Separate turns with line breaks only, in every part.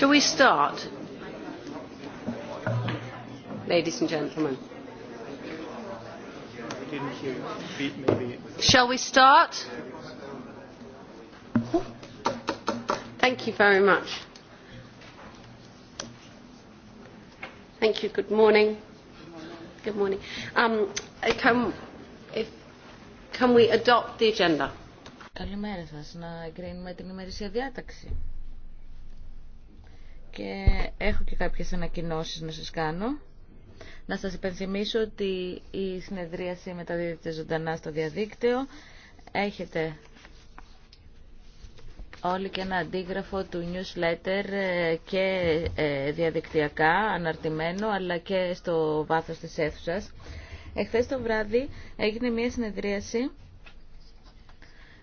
Shall we start? Ladies and gentlemen. Shall we start? Thank you very much. Thank you. Good morning.
Good morning. Um, can, if, can we adopt the agenda? Καλημέρα σας. Να εγκρίνουμε την ημερήσια διάταξη και έχω και κάποιες ανακοινώσεις να σας κάνω. Να σας υπενθυμίσω ότι η συνεδρίαση μεταδίδεται ζωντανά στο διαδίκτυο. Έχετε όλοι και ένα αντίγραφο του newsletter ε, και ε, διαδικτυακά αναρτημένο αλλά και στο βάθος της αίθουσας. Εχθές το βράδυ έγινε μια συνεδρίαση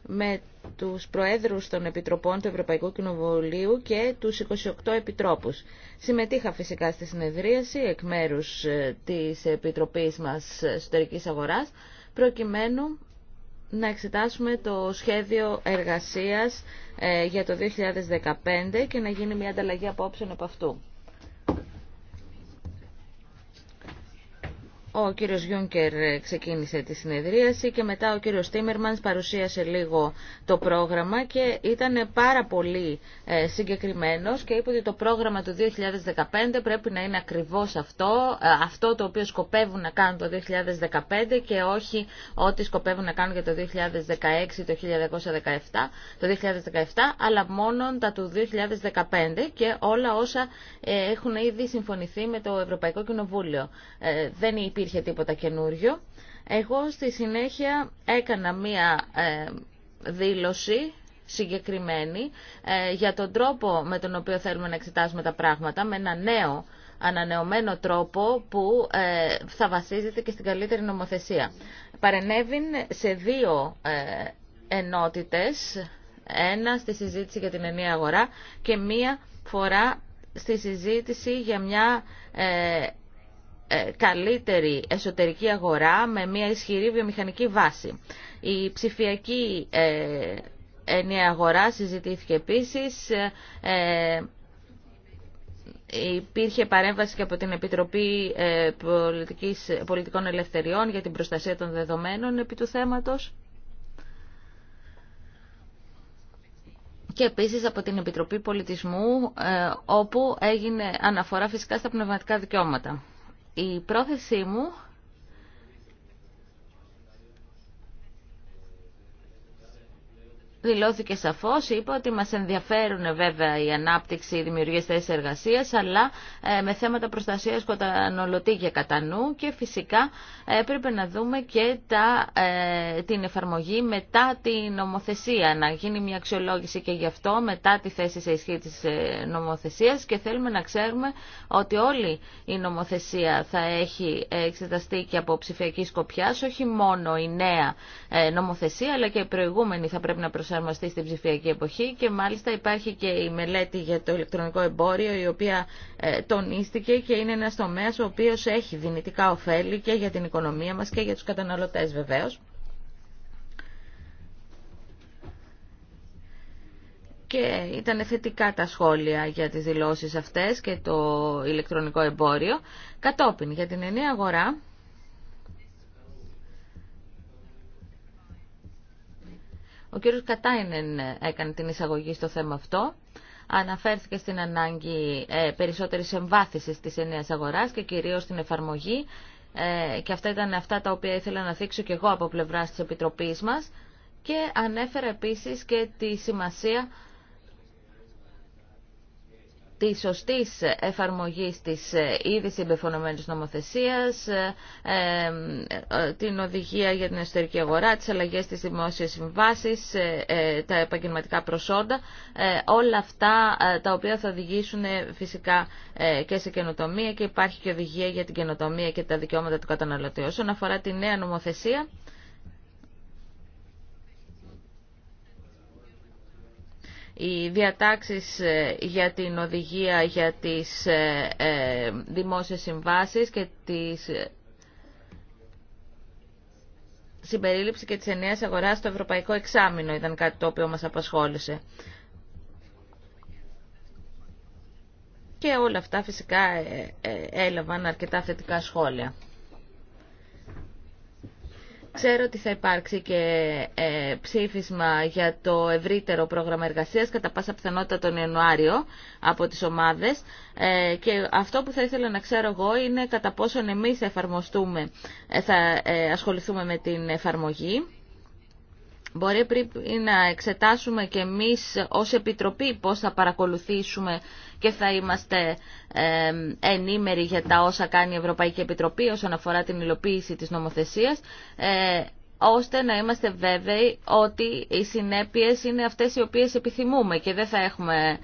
με τους Προέδρους των Επιτροπών του Ευρωπαϊκού Κοινοβουλίου και τους 28 Επιτρόπους. Συμμετείχα φυσικά στη συνεδρίαση εκ μέρους ε, της Επιτροπής μας Εσωτερικής Αγοράς, προκειμένου να εξετάσουμε το σχέδιο εργασίας ε, για το 2015 και να γίνει μια ανταλλαγή απόψεων από αυτού. Ο κύριος Γιούνκερ ε, ξεκίνησε τη συνεδρίαση και μετά ο κύριος Τίμερμανς παρουσίασε λίγο το πρόγραμμα και ήταν πάρα πολύ ε, συγκεκριμένος και είπε ότι το πρόγραμμα του 2015 πρέπει να είναι ακριβώς αυτό, ε, αυτό το οποίο σκοπεύουν να κάνουν το 2015 και όχι ό,τι σκοπεύουν να κάνουν για το 2016, το 2017, το 2017, αλλά μόνο τα του 2015 και όλα όσα έχουν ήδη συμφωνηθεί με το Ευρωπαϊκό Κοινοβούλιο. Δεν υπήρχε υπήρχε τίποτα καινούριο. Εγώ στη συνέχεια έκανα μία ε, δήλωση συγκεκριμένη ε, για τον τρόπο με τον οποίο θέλουμε να εξετάσουμε τα πράγματα με ένα νέο ανανεωμένο τρόπο που ε, θα βασίζεται και στην καλύτερη νομοθεσία. Παρενέβην σε δύο ενότητες, ένα στη συζήτηση για την ενία αγορά και μία φορά στη συζήτηση για μια ε, καλύτερη εσωτερική αγορά με μια ισχυρή βιομηχανική βάση. Η ψηφιακή ε, ενιαία αγορά συζητήθηκε επίσης. Ε, υπήρχε παρέμβαση και από την Επιτροπή Πολιτικής, Πολιτικών Ελευθεριών για την προστασία των δεδομένων επί του θέματος. και επίσης από την Επιτροπή Πολιτισμού, όπου έγινε αναφορά φυσικά στα πνευματικά δικαιώματα. Η πρόθεσή μου δηλώθηκε σαφώς, είπα ότι μας ενδιαφέρουν βέβαια η ανάπτυξη, η δημιουργία θέσης εργασίας, αλλά ε, με θέματα προστασίας καταναλωτή και κατά νου και φυσικά ε, έπρεπε να δούμε και τα, ε, την εφαρμογή μετά την νομοθεσία, να γίνει μια αξιολόγηση και γι' αυτό μετά τη θέση σε ισχύ της νομοθεσίας και θέλουμε να ξέρουμε ότι όλη η νομοθεσία θα έχει εξεταστεί και από ψηφιακή σκοπιά, όχι μόνο η νέα νομοθεσία, αλλά και η προηγούμενη θα πρέπει να προσ προσαρμοστεί στην ψηφιακή εποχή και μάλιστα υπάρχει και η μελέτη για το ηλεκτρονικό εμπόριο η οποία ε, τονίστηκε και είναι ένας τομέας ο οποίος έχει δυνητικά ωφέλη και για την οικονομία μας και για τους καταναλωτές βεβαίως. και ήταν θετικά τα σχόλια για τις δηλώσεις αυτές και το ηλεκτρονικό εμπόριο. Κατόπιν, για την εννέα αγορά Ο κύριος Κατάινεν ε, έκανε την εισαγωγή στο θέμα αυτό. Αναφέρθηκε στην ανάγκη ε, περισσότερης εμβάθυνσης της ενέας αγοράς και κυρίως στην εφαρμογή. Ε, και αυτά ήταν αυτά τα οποία ήθελα να θίξω και εγώ από πλευράς της Επιτροπής μας. Και ανέφερε επίσης και τη σημασία τη σωστή εφαρμογή τη ήδη συμπεφωνωμένη νομοθεσία, ε, ε, ε, την οδηγία για την εσωτερική αγορά, τι αλλαγέ στι δημόσιε συμβάσει, τα επαγγελματικά προσόντα, όλα αυτά τα οποία θα οδηγήσουν φυσικά και σε καινοτομία και υπάρχει και οδηγία για την καινοτομία και τα δικαιώματα του καταναλωτή. Όσον αφορά τη νέα νομοθεσία, οι διατάξεις ε, για την οδηγία για τις ε, ε, δημόσιες συμβάσεις και τις συμπερίληψη και της ενιαίας αγοράς στο ευρωπαϊκό εξάμεινο ήταν κάτι το οποίο μας απασχόλησε. Και όλα αυτά φυσικά έλαβαν αρκετά θετικά σχόλια. Ξέρω ότι θα υπάρξει και ε, ψήφισμα για το ευρύτερο πρόγραμμα εργασίας, κατά πάσα πιθανότητα τον Ιανουάριο, από τις ομάδες. Ε, και αυτό που θα ήθελα να ξέρω εγώ είναι κατά πόσον εμείς θα, εφαρμοστούμε, ε, θα ασχοληθούμε με την εφαρμογή Μπορεί πρέπει να εξετάσουμε και εμείς ως Επιτροπή πώς θα παρακολουθήσουμε και θα είμαστε ενήμεροι για τα όσα κάνει η Ευρωπαϊκή Επιτροπή όσον αφορά την υλοποίηση της νομοθεσίας ε, ώστε να είμαστε βέβαιοι ότι οι συνέπειες είναι αυτές οι οποίες επιθυμούμε και δεν θα έχουμε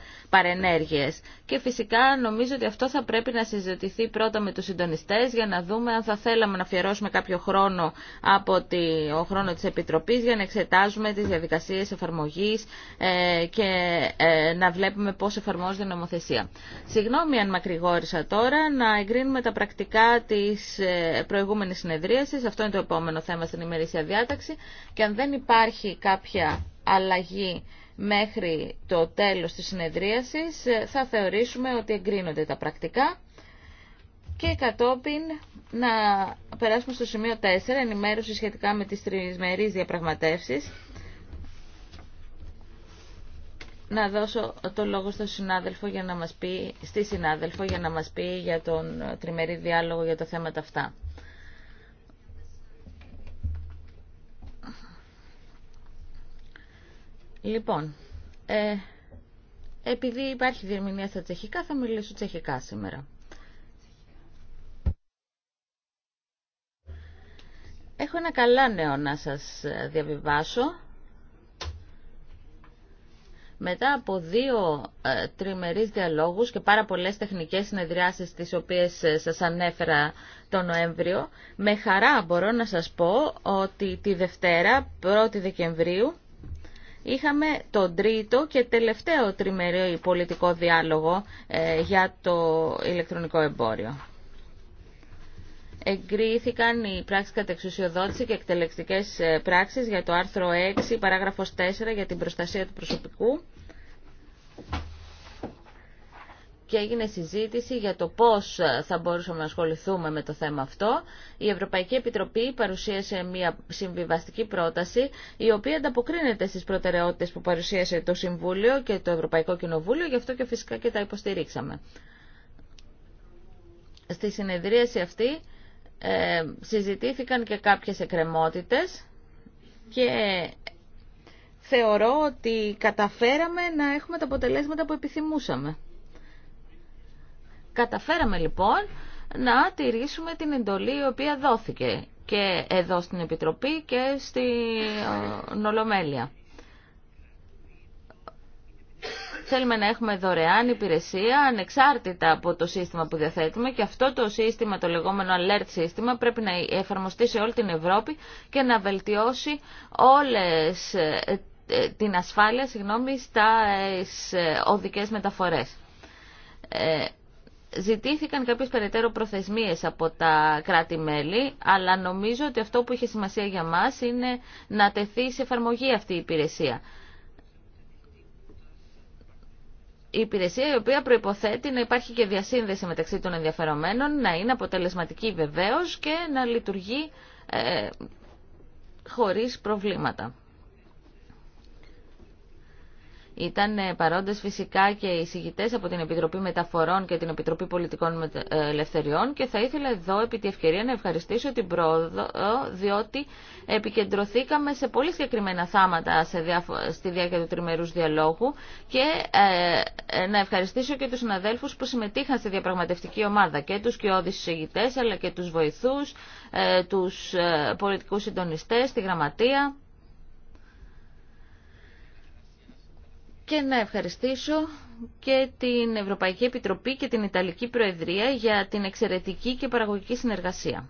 και φυσικά νομίζω ότι αυτό θα πρέπει να συζητηθεί πρώτα με τους συντονιστές για να δούμε αν θα θέλαμε να αφιερώσουμε κάποιο χρόνο από το χρόνο της Επιτροπής για να εξετάζουμε τις διαδικασίες εφαρμογής ε, και ε, να βλέπουμε πώς εφαρμόζεται η νομοθεσία. Συγγνώμη αν μακρηγόρησα τώρα, να εγκρίνουμε τα πρακτικά της ε, προηγούμενης συνεδρίασης. Αυτό είναι το επόμενο θέμα στην ημερήσια διάταξη. Και αν δεν υπάρχει κάποια αλλαγή μέχρι το τέλος της συνεδρίασης ε, θα θεωρήσουμε ότι εγκρίνονται τα πρακτικά και κατόπιν να περάσουμε στο σημείο 4, ενημέρωση σχετικά με τις τριμερείς διαπραγματεύσεις. Να δώσω το λόγο στο συνάδελφο για να μας πει, στη συνάδελφο για να μας πει για τον τριμερή διάλογο για τα θέματα αυτά. Λοιπόν, ε, επειδή υπάρχει διερμηνία στα τσεχικά, θα μιλήσω τσεχικά σήμερα. Έχω ένα καλά νέο να σας ε, διαβιβάσω. Μετά από δύο ε, τριμερείς διαλόγους και πάρα πολλές τεχνικές συνεδριάσεις τις οποίες ε, σας ανέφερα το Νοέμβριο, με χαρά μπορώ να σας πω ότι τη Δευτέρα, 1η Δεκεμβρίου, είχαμε τον τρίτο και τελευταίο τριμερίο πολιτικό διάλογο ε, για το ηλεκτρονικό εμπόριο. Εγκρίθηκαν οι πράξεις κατεξουσιοδότηση και εκτελεστικές ε, πράξεις για το άρθρο 6, παράγραφος 4 για την προστασία του προσωπικού και έγινε συζήτηση για το πώς θα μπορούσαμε να ασχοληθούμε με το θέμα αυτό. Η Ευρωπαϊκή Επιτροπή παρουσίασε μια συμβιβαστική πρόταση, η οποία ανταποκρίνεται στις προτεραιότητες που παρουσίασε το Συμβούλιο και το Ευρωπαϊκό Κοινοβούλιο, γι' αυτό και φυσικά και τα υποστηρίξαμε. Στη συνεδρίαση αυτή ε, συζητήθηκαν και κάποιες εκκρεμότητες και θεωρώ ότι καταφέραμε να έχουμε τα αποτελέσματα που επιθυμούσαμε. Καταφέραμε λοιπόν να τηρήσουμε την εντολή η οποία δόθηκε και εδώ στην Επιτροπή και στην ε, Ολομέλεια. Θέλουμε να έχουμε δωρεάν υπηρεσία ανεξάρτητα από το σύστημα που διαθέτουμε και αυτό το σύστημα, το λεγόμενο alert σύστημα, πρέπει να εφαρμοστεί σε όλη την Ευρώπη και να βελτιώσει όλες ε, ε, την ασφάλεια συγγνώμη, στα οδικές μεταφορές. Ζητήθηκαν κάποιες περαιτέρω προθεσμίες από τα κράτη-μέλη, αλλά νομίζω ότι αυτό που είχε σημασία για μας είναι να τεθεί σε εφαρμογή αυτή η υπηρεσία. Η υπηρεσία η οποία προϋποθέτει να υπάρχει και διασύνδεση μεταξύ των ενδιαφερομένων, να είναι αποτελεσματική βεβαίως και να λειτουργεί ε, χωρίς προβλήματα. Ήταν ε, παρόντες φυσικά και οι συγητές από την Επιτροπή Μεταφορών και την Επιτροπή Πολιτικών ε, Ελευθεριών και θα ήθελα εδώ επί τη ευκαιρία να ευχαριστήσω την πρόοδο διότι επικεντρωθήκαμε σε πολύ συγκεκριμένα θάματα στη διάρκεια του τριμερούς διαλόγου και ε, να ευχαριστήσω και τους συναδέλφους που συμμετείχαν στη διαπραγματευτική ομάδα και τους κοιόδης συγητές αλλά και τους βοηθούς, τους πολιτικούς συντονιστές, τη γραμματεία. και να ευχαριστήσω και την Ευρωπαϊκή Επιτροπή και την Ιταλική Προεδρία για την εξαιρετική και παραγωγική συνεργασία.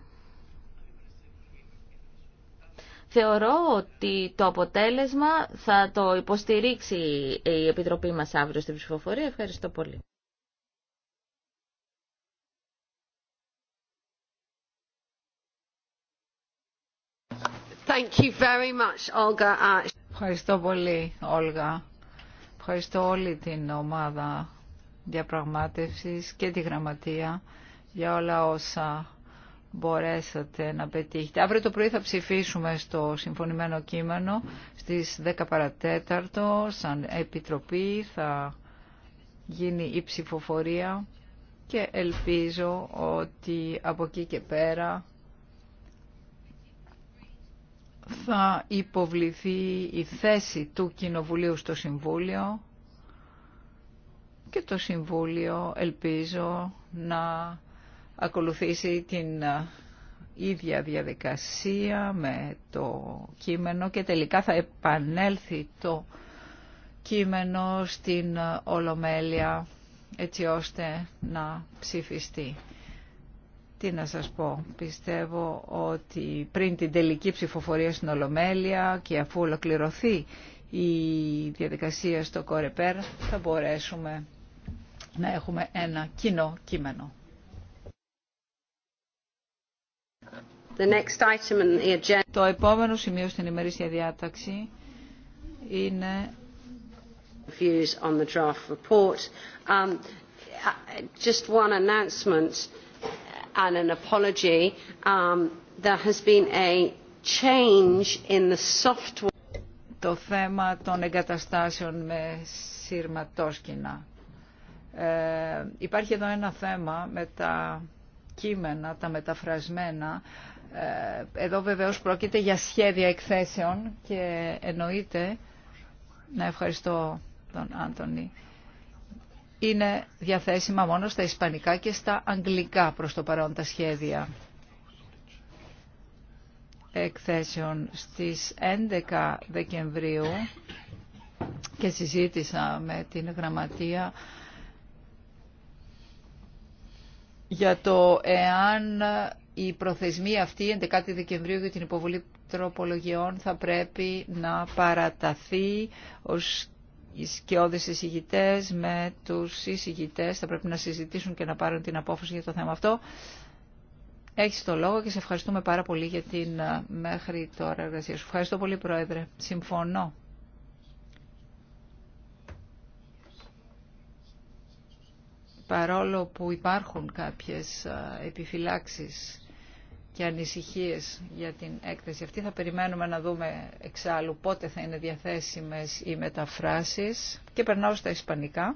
Θεωρώ ότι το αποτέλεσμα θα το υποστηρίξει η Επιτροπή μας αύριο στην ψηφοφορία. Ευχαριστώ πολύ.
Thank Ευχαριστώ πολύ, Όλγα. Ευχαριστώ όλη την ομάδα διαπραγμάτευσης και τη γραμματεία για όλα όσα μπορέσατε να πετύχετε. Αύριο το πρωί θα ψηφίσουμε στο συμφωνημένο κείμενο στις 10 σαν επιτροπή θα γίνει η ψηφοφορία και ελπίζω ότι από εκεί και πέρα θα υποβληθεί η θέση του Κοινοβουλίου στο Συμβούλιο και το Συμβούλιο ελπίζω να ακολουθήσει την ε, ίδια διαδικασία με το κείμενο και τελικά θα επανέλθει το κείμενο στην ε, Ολομέλεια έτσι ώστε να ψηφιστεί. Τι να σας πω, πιστεύω ότι πριν την τελική ψηφοφορία στην Ολομέλεια και αφού ολοκληρωθεί η διαδικασία στο Κορεπέρ θα μπορέσουμε να έχουμε ένα κοινό κείμενο. The next Το επόμενο σημείο στην ημερήσια διάταξη είναι views um, uh, just one announcement. Το θέμα των εγκαταστάσεων με σειρματόσκηνα. Ε, υπάρχει εδώ ένα θέμα με τα κείμενα, τα μεταφρασμένα. Ε, εδώ βεβαίως πρόκειται για σχέδια εκθέσεων και εννοείται να ευχαριστώ τον Άντωνη είναι διαθέσιμα μόνο στα ισπανικά και στα αγγλικά προς το παρόν τα σχέδια εκθέσεων στις 11 Δεκεμβρίου και συζήτησα με την γραμματεία για το εάν η προθεσμία αυτή 11 Δεκεμβρίου για την υποβολή τροπολογιών θα πρέπει να παραταθεί ως οι σκιώδεις εισηγητέ με τους εισηγητές θα πρέπει να συζητήσουν και να πάρουν την απόφαση για το θέμα αυτό. Έχεις το λόγο και σε ευχαριστούμε πάρα πολύ για την ε, μέχρι τώρα εργασία σου. Ευχαριστώ πολύ Πρόεδρε. Συμφωνώ. Παρόλο που υπάρχουν κάποιες ε, επιφυλάξεις και ανησυχίες για την έκθεση αυτή. Θα περιμένουμε να δούμε εξάλλου πότε θα είναι διαθέσιμες οι μεταφράσεις και περνάω στα ισπανικά.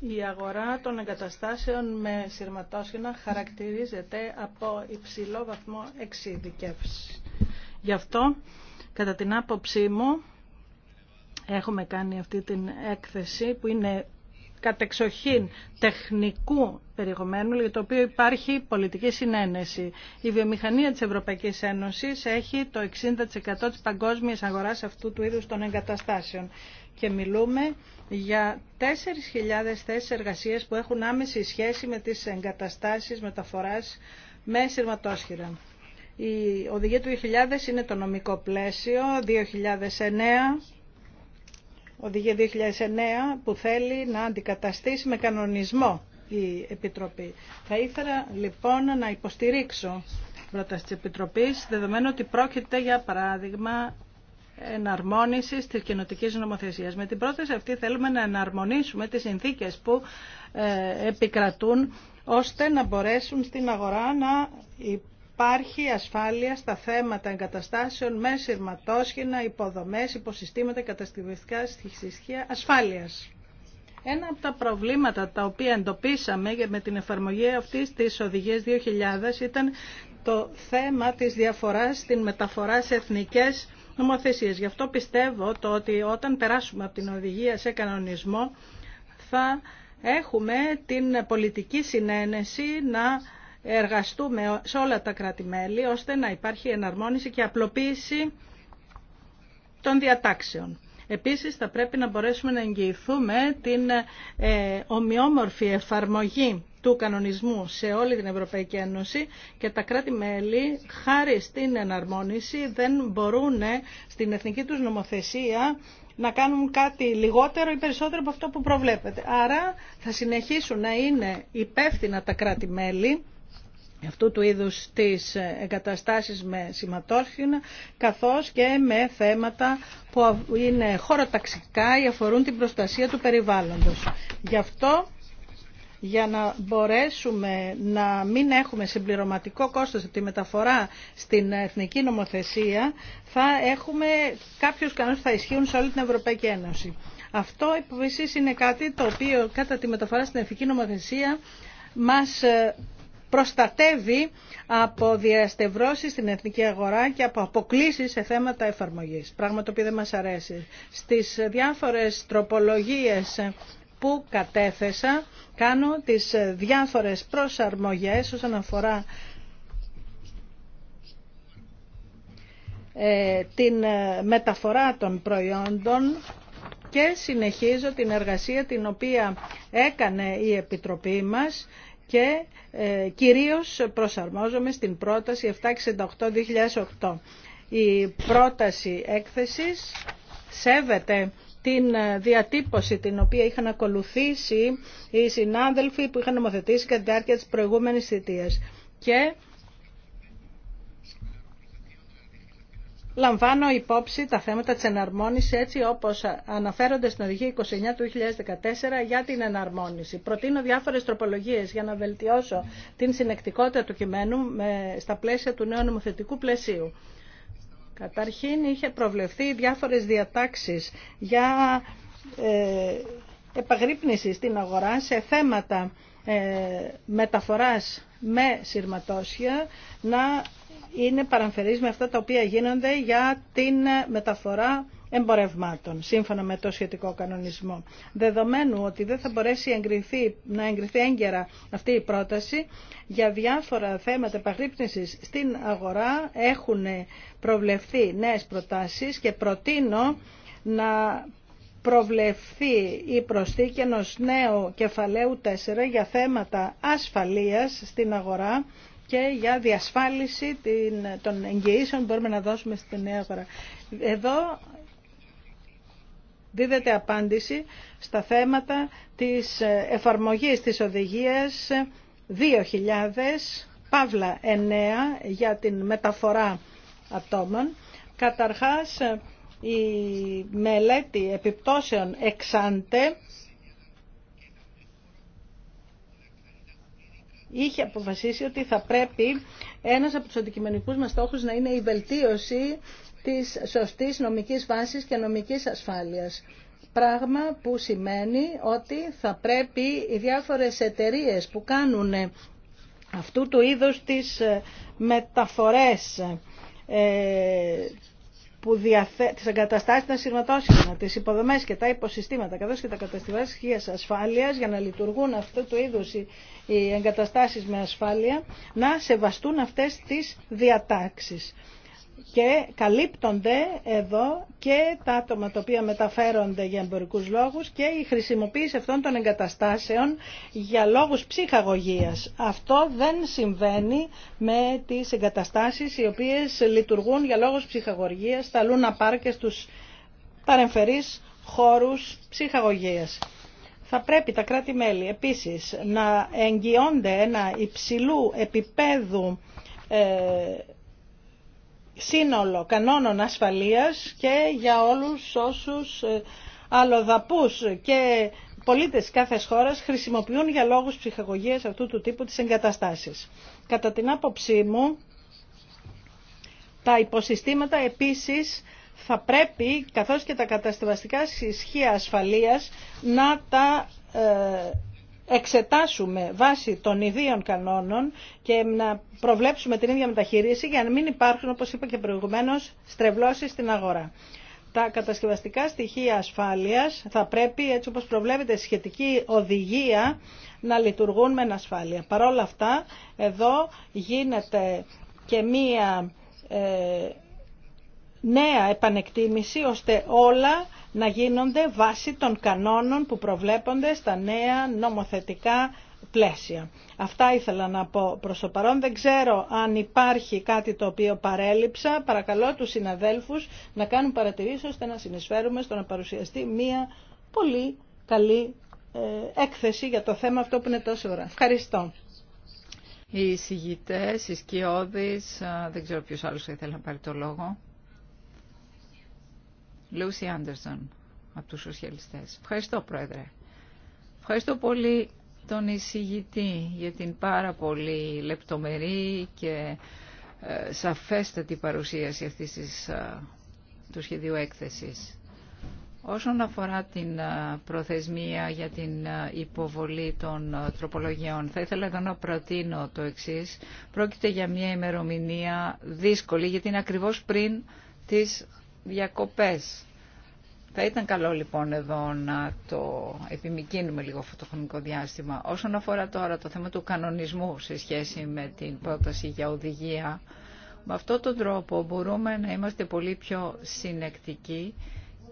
Η αγορά των εγκαταστάσεων με σειρματόσχηνα χαρακτηρίζεται από υψηλό βαθμό εξειδικεύσης. Γι' αυτό, κατά την άποψή μου, έχουμε κάνει αυτή την έκθεση που είναι κατεξοχήν τεχνικού περιεχομένου για το οποίο υπάρχει πολιτική συνένεση. Η βιομηχανία της Ευρωπαϊκής Ένωσης έχει το 60% της παγκόσμιας αγοράς αυτού του είδους των εγκαταστάσεων και μιλούμε για 4.000 θέσεις εργασίας που έχουν άμεση σχέση με τις εγκαταστάσεις μεταφοράς με σειρματόσχηρα. Η οδηγία του 2000 είναι το νομικό πλαίσιο, 2009 οδηγία 2009 που θέλει να αντικαταστήσει με κανονισμό η Επιτροπή. Θα ήθελα λοιπόν να υποστηρίξω την πρόταση της Επιτροπής, δεδομένου ότι πρόκειται για παράδειγμα εναρμόνιση τη κοινοτική νομοθεσία. Με την πρόταση αυτή θέλουμε να εναρμονίσουμε τι συνθήκε που ε, επικρατούν ώστε να μπορέσουν στην αγορά να υπάρχει ασφάλεια στα θέματα εγκαταστάσεων με σειρματόσχηνα, υποδομές, υποσυστήματα, κατασκευαστικά στοιχεία ασφάλειας. Ένα από τα προβλήματα τα οποία εντοπίσαμε με την εφαρμογή αυτής της οδηγίας 2000 ήταν το θέμα της διαφοράς στην μεταφορά σε εθνικές νομοθεσίες. Γι' αυτό πιστεύω το ότι όταν περάσουμε από την οδηγία σε κανονισμό θα έχουμε την πολιτική συνένεση να εργαστούμε σε όλα τα κράτη-μέλη ώστε να υπάρχει εναρμόνιση και απλοποίηση των διατάξεων. Επίσης θα πρέπει να μπορέσουμε να εγγυηθούμε την ε, ομοιόμορφη εφαρμογή του κανονισμού σε όλη την Ευρωπαϊκή Ένωση και τα κράτη-μέλη χάρη στην εναρμόνιση δεν μπορούν ε, στην εθνική τους νομοθεσία να κάνουν κάτι λιγότερο ή περισσότερο από αυτό που προβλέπεται. Άρα θα συνεχίσουν να είναι υπεύθυνα τα κράτη-μέλη αυτού του είδους τις εγκαταστάσεις με σηματόρφινα, καθώς και με θέματα που είναι χωροταξικά ή αφορούν την προστασία του περιβάλλοντος. Γι' αυτό, για να μπορέσουμε να μην έχουμε συμπληρωματικό κόστος από τη μεταφορά στην εθνική νομοθεσία, θα έχουμε κάποιους κανόνες που θα ισχύουν σε όλη την Ευρωπαϊκή Ένωση. Αυτό επίση είναι κάτι το οποίο κατά τη μεταφορά στην εθνική νομοθεσία μας ε, προστατεύει από διαστευρώσεις στην εθνική αγορά και από αποκλήσει σε θέματα εφαρμογής. Πράγμα το οποίο δεν μας αρέσει. Στις διάφορες τροπολογίες που κατέθεσα κάνω τις διάφορες προσαρμογές όσον αφορά ε, την ε, μεταφορά των προϊόντων και συνεχίζω την εργασία την οποία έκανε η Επιτροπή μας και ε, κυρίως προσαρμόζομαι στην πρόταση 768-2008. Η πρόταση έκθεσης σέβεται την ε, διατύπωση την οποία είχαν ακολουθήσει οι συνάδελφοι που είχαν νομοθετήσει κατά τη διάρκεια της προηγούμενης θητείας. Και λαμβάνω υπόψη τα θέματα της εναρμόνισης έτσι όπως αναφέρονται στην Οδηγία 29 του 2014 για την εναρμόνιση. Προτείνω διάφορες τροπολογίες για να βελτιώσω την συνεκτικότητα του κειμένου στα πλαίσια του νέου νομοθετικού πλαισίου. Καταρχήν είχε προβλεφθεί διάφορες διατάξεις για ε, επαγρύπνηση στην αγορά σε θέματα ε, μεταφοράς με σειρματόσια να είναι παραμφερής με αυτά τα οποία γίνονται για την μεταφορά εμπορευμάτων, σύμφωνα με το σχετικό κανονισμό. Δεδομένου ότι δεν θα μπορέσει να εγκριθεί έγκαιρα αυτή η πρόταση, για διάφορα θέματα επαγρύπνησης στην αγορά έχουν προβλεφθεί νέες προτάσεις και προτείνω να προβλεφθεί η προσθήκη ενός νέου κεφαλαίου 4 για θέματα ασφαλείας στην αγορά και για διασφάλιση των εγγυήσεων που μπορούμε να δώσουμε στην νέα αγορά. Εδώ δίδεται απάντηση στα θέματα της εφαρμογής της οδηγίας 2000 Παύλα 9 για την μεταφορά ατόμων. Καταρχάς η μελέτη επιπτώσεων εξάντε είχε αποφασίσει ότι θα πρέπει ένας από τους αντικειμενικούς μας στόχους να είναι η βελτίωση της σωστής νομικής βάσης και νομικής ασφάλειας. Πράγμα που σημαίνει ότι θα πρέπει οι διάφορες εταιρείες που κάνουν αυτού του είδους τις μεταφορές ε, που διαθέτει τις εγκαταστάσεις των συρματώσεων, τις υποδομές και τα υποσυστήματα, καθώς και τα καταστηματικά ασφάλεια, ασφάλειας για να λειτουργούν αυτού του είδους οι εγκαταστάσεις με ασφάλεια, να σεβαστούν αυτές τις διατάξεις και καλύπτονται εδώ και τα άτομα τα οποία μεταφέρονται για εμπορικούς λόγους και η χρησιμοποίηση αυτών των εγκαταστάσεων για λόγους ψυχαγωγίας. Αυτό δεν συμβαίνει με τις εγκαταστάσεις οι οποίες λειτουργούν για λόγους ψυχαγωγίας στα λούνα πάρκε τους παρεμφερείς χώρους ψυχαγωγίας. Θα πρέπει τα κράτη-μέλη επίσης να εγγυώνται ένα υψηλού επίπεδου ε, σύνολο κανόνων ασφαλείας και για όλους όσους ε, αλλοδαπούς και πολίτες κάθε χώρας χρησιμοποιούν για λόγους ψυχαγωγίας αυτού του τύπου τις εγκαταστάσεις. Κατά την άποψή μου, τα υποσυστήματα επίσης θα πρέπει, καθώς και τα κατασκευαστικά συσχεία ασφαλείας, να τα ε, εξετάσουμε βάσει των ιδίων κανόνων και να προβλέψουμε την ίδια μεταχείριση για να μην υπάρχουν, όπως είπα και προηγουμένως, στρεβλώσεις στην αγορά. Τα κατασκευαστικά στοιχεία ασφάλειας θα πρέπει, έτσι όπως προβλέπεται σχετική οδηγία, να λειτουργούν με ασφάλεια. Παρ' όλα αυτά, εδώ γίνεται και μία ε, νέα επανεκτίμηση, ώστε όλα να γίνονται βάσει των κανόνων που προβλέπονται στα νέα νομοθετικά πλαίσια. Αυτά ήθελα να πω προς το παρόν. Δεν ξέρω αν υπάρχει κάτι το οποίο παρέλειψα. Παρακαλώ τους συναδέλφους να κάνουν παρατηρήσεις ώστε να συνεισφέρουμε στο να παρουσιαστεί μία πολύ καλή ε, έκθεση για το θέμα αυτό που είναι
τόσο ώρα. Ευχαριστώ. Οι συγγητές, οι σκιώδεις, δεν ξέρω ποιος άλλος θα ήθελε να πάρει το λόγο. Λούσι Άντερσον από τους σοσιαλιστές. Ευχαριστώ Πρόεδρε. Ευχαριστώ πολύ τον εισηγητή για την πάρα πολύ λεπτομερή και ε, σαφέστατη παρουσίαση αυτής της, ε, του σχεδίου έκθεσης. Όσον αφορά την ε, προθεσμία για την υποβολή των τροπολογιών, θα ήθελα να προτείνω το εξής. Πρόκειται για μια ημερομηνία δύσκολη, γιατί είναι ακριβώς πριν τις διακοπές. Θα ήταν καλό λοιπόν εδώ να το επιμηκύνουμε λίγο αυτό το χρονικό διάστημα. Όσον αφορά τώρα το θέμα του κανονισμού σε σχέση με την πρόταση για οδηγία, με αυτόν τον τρόπο μπορούμε να είμαστε πολύ πιο συνεκτικοί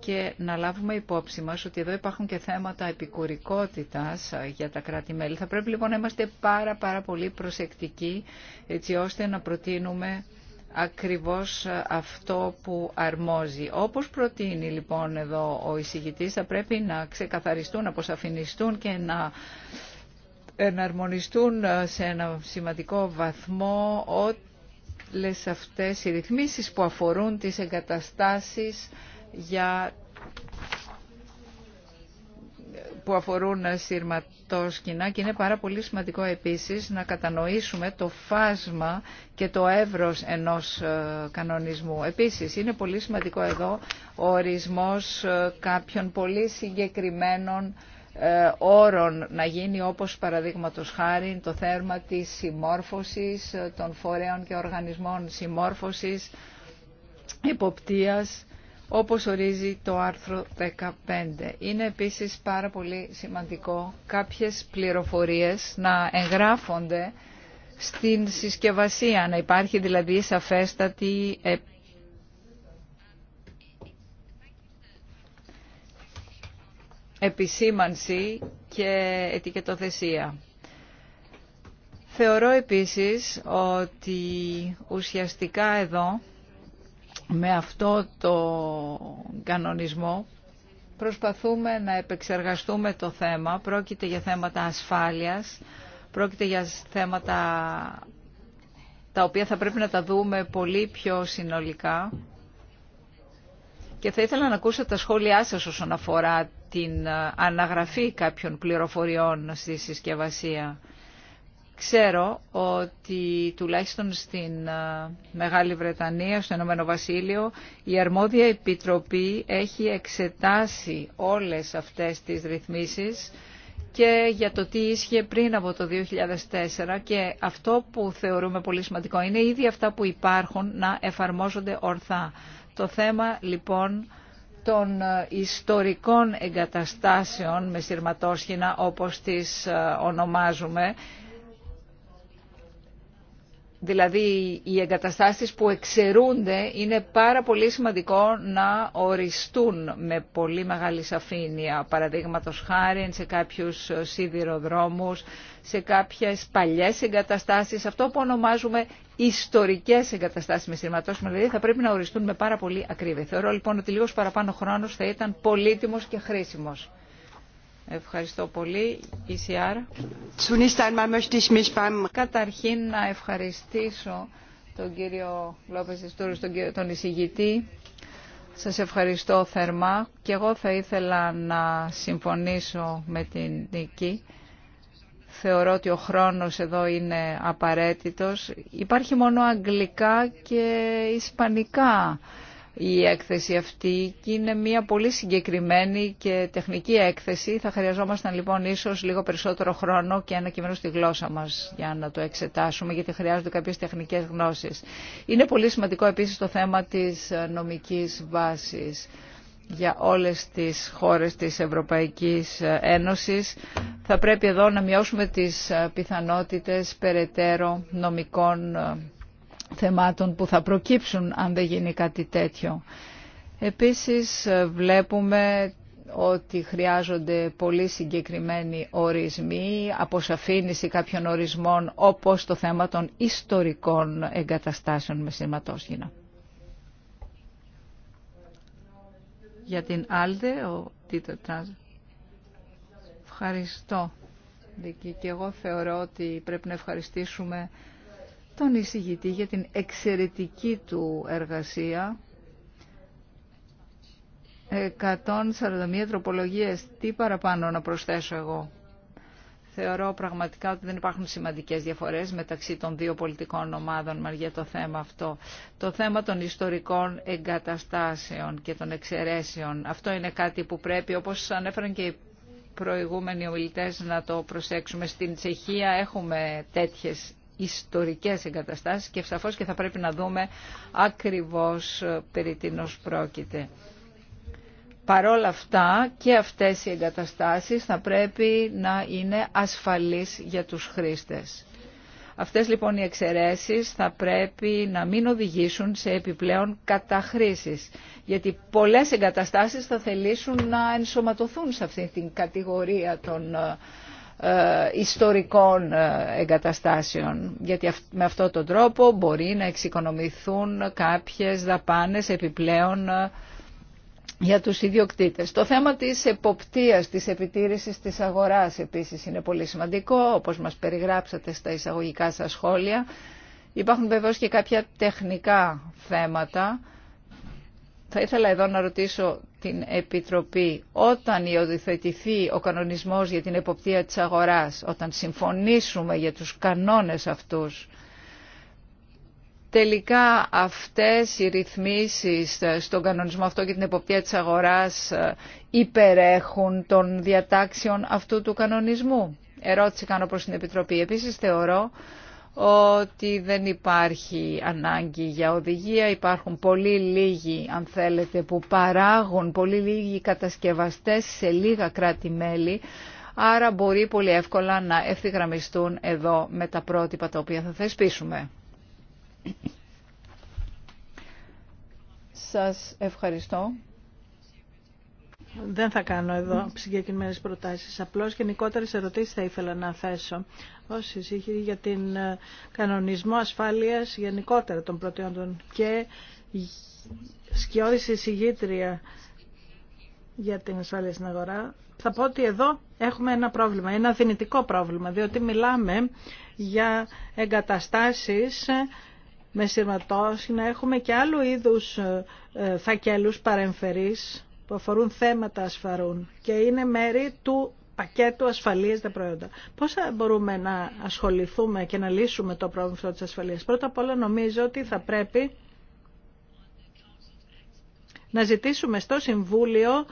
και να λάβουμε υπόψη μας ότι εδώ υπάρχουν και θέματα επικουρικότητας για τα κράτη-μέλη. Θα πρέπει λοιπόν να είμαστε πάρα πάρα πολύ προσεκτικοί έτσι ώστε να προτείνουμε ακριβώς αυτό που αρμόζει. Όπως προτείνει λοιπόν εδώ ο εισηγητής θα πρέπει να ξεκαθαριστούν, να αποσαφινιστούν και να εναρμονιστούν σε ένα σημαντικό βαθμό όλες αυτές οι ρυθμίσεις που αφορούν τις εγκαταστάσεις για που αφορούν σειρματόσκηνα και είναι πάρα πολύ σημαντικό επίσης να κατανοήσουμε το φάσμα και το εύρος ενός ε, κανονισμού. Επίσης είναι πολύ σημαντικό εδώ ο ορισμός ε, κάποιων πολύ συγκεκριμένων ε, όρων να γίνει όπως παραδείγματο χάρη το θέρμα της συμμόρφωσης των φορέων και οργανισμών συμμόρφωσης, υποπτίας όπως ορίζει το άρθρο 15. Είναι επίσης πάρα πολύ σημαντικό κάποιες πληροφορίες να εγγράφονται στην συσκευασία, να υπάρχει δηλαδή σαφέστατη ε, επισήμανση και ετικετοθεσία. Θεωρώ επίσης ότι ουσιαστικά εδώ με αυτό το κανονισμό προσπαθούμε να επεξεργαστούμε το θέμα. Πρόκειται για θέματα ασφάλειας, πρόκειται για θέματα τα οποία θα πρέπει να τα δούμε πολύ πιο συνολικά. Και θα ήθελα να ακούσω τα σχόλιά σας όσον αφορά την αναγραφή κάποιων πληροφοριών στη συσκευασία. Ξέρω ότι τουλάχιστον στην Μεγάλη Βρετανία, στο Ενωμένο Βασίλειο, η αρμόδια επιτροπή έχει εξετάσει όλες αυτές τις ρυθμίσεις και για το τι ίσχυε πριν από το 2004 και αυτό που θεωρούμε πολύ σημαντικό είναι ήδη αυτά που υπάρχουν να εφαρμόζονται ορθά. Το θέμα λοιπόν των ιστορικών εγκαταστάσεων με σειρματόσχηνα όπως τις ονομάζουμε δηλαδή οι εγκαταστάσεις που εξαιρούνται είναι πάρα πολύ σημαντικό να οριστούν με πολύ μεγάλη σαφήνεια. Παραδείγματος χάρη σε κάποιους σιδηροδρόμους, σε κάποιες παλιές εγκαταστάσεις, αυτό που ονομάζουμε ιστορικές εγκαταστάσεις με σειρματόσημα, δηλαδή θα πρέπει να οριστούν με πάρα πολύ ακρίβεια. Θεωρώ λοιπόν ότι λίγος παραπάνω χρόνος θα ήταν πολύτιμος και χρήσιμος. Ευχαριστώ πολύ, ECR. Καταρχήν να ευχαριστήσω τον κύριο Λόπες Ιστούρου, τον εισηγητή. Σας ευχαριστώ θερμά και εγώ θα ήθελα να συμφωνήσω με την Νίκη. Θεωρώ ότι ο χρόνος εδώ είναι απαραίτητος. Υπάρχει μόνο αγγλικά και ισπανικά η έκθεση αυτή και είναι μια πολύ συγκεκριμένη και τεχνική έκθεση. Θα χρειαζόμασταν λοιπόν ίσως λίγο περισσότερο χρόνο και ένα κείμενο στη γλώσσα μας για να το εξετάσουμε γιατί χρειάζονται κάποιες τεχνικές γνώσεις. Είναι πολύ σημαντικό επίσης το θέμα της νομικής βάσης για όλες τις χώρες της Ευρωπαϊκής Ένωσης. Θα πρέπει εδώ να μειώσουμε τις πιθανότητες περαιτέρω νομικών θεμάτων που θα προκύψουν αν δεν γίνει κάτι τέτοιο. Επίσης ε, βλέπουμε ότι χρειάζονται πολύ συγκεκριμένοι ορισμοί, αποσαφήνιση κάποιων ορισμών όπως το θέμα των ιστορικών εγκαταστάσεων με σηματόσχηνα. Για την Άλδε, ο Τίτο Τράζ. Ευχαριστώ. Και εγώ θεωρώ ότι πρέπει να ευχαριστήσουμε τον εισηγητή για την εξαιρετική του εργασία. 141 τροπολογίες. Τι παραπάνω να προσθέσω εγώ. Θεωρώ πραγματικά ότι δεν υπάρχουν σημαντικές διαφορές μεταξύ των δύο πολιτικών ομάδων για το θέμα αυτό. Το θέμα των ιστορικών εγκαταστάσεων και των εξαιρέσεων. Αυτό είναι κάτι που πρέπει, όπως ανέφεραν και οι προηγούμενοι ομιλητές, να το προσέξουμε. Στην Τσεχία έχουμε τέτοιες ιστορικές εγκαταστάσεις και σαφώς και θα πρέπει να δούμε ακριβώς ε, περί τίνος πρόκειται. Παρόλα αυτά και αυτές οι εγκαταστάσεις θα πρέπει να είναι ασφαλείς για τους χρήστες. Αυτές λοιπόν οι εξαιρέσεις θα πρέπει να μην οδηγήσουν σε επιπλέον καταχρήσεις, γιατί πολλές εγκαταστάσεις θα θελήσουν να ενσωματωθούν σε αυτή την κατηγορία των ε, ε, ιστορικών ε, εγκαταστάσεων γιατί με αυτόν τον τρόπο μπορεί να εξοικονομηθούν κάποιες δαπάνες επιπλέον ε, για τους ιδιοκτήτες. Το θέμα της εποπτείας, της επιτήρησης της αγοράς επίσης είναι πολύ σημαντικό, όπως μας περιγράψατε στα εισαγωγικά σας σχόλια. Υπάρχουν βεβαίως και κάποια τεχνικά θέματα θα ήθελα εδώ να ρωτήσω την Επιτροπή όταν υιοθετηθεί ο κανονισμός για την εποπτεία της αγοράς, όταν συμφωνήσουμε για τους κανόνες αυτούς, τελικά αυτές οι ρυθμίσεις στον κανονισμό αυτό και την εποπτεία της αγοράς ε, υπερέχουν των διατάξεων αυτού του κανονισμού. Ερώτηση κάνω προς την Επιτροπή. Επίσης θεωρώ ότι δεν υπάρχει ανάγκη για οδηγία, υπάρχουν πολύ λίγοι αν θέλετε που παράγουν, πολύ λίγοι κατασκευαστές σε λίγα κράτη-μέλη, άρα μπορεί πολύ εύκολα να ευθυγραμμιστούν εδώ με τα πρότυπα τα οποία θα θεσπίσουμε. Σας ευχαριστώ.
Δεν θα κάνω εδώ συγκεκριμένε προτάσεις. Απλώς γενικότερε ερωτήσει θα ήθελα να θέσω όσοι συζήτηση για την ε, κανονισμό ασφάλειας γενικότερα των πρωτεόντων και σκιώδηση συγγήτρια για την ασφάλεια στην αγορά. Θα πω ότι εδώ έχουμε ένα πρόβλημα, ένα δυνητικό πρόβλημα, διότι μιλάμε για εγκαταστάσεις με σειρματός, να έχουμε και άλλου είδους ε, ε, φακέλους παρεμφερείς που αφορούν θέματα ασφαρούν και είναι μέρη του πακέτου ασφαλείας τα προϊόντα. Πώς θα μπορούμε να ασχοληθούμε και να λύσουμε το πρόβλημα αυτό της ασφαλείας. Πρώτα απ' όλα νομίζω ότι θα πρέπει να ζητήσουμε στο Συμβούλιο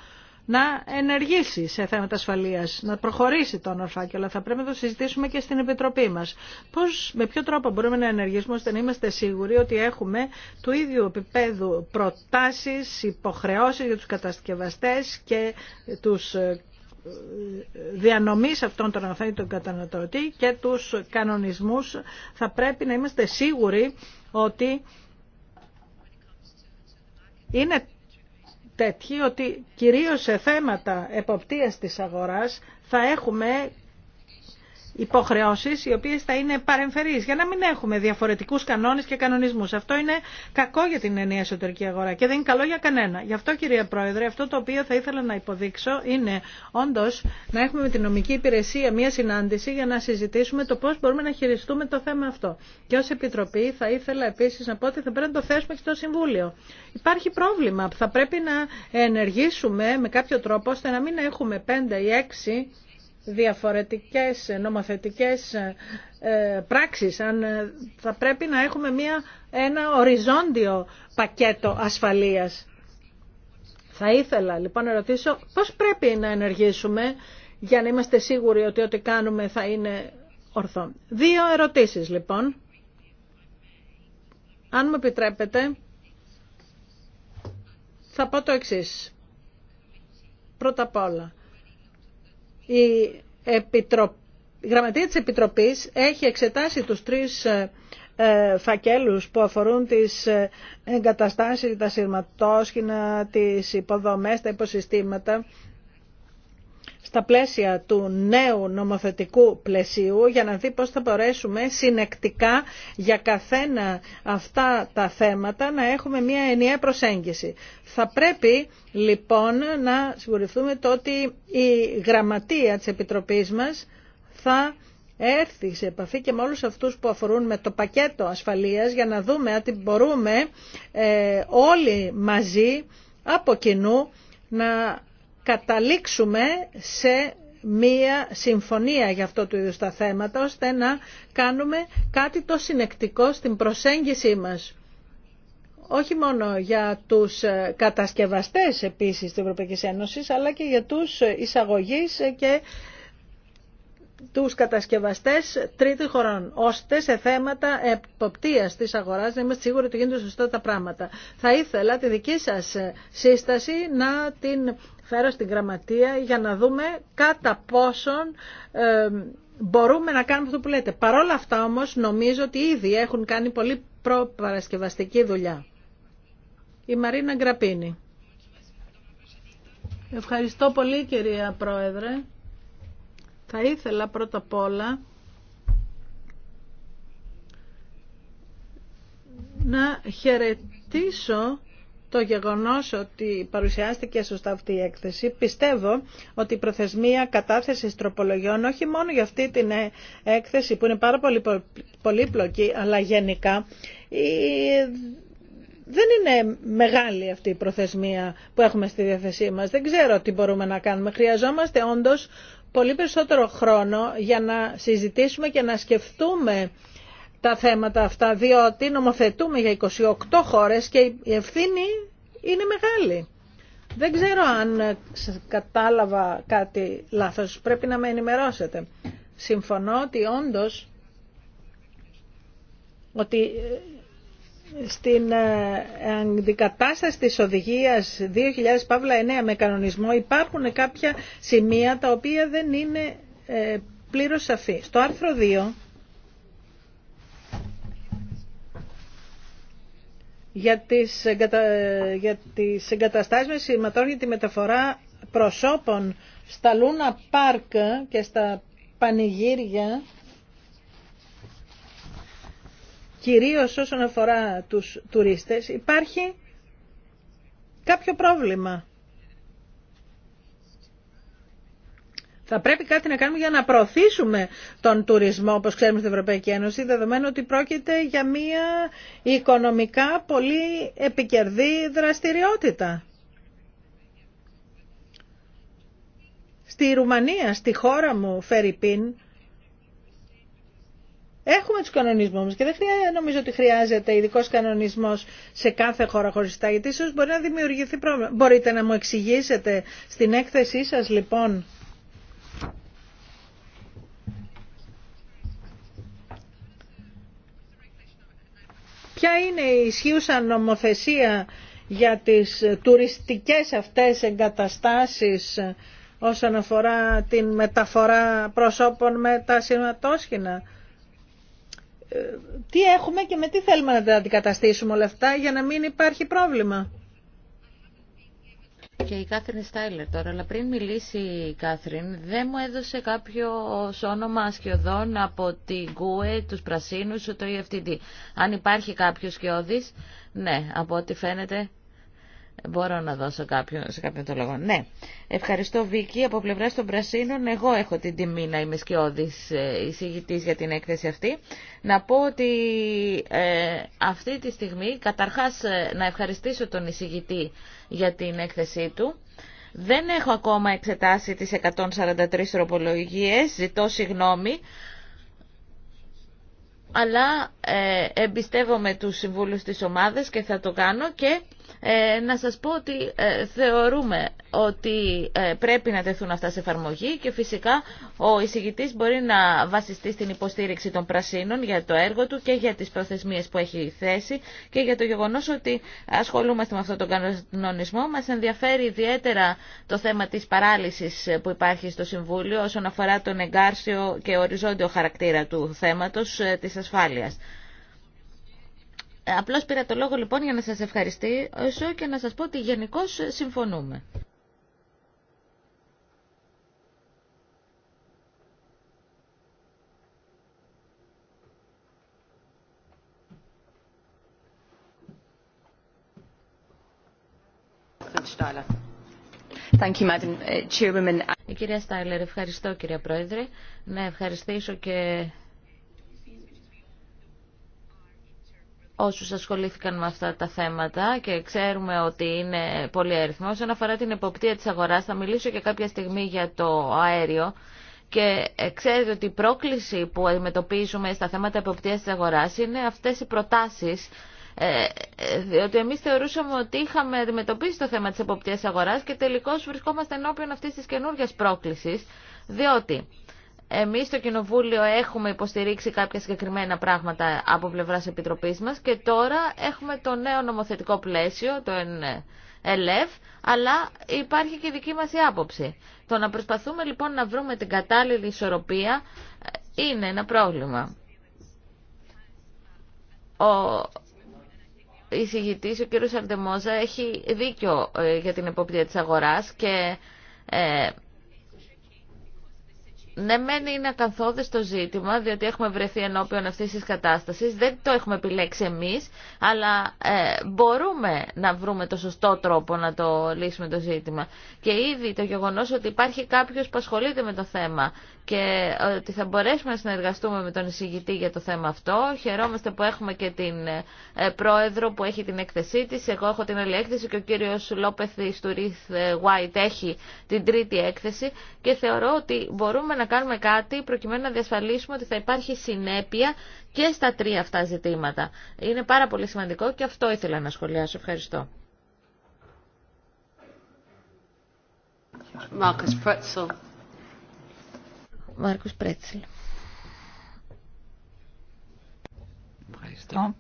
να ενεργήσει σε θέματα ασφαλείας, να προχωρήσει το όνορφάκι, αλλά θα πρέπει να το συζητήσουμε και στην Επιτροπή μας. Πώς, με ποιο τρόπο μπορούμε να ενεργήσουμε ώστε να είμαστε σίγουροι ότι έχουμε του ίδιου επίπεδου προτάσεις, υποχρεώσεις για τους κατασκευαστές και τους ε, διανομής αυτών των ανθρώπων καταναλωτή και τους κανονισμούς θα πρέπει να είμαστε σίγουροι ότι είναι τέτοιοι ότι κυρίως σε θέματα εποπτείας της αγοράς θα έχουμε υποχρεώσει, οι οποίε θα είναι παρεμφερεί. για να μην έχουμε διαφορετικού κανόνε και κανονισμού. Αυτό είναι κακό για την ενιαία εσωτερική αγορά και δεν είναι καλό για κανένα. Γι' αυτό κύριε Πρόεδρε αυτό το οποίο θα ήθελα να υποδείξω είναι όντω να έχουμε με την νομική υπηρεσία μια συνάντηση για να συζητήσουμε το πώ μπορούμε να χειριστούμε το θέμα αυτό. Και ω Επιτροπή θα ήθελα επίση να πω ότι θα πρέπει να το θέσουμε και στο Συμβούλιο. Υπάρχει πρόβλημα θα πρέπει να ενεργήσουμε με κάποιο τρόπο ώστε να μην έχουμε πέντε ή έξι διαφορετικές νομοθετικές ε, ε, πράξεις, αν ε, θα πρέπει να έχουμε μια, ένα οριζόντιο πακέτο ασφαλείας. Θα ήθελα λοιπόν να ρωτήσω πώς πρέπει να ενεργήσουμε για να είμαστε σίγουροι ότι ό,τι κάνουμε θα είναι ορθό. Δύο ερωτήσεις λοιπόν. Αν μου επιτρέπετε, θα πω το εξής. Πρώτα απ' όλα, η, επιτροπή, Γραμματεία της Επιτροπής έχει εξετάσει τους τρεις ε, ε, φακέλους που αφορούν τις ε, εγκαταστάσεις, τα σειρματόσχηνα, τις υποδομές, τα υποσυστήματα στα πλαίσια του νέου νομοθετικού πλαισίου για να δει πώς θα μπορέσουμε συνεκτικά για καθένα αυτά τα θέματα να έχουμε μια ενιαία προσέγγιση. Θα πρέπει λοιπόν να σιγουρευτούμε το ότι η γραμματεία της Επιτροπής μας θα έρθει σε επαφή και με όλους αυτούς που αφορούν με το πακέτο ασφαλείας για να δούμε αν μπορούμε ε, όλοι μαζί από κοινού να καταλήξουμε σε μία συμφωνία για αυτό το είδους τα θέματα, ώστε να κάνουμε κάτι το συνεκτικό στην προσέγγιση μας. Όχι μόνο για τους κατασκευαστές επίσης της Ευρωπαϊκής Ένωσης, αλλά και για τους εισαγωγείς και τους κατασκευαστές τρίτη χωρών, ώστε σε θέματα εποπτείας της αγοράς να είμαστε σίγουροι ότι γίνονται σωστά τα πράγματα. Θα ήθελα τη δική σας σύσταση να την φέρω στην γραμματεία για να δούμε κατά πόσον ε, μπορούμε να κάνουμε αυτό που λέτε. όλα αυτά όμως νομίζω ότι ήδη έχουν κάνει πολύ προπαρασκευαστική δουλειά. Η Μαρίνα Γκραπίνη. Ευχαριστώ πολύ κυρία Πρόεδρε. Θα ήθελα πρώτα απ' όλα να χαιρετήσω το γεγονός ότι παρουσιάστηκε σωστά αυτή η έκθεση. Πιστεύω ότι η προθεσμία κατάθεση τροπολογιών όχι μόνο για αυτή την έκθεση που είναι πάρα πολύ πολύπλοκη αλλά γενικά δεν είναι μεγάλη αυτή η προθεσμία που έχουμε στη διάθεσή μας. Δεν ξέρω τι μπορούμε να κάνουμε. Χρειαζόμαστε όντως πολύ περισσότερο χρόνο για να συζητήσουμε και να σκεφτούμε τα θέματα αυτά, διότι νομοθετούμε για 28 χώρες και η ευθύνη είναι μεγάλη. Δεν ξέρω αν κατάλαβα κάτι λάθος, πρέπει να με ενημερώσετε. Συμφωνώ ότι όντως ότι στην ε, αντικατάσταση της οδηγίας 2009 με κανονισμό υπάρχουν κάποια σημεία τα οποία δεν είναι ε, πλήρως σαφή. Στο άρθρο 2 για τις, εγκατα... για τις εγκαταστάσεις με σηματών για τη μεταφορά προσώπων στα Λούνα Πάρκ και στα πανηγύρια κυρίως όσον αφορά τους τουρίστες, υπάρχει κάποιο πρόβλημα. Θα πρέπει κάτι να κάνουμε για να προωθήσουμε τον τουρισμό, όπως ξέρουμε στην Ευρωπαϊκή Ένωση, δεδομένου ότι πρόκειται για μια οικονομικά πολύ επικερδή δραστηριότητα. Στη Ρουμανία, στη χώρα μου, Φερρυπίν, Έχουμε τους κανονισμούς και δεν νομίζω ότι χρειάζεται ειδικό κανονισμός σε κάθε χώρα χωριστά, γιατί ίσω μπορεί να δημιουργηθεί πρόβλημα. Μπορείτε να μου εξηγήσετε στην έκθεσή σας λοιπόν ποια είναι η ισχύουσα νομοθεσία για τις τουριστικές αυτές εγκαταστάσεις όσον αφορά την μεταφορά προσώπων με τα σηματόσχηνα τι έχουμε και με τι θέλουμε να τα αντικαταστήσουμε όλα αυτά για να μην υπάρχει πρόβλημα.
Και η Κάθριν Στάιλερ τώρα, αλλά πριν μιλήσει η Κάθριν, δεν μου έδωσε κάποιο όνομα ασχεδόν από την ΚΟΕ, τους Πρασίνους, το EFTD. Αν υπάρχει κάποιος σκιώδης, ναι, από ό,τι φαίνεται Μπορώ να δώσω κάποιον, σε κάποιον το λόγο. Ναι. Ευχαριστώ Βίκη. Από πλευρά των Πρασίνων εγώ έχω την τιμή να είμαι σκιώδης ε, εισηγητή για την έκθεση αυτή. Να πω ότι ε, αυτή τη στιγμή καταρχάς ε, να ευχαριστήσω τον εισηγητή για την έκθεσή του. Δεν έχω ακόμα εξετάσει τις 143 τροπολογίες, ζητώ συγγνώμη, αλλά ε, εμπιστεύομαι τους συμβούλους της ομάδας και θα το κάνω και ε, να σας πω ότι ε, θεωρούμε ότι ε, πρέπει να τεθούν αυτά σε εφαρμογή και φυσικά ο εισηγητής μπορεί να βασιστεί στην υποστήριξη των πρασίνων για το έργο του και για τις προθεσμίες που έχει θέσει και για το γεγονός ότι ασχολούμαστε με αυτόν τον κανονισμό. Μας ενδιαφέρει ιδιαίτερα το θέμα της παράλυσης που υπάρχει στο Συμβούλιο όσον αφορά τον εγκάρσιο και οριζόντιο χαρακτήρα του θέματος της ασφάλειας. Απλώς πήρα το λόγο λοιπόν για να σας ευχαριστήσω και να σας πω ότι γενικώ συμφωνούμε. Thank you, Madam uh, Chairwoman. Η κυρία Στάιλερ, ευχαριστώ κυρία Πρόεδρε. Να ευχαριστήσω και όσους ασχολήθηκαν με αυτά τα θέματα και ξέρουμε ότι είναι πολύ αριθμό. Όσον αφορά την εποπτεία της αγοράς, θα μιλήσω και κάποια στιγμή για το αέριο. Και ε, ξέρετε ότι η πρόκληση που αντιμετωπίζουμε στα θέματα εποπτείας της αγοράς είναι αυτές οι προτάσεις ε, ε, διότι εμείς θεωρούσαμε ότι είχαμε αντιμετωπίσει το θέμα της εποπτείας αγοράς και τελικώς βρισκόμαστε ενώπιον αυτής της καινούργιας πρόκλησης, διότι εμείς στο Κοινοβούλιο έχουμε υποστηρίξει κάποια συγκεκριμένα πράγματα από πλευράς Επιτροπής μας και τώρα έχουμε το νέο νομοθετικό πλαίσιο, το ΕΛΕΦ, αλλά υπάρχει και δική μας η άποψη. Το να προσπαθούμε λοιπόν να βρούμε την κατάλληλη ισορροπία ε, είναι ένα πρόβλημα. Ο εισηγητή, ο κύριος Αρντεμόζα, έχει δίκιο ε, για την εποπτεία τη αγορά και... Ε, ναι, μεν είναι ακαθόδε το ζήτημα, διότι έχουμε βρεθεί ενώπιον αυτή τη κατάσταση. Δεν το έχουμε επιλέξει εμεί, αλλά ε, μπορούμε να βρούμε το σωστό τρόπο να το λύσουμε το ζήτημα. Και ήδη το γεγονό ότι υπάρχει κάποιο που ασχολείται με το θέμα και ε, ότι θα μπορέσουμε να συνεργαστούμε με τον εισηγητή για το θέμα αυτό. Χαιρόμαστε που έχουμε και την ε, πρόεδρο που έχει την έκθεσή τη. Εγώ έχω την άλλη έκθεση και ο κύριο Λόπεθ Στουρίθ ε, White έχει την τρίτη έκθεση και θεωρώ ότι μπορούμε να κάνουμε κάτι προκειμένου να διασφαλίσουμε ότι θα υπάρχει συνέπεια και στα τρία αυτά ζητήματα. Είναι πάρα πολύ σημαντικό και αυτό ήθελα να σχολιάσω. Ευχαριστώ. Μάρκος Πρέτσελ.
Ευχαριστώ.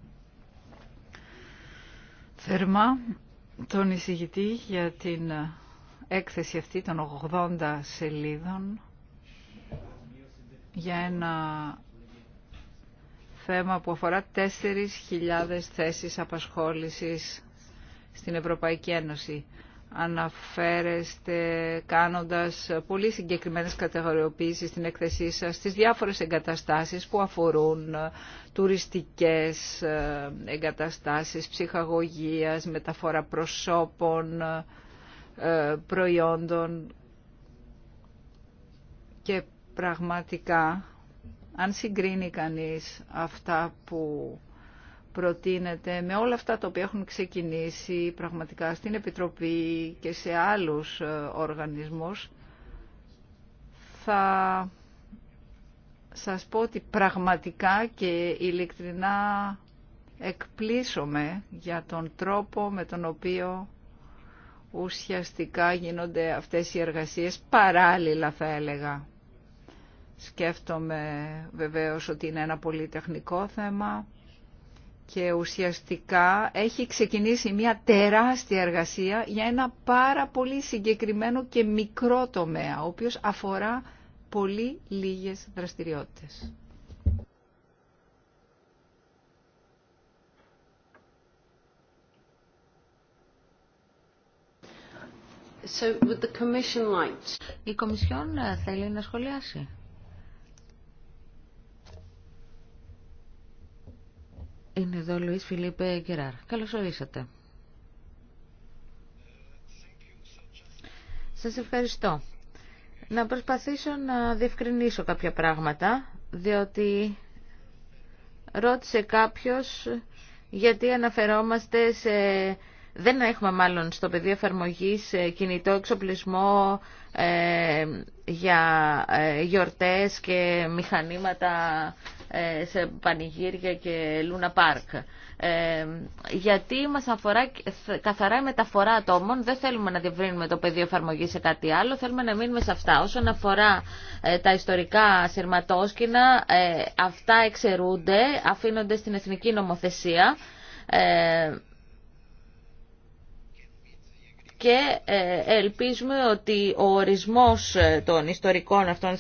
Θερμά τον εισηγητή για την ε, έκθεση αυτή των 80 σελίδων για ένα θέμα που αφορά 4.000 θέσεις απασχόλησης στην Ευρωπαϊκή Ένωση. Αναφέρεστε κάνοντας πολύ συγκεκριμένες κατηγοριοποίησεις στην έκθεσή σας στις διάφορες εγκαταστάσεις που αφορούν ε, τουριστικές ε, εγκαταστάσεις, ψυχαγωγίας, μεταφορά προσώπων, ε, προϊόντων και πραγματικά, αν συγκρίνει κανείς αυτά που προτείνεται με όλα αυτά τα οποία έχουν ξεκινήσει πραγματικά στην Επιτροπή και σε άλλους ε, οργανισμούς, θα σας πω ότι πραγματικά και ειλικρινά εκπλήσωμαι για τον τρόπο με τον οποίο ουσιαστικά γίνονται αυτές οι εργασίες παράλληλα θα έλεγα. Σκέφτομαι βεβαίως ότι είναι ένα πολύ τεχνικό θέμα και ουσιαστικά έχει ξεκινήσει μια τεράστια εργασία για ένα πάρα πολύ συγκεκριμένο και μικρό τομέα, ο οποίος αφορά πολύ λίγες δραστηριότητες. So, the commission
Η Κομισιόν ε, θέλει να σχολιάσει. Είναι εδώ ο Λουίς Φιλίππε Γκεράρ. Καλώς ορίσατε. Σας ευχαριστώ. Να προσπαθήσω να διευκρινίσω κάποια πράγματα, διότι ρώτησε κάποιος γιατί αναφερόμαστε σε δεν έχουμε μάλλον στο πεδίο εφαρμογή ε, κινητό εξοπλισμό ε, για ε, γιορτές και μηχανήματα σε πανηγύρια και Λούνα Πάρκ. γιατί μας αφορά καθαρά η μεταφορά ατόμων, δεν θέλουμε να διευρύνουμε το πεδίο εφαρμογή σε κάτι άλλο, θέλουμε να μείνουμε σε αυτά. Όσον αφορά τα ιστορικά σειρματόσκηνα, αυτά εξαιρούνται, αφήνονται στην εθνική νομοθεσία και ε, ελπίζουμε ότι ο ορισμός των ιστορικών αυτών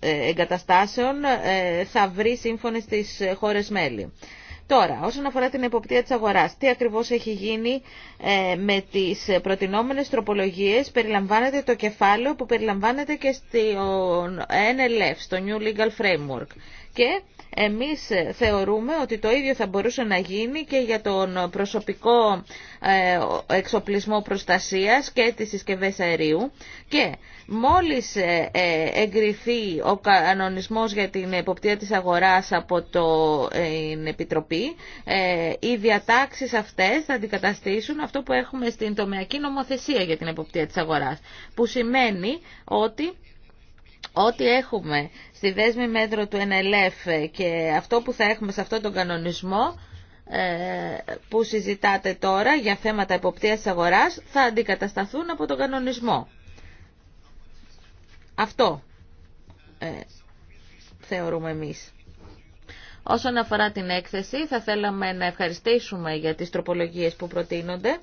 ε, εγκαταστάσεων ε, θα βρει σύμφωνες στις χώρες μέλη. Τώρα, όσον αφορά την εποπτεία της αγοράς, τι ακριβώς έχει γίνει με τις προτινόμενες τροπολογίες, περιλαμβάνεται το κεφάλαιο που περιλαμβάνεται και στο NLF, στο New Legal Framework και εμείς θεωρούμε ότι το ίδιο θα μπορούσε να γίνει και για τον προσωπικό ε, εξοπλισμό προστασίας και τις συσκευές αερίου και μόλις ε, ε, εγκριθεί ο κανονισμός για την εποπτεία της αγοράς από την Επιτροπή οι διατάξεις αυτές θα αντικαταστήσουν αυτό που έχουμε στην τομεακή νομοθεσία για την εποπτεία της αγοράς που σημαίνει ότι Ό,τι έχουμε στη δέσμη μέτρο του ΕΝΕΛΕΦ και αυτό που θα έχουμε σε αυτόν τον κανονισμό ε, που συζητάτε τώρα για θέματα εποπτείας της αγοράς θα αντικατασταθούν από τον κανονισμό. Αυτό ε, θεωρούμε εμείς. Όσον αφορά την έκθεση, θα θέλαμε να ευχαριστήσουμε για τις τροπολογίες που προτείνονται.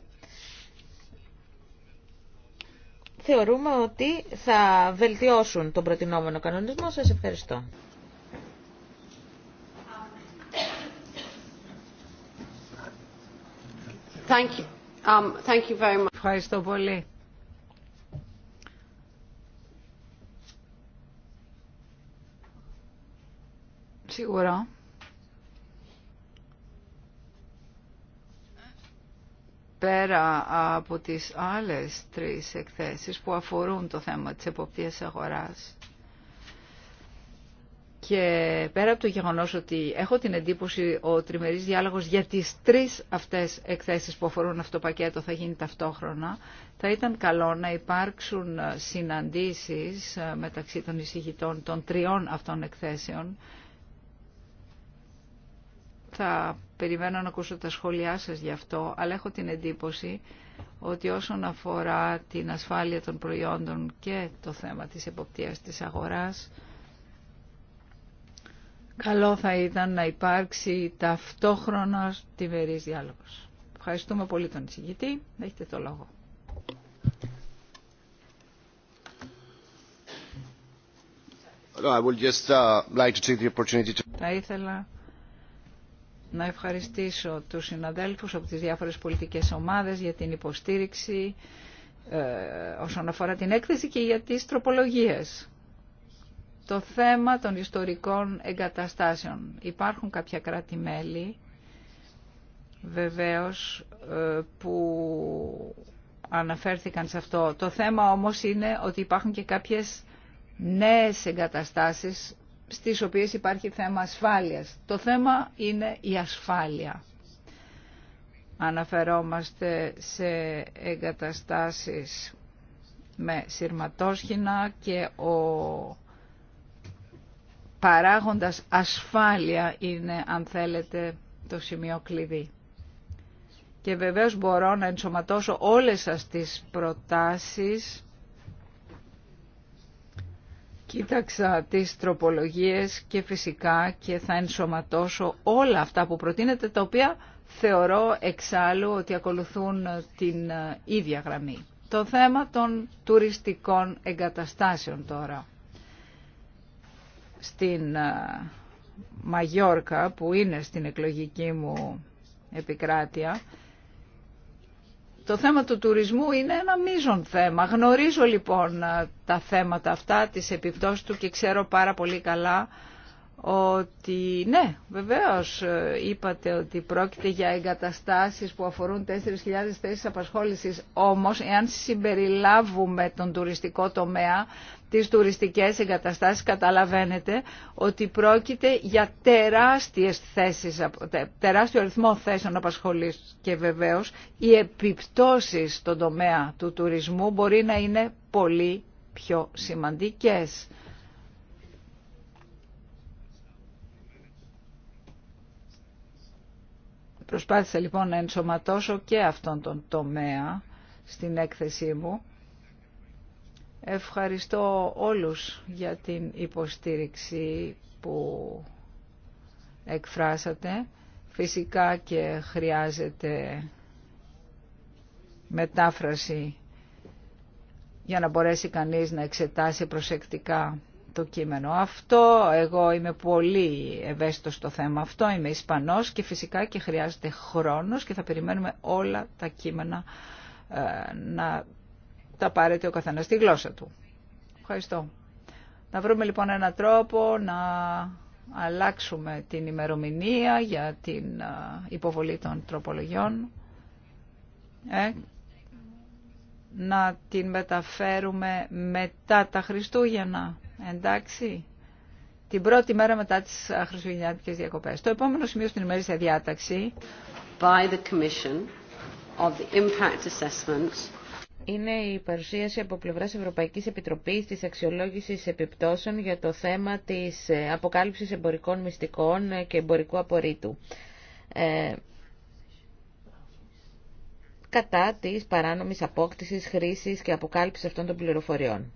θεωρούμε ότι θα βελτιώσουν τον προτινόμενο κανονισμό. Σας ευχαριστώ.
Thank you. Um, thank you very much. Ευχαριστώ πολύ. Σίγουρα. πέρα από τις άλλες τρεις εκθέσεις που αφορούν το θέμα της εποπτείας αγοράς και πέρα από το γεγονός ότι έχω την εντύπωση ο τριμερής διάλογος για τις τρεις αυτές εκθέσεις που αφορούν αυτό το πακέτο θα γίνει ταυτόχρονα, θα ήταν καλό να υπάρξουν συναντήσεις ε, μεταξύ των εισηγητών των τριών αυτών εκθέσεων περιμένω να ακούσω τα σχόλιά σας γι' αυτό, αλλά έχω την εντύπωση ότι όσον αφορά την ασφάλεια των προϊόντων και το θέμα της εποπτείας της αγοράς, καλό θα ήταν να υπάρξει ταυτόχρονα τιμερής διάλογος. Ευχαριστούμε πολύ τον εισηγητή. Έχετε το λόγο. Uh, θα ήθελα να ευχαριστήσω τους συναδέλφους από τις διάφορες πολιτικές ομάδες για την υποστήριξη ε, όσον αφορά την έκθεση και για τις τροπολογίες. Το θέμα των ιστορικών εγκαταστάσεων. Υπάρχουν κάποια κράτη-μέλη βεβαίως ε, που αναφέρθηκαν σε αυτό. Το θέμα όμως είναι ότι υπάρχουν και κάποιες νέες εγκαταστάσεις στις οποίες υπάρχει θέμα ασφάλειας. Το θέμα είναι η ασφάλεια. Αναφερόμαστε σε εγκαταστάσεις με σειρματόσχηνα και ο παράγοντας ασφάλεια είναι, αν θέλετε, το σημείο κλειδί. Και βεβαίως μπορώ να ενσωματώσω όλες σας τις προτάσεις Κοίταξα τις τροπολογίες και φυσικά και θα ενσωματώσω όλα αυτά που προτείνετε, τα οποία θεωρώ εξάλλου ότι ακολουθούν την ίδια γραμμή. Το θέμα των τουριστικών εγκαταστάσεων τώρα. Στην ε, Μαγιόρκα που είναι στην εκλογική μου επικράτεια το θέμα του τουρισμού είναι ένα μείζον θέμα. Γνωρίζω λοιπόν τα θέματα αυτά, τις επιπτώσεις του και ξέρω πάρα πολύ καλά ότι ναι, βεβαίως ε, είπατε ότι πρόκειται για εγκαταστάσεις που αφορούν 4.000 θέσεις απασχόλησης, όμως εάν συμπεριλάβουμε τον τουριστικό τομέα τις τουριστικές εγκαταστάσεις καταλαβαίνετε ότι πρόκειται για τεράστιες θέσεις, τεράστιο αριθμό θέσεων απασχολής και βεβαίως οι επιπτώσεις στον τομέα του τουρισμού μπορεί να είναι πολύ πιο σημαντικές. Προσπάθησα λοιπόν να ενσωματώσω και αυτόν τον τομέα στην έκθεσή μου Ευχαριστώ όλους για την υποστήριξη που εκφράσατε. Φυσικά και χρειάζεται μετάφραση για να μπορέσει κανείς να εξετάσει προσεκτικά το κείμενο αυτό. Εγώ είμαι πολύ ευαίσθητος στο θέμα αυτό, είμαι Ισπανός και φυσικά και χρειάζεται χρόνος και θα περιμένουμε όλα τα κείμενα ε, να τα πάρετε ο καθένας στη γλώσσα του. Ευχαριστώ. Να βρούμε λοιπόν έναν τρόπο να αλλάξουμε την ημερομηνία για την υποβολή των τροπολογιών. Ε, να την μεταφέρουμε μετά τα Χριστούγεννα, εντάξει. Την πρώτη μέρα μετά τις Χριστουγεννιάτικες διακοπές. Το επόμενο σημείο στην ημέρη σε διάταξη. By the Commission of the Impact Assessment είναι η παρουσίαση από πλευράς Ευρωπαϊκής Επιτροπής
της αξιολόγησης επιπτώσεων για το θέμα της ε, αποκάλυψης εμπορικών μυστικών ε, και εμπορικού απορρίτου. Ε, κατά της παράνομης απόκτησης, χρήσης και αποκάλυψης αυτών των πληροφοριών.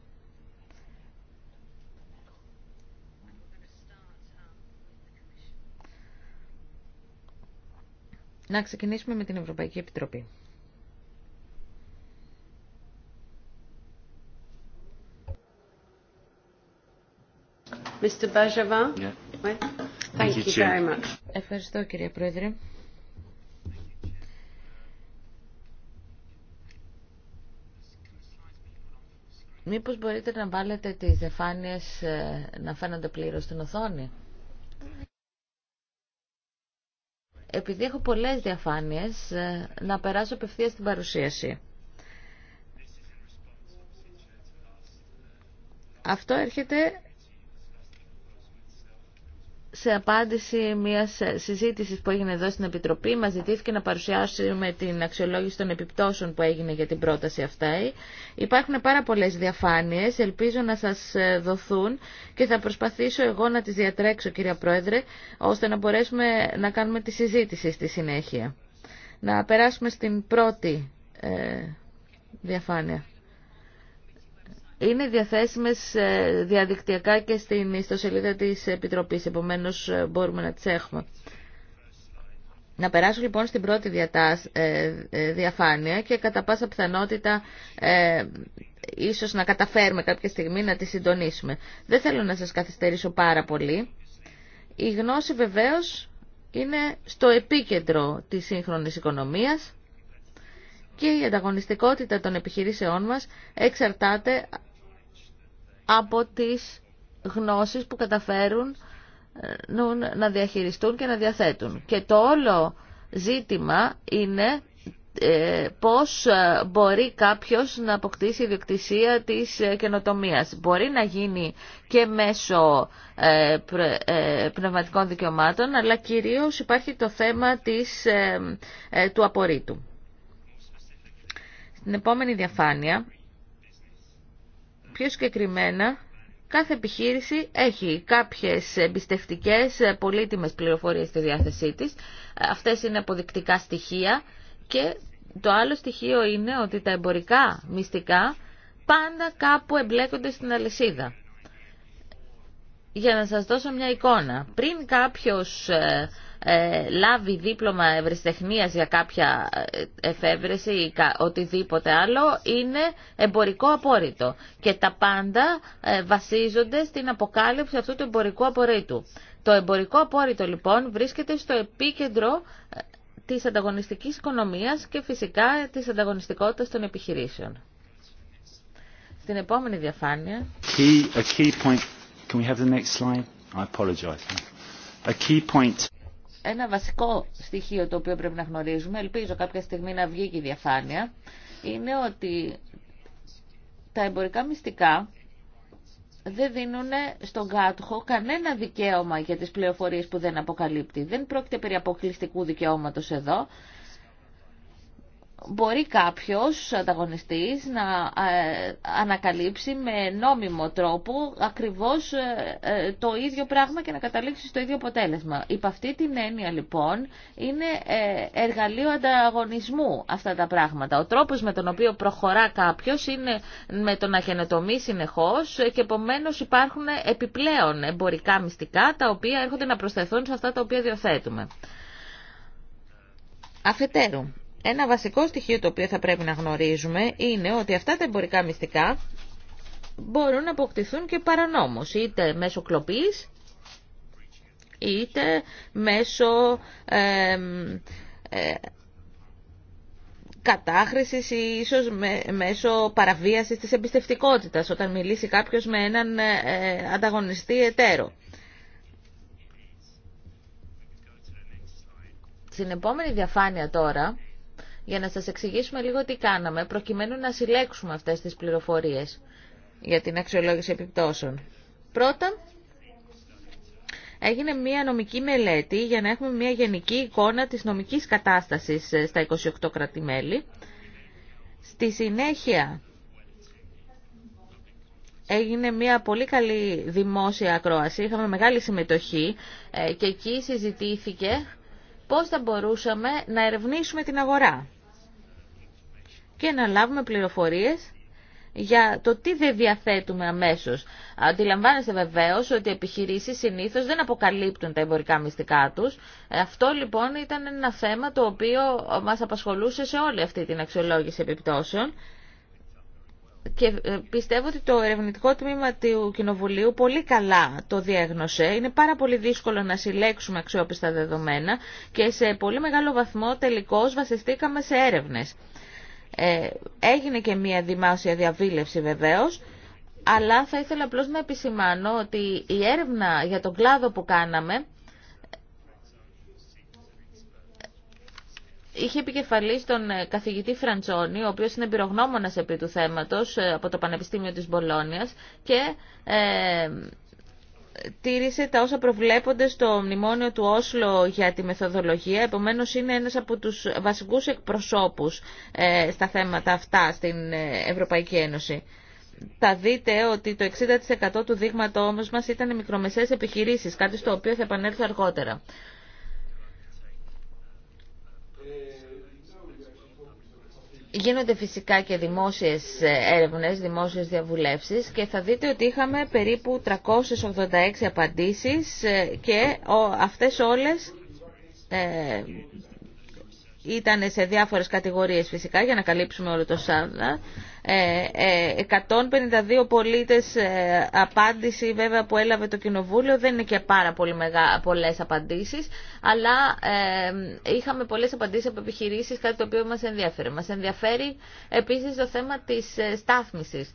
Να ξεκινήσουμε με την Ευρωπαϊκή Επιτροπή. Ευχαριστώ κύριε Πρόεδρε. Μήπως μπορείτε να βάλετε τις διαφάνειες ε, να φαίνονται πλήρως στην οθόνη. Επειδή έχω πολλές διαφάνειες, ε, να περάσω απευθεία στην παρουσίαση. Αυτό έρχεται σε απάντηση μιας συζήτησης που έγινε εδώ στην Επιτροπή μα ζητήθηκε να παρουσιάσουμε την αξιολόγηση των επιπτώσεων που έγινε για την πρόταση αυτά. Υπάρχουν πάρα πολλέ διαφάνειες, ελπίζω να σας δοθούν και θα προσπαθήσω εγώ να τις διατρέξω κυρία Πρόεδρε ώστε να μπορέσουμε να κάνουμε τη συζήτηση στη συνέχεια. Να περάσουμε στην πρώτη ε, διαφάνεια είναι διαθέσιμες ε, διαδικτυακά και στην ιστοσελίδα της Επιτροπής, επομένως ε, μπορούμε να τις έχουμε. Να περάσω λοιπόν στην πρώτη ε, διαφάνεια και κατά πάσα πιθανότητα ίσως να καταφέρουμε κάποια στιγμή να τη συντονίσουμε. Δεν θέλω να σας καθυστερήσω πάρα πολύ. Η γνώση βεβαίως είναι στο επίκεντρο της σύγχρονης οικονομίας και η ανταγωνιστικότητα των επιχειρήσεών μας εξαρτάται από τις γνώσεις που καταφέρουν ε, να διαχειριστούν και να διαθέτουν. Και το όλο ζήτημα είναι ε, πώς ε, μπορεί κάποιος να αποκτήσει ιδιοκτησία της καινοτομίας. Μπορεί να γίνει και μέσω πνευματικών δικαιωμάτων, αλλά κυρίως υπάρχει το θέμα της, του απορρίτου. Στην επόμενη διαφάνεια πιο συγκεκριμένα, κάθε επιχείρηση έχει κάποιες εμπιστευτικέ, πολύτιμες πληροφορίες στη διάθεσή της. Αυτές είναι αποδεικτικά στοιχεία και το άλλο στοιχείο είναι ότι τα εμπορικά μυστικά πάντα κάπου εμπλέκονται στην αλυσίδα. Για να σας δώσω μια εικόνα, πριν κάποιος ε, ε, λάβει δίπλωμα ευρεσιτεχνίας για κάποια ε, εφεύρεση ή οτιδήποτε άλλο είναι εμπορικό απόρριτο και τα πάντα ε, βασίζονται στην αποκάλυψη αυτού του εμπορικού απορρίτου. Το εμπορικό απόρριτο λοιπόν βρίσκεται στο επίκεντρο της ανταγωνιστικής οικονομίας και φυσικά της ανταγωνιστικότητας των επιχειρήσεων. Στην επόμενη διαφάνεια. A key point. Can we have the next slide? I apologize. A key point ένα βασικό στοιχείο το οποίο πρέπει να γνωρίζουμε, ελπίζω κάποια στιγμή να βγει και η διαφάνεια, είναι ότι τα εμπορικά μυστικά δεν δίνουν στον κάτοχο κανένα δικαίωμα για τις πληροφορίες που δεν αποκαλύπτει. Δεν πρόκειται περί αποκλειστικού δικαιώματος εδώ μπορεί κάποιος ανταγωνιστής να ε, ανακαλύψει με νόμιμο τρόπο ακριβώς ε, ε, το ίδιο πράγμα και να καταλήξει στο ίδιο αποτέλεσμα. Υπ' αυτή την έννοια λοιπόν είναι εργαλείο ανταγωνισμού αυτά τα πράγματα. Ο τρόπος με τον οποίο προχωρά κάποιος είναι με τον να συνεχώ συνεχώς και επομένως υπάρχουν επιπλέον εμπορικά μυστικά τα οποία έρχονται να προσθεθούν σε αυτά τα οποία διαθέτουμε. Αφετέρου, ένα βασικό στοιχείο το οποίο θα πρέπει να γνωρίζουμε είναι ότι αυτά τα εμπορικά μυστικά μπορούν να αποκτηθούν και παρανόμως, είτε μέσω κλοπής, είτε μέσω ε, κατάχρησης ή ίσως μέσω παραβίασης της εμπιστευτικότητας όταν μιλήσει κάποιος με έναν ε, ανταγωνιστή εταίρο. Στην επόμενη διαφάνεια τώρα για να σας εξηγήσουμε λίγο τι κάναμε, προκειμένου να συλλέξουμε αυτές τις πληροφορίες για την αξιολόγηση επιπτώσεων. Πρώτα, έγινε μια νομική μελέτη για να έχουμε μια γενική εικόνα της νομικής κατάστασης ε, στα 28 κρατημέλη. Στη συνέχεια έγινε μια πολύ καλή δημόσια ακρόαση, είχαμε μεγάλη συμμετοχή ε, και εκεί συζητήθηκε πώς θα μπορούσαμε να ερευνήσουμε την αγορά και να λάβουμε πληροφορίες για το τι δεν διαθέτουμε αμέσως. Αντιλαμβάνεστε βεβαίως ότι οι επιχειρήσεις συνήθως δεν αποκαλύπτουν τα εμπορικά μυστικά τους. Αυτό λοιπόν ήταν ένα θέμα το οποίο μας απασχολούσε σε όλη αυτή την αξιολόγηση επιπτώσεων και ε, πιστεύω ότι το ερευνητικό τμήμα του Κοινοβουλίου πολύ καλά το διέγνωσε. Είναι πάρα πολύ δύσκολο να συλλέξουμε αξιόπιστα δεδομένα και σε πολύ μεγάλο βαθμό τελικώς βασιστήκαμε σε έρευνες. Ε, έγινε και μία δημόσια διαβίλευση βεβαίως, αλλά θα ήθελα απλώς να επισημάνω ότι η έρευνα για τον κλάδο που κάναμε είχε επικεφαλή τον ε, καθηγητή Φραντσόνη, ο οποίο είναι εμπειρογνώμονα επί του θέματος ε, από το Πανεπιστήμιο τη Μπολόνιας και ε, τήρησε τα όσα προβλέπονται στο μνημόνιο του Όσλο για τη μεθοδολογία. Επομένω, είναι ένα από του βασικού εκπροσώπους ε, στα θέματα αυτά στην Ευρωπαϊκή Ένωση. Θα δείτε ότι το 60% του δείγματο μας ήταν μικρομεσαίες επιχειρήσεις, κάτι στο οποίο θα επανέλθω αργότερα. Γίνονται φυσικά και δημόσιες ε, έρευνες, δημόσιες διαβουλεύσεις και θα δείτε ότι είχαμε περίπου 386 απαντήσεις ε, και αυτές όλες ε, ήταν σε διάφορες κατηγορίες φυσικά για να καλύψουμε όλο το ε, 152 ε, πολίτες ε, απάντηση βέβαια που έλαβε το κοινοβούλιο δεν είναι και πάρα πολύ μεγά, πολλές απαντήσεις αλλά ε, είχαμε πολλές απαντήσεις από επιχειρήσεις κάτι το οποίο μας ενδιαφέρει. Μας ενδιαφέρει επίσης το θέμα της ε, στάθμισης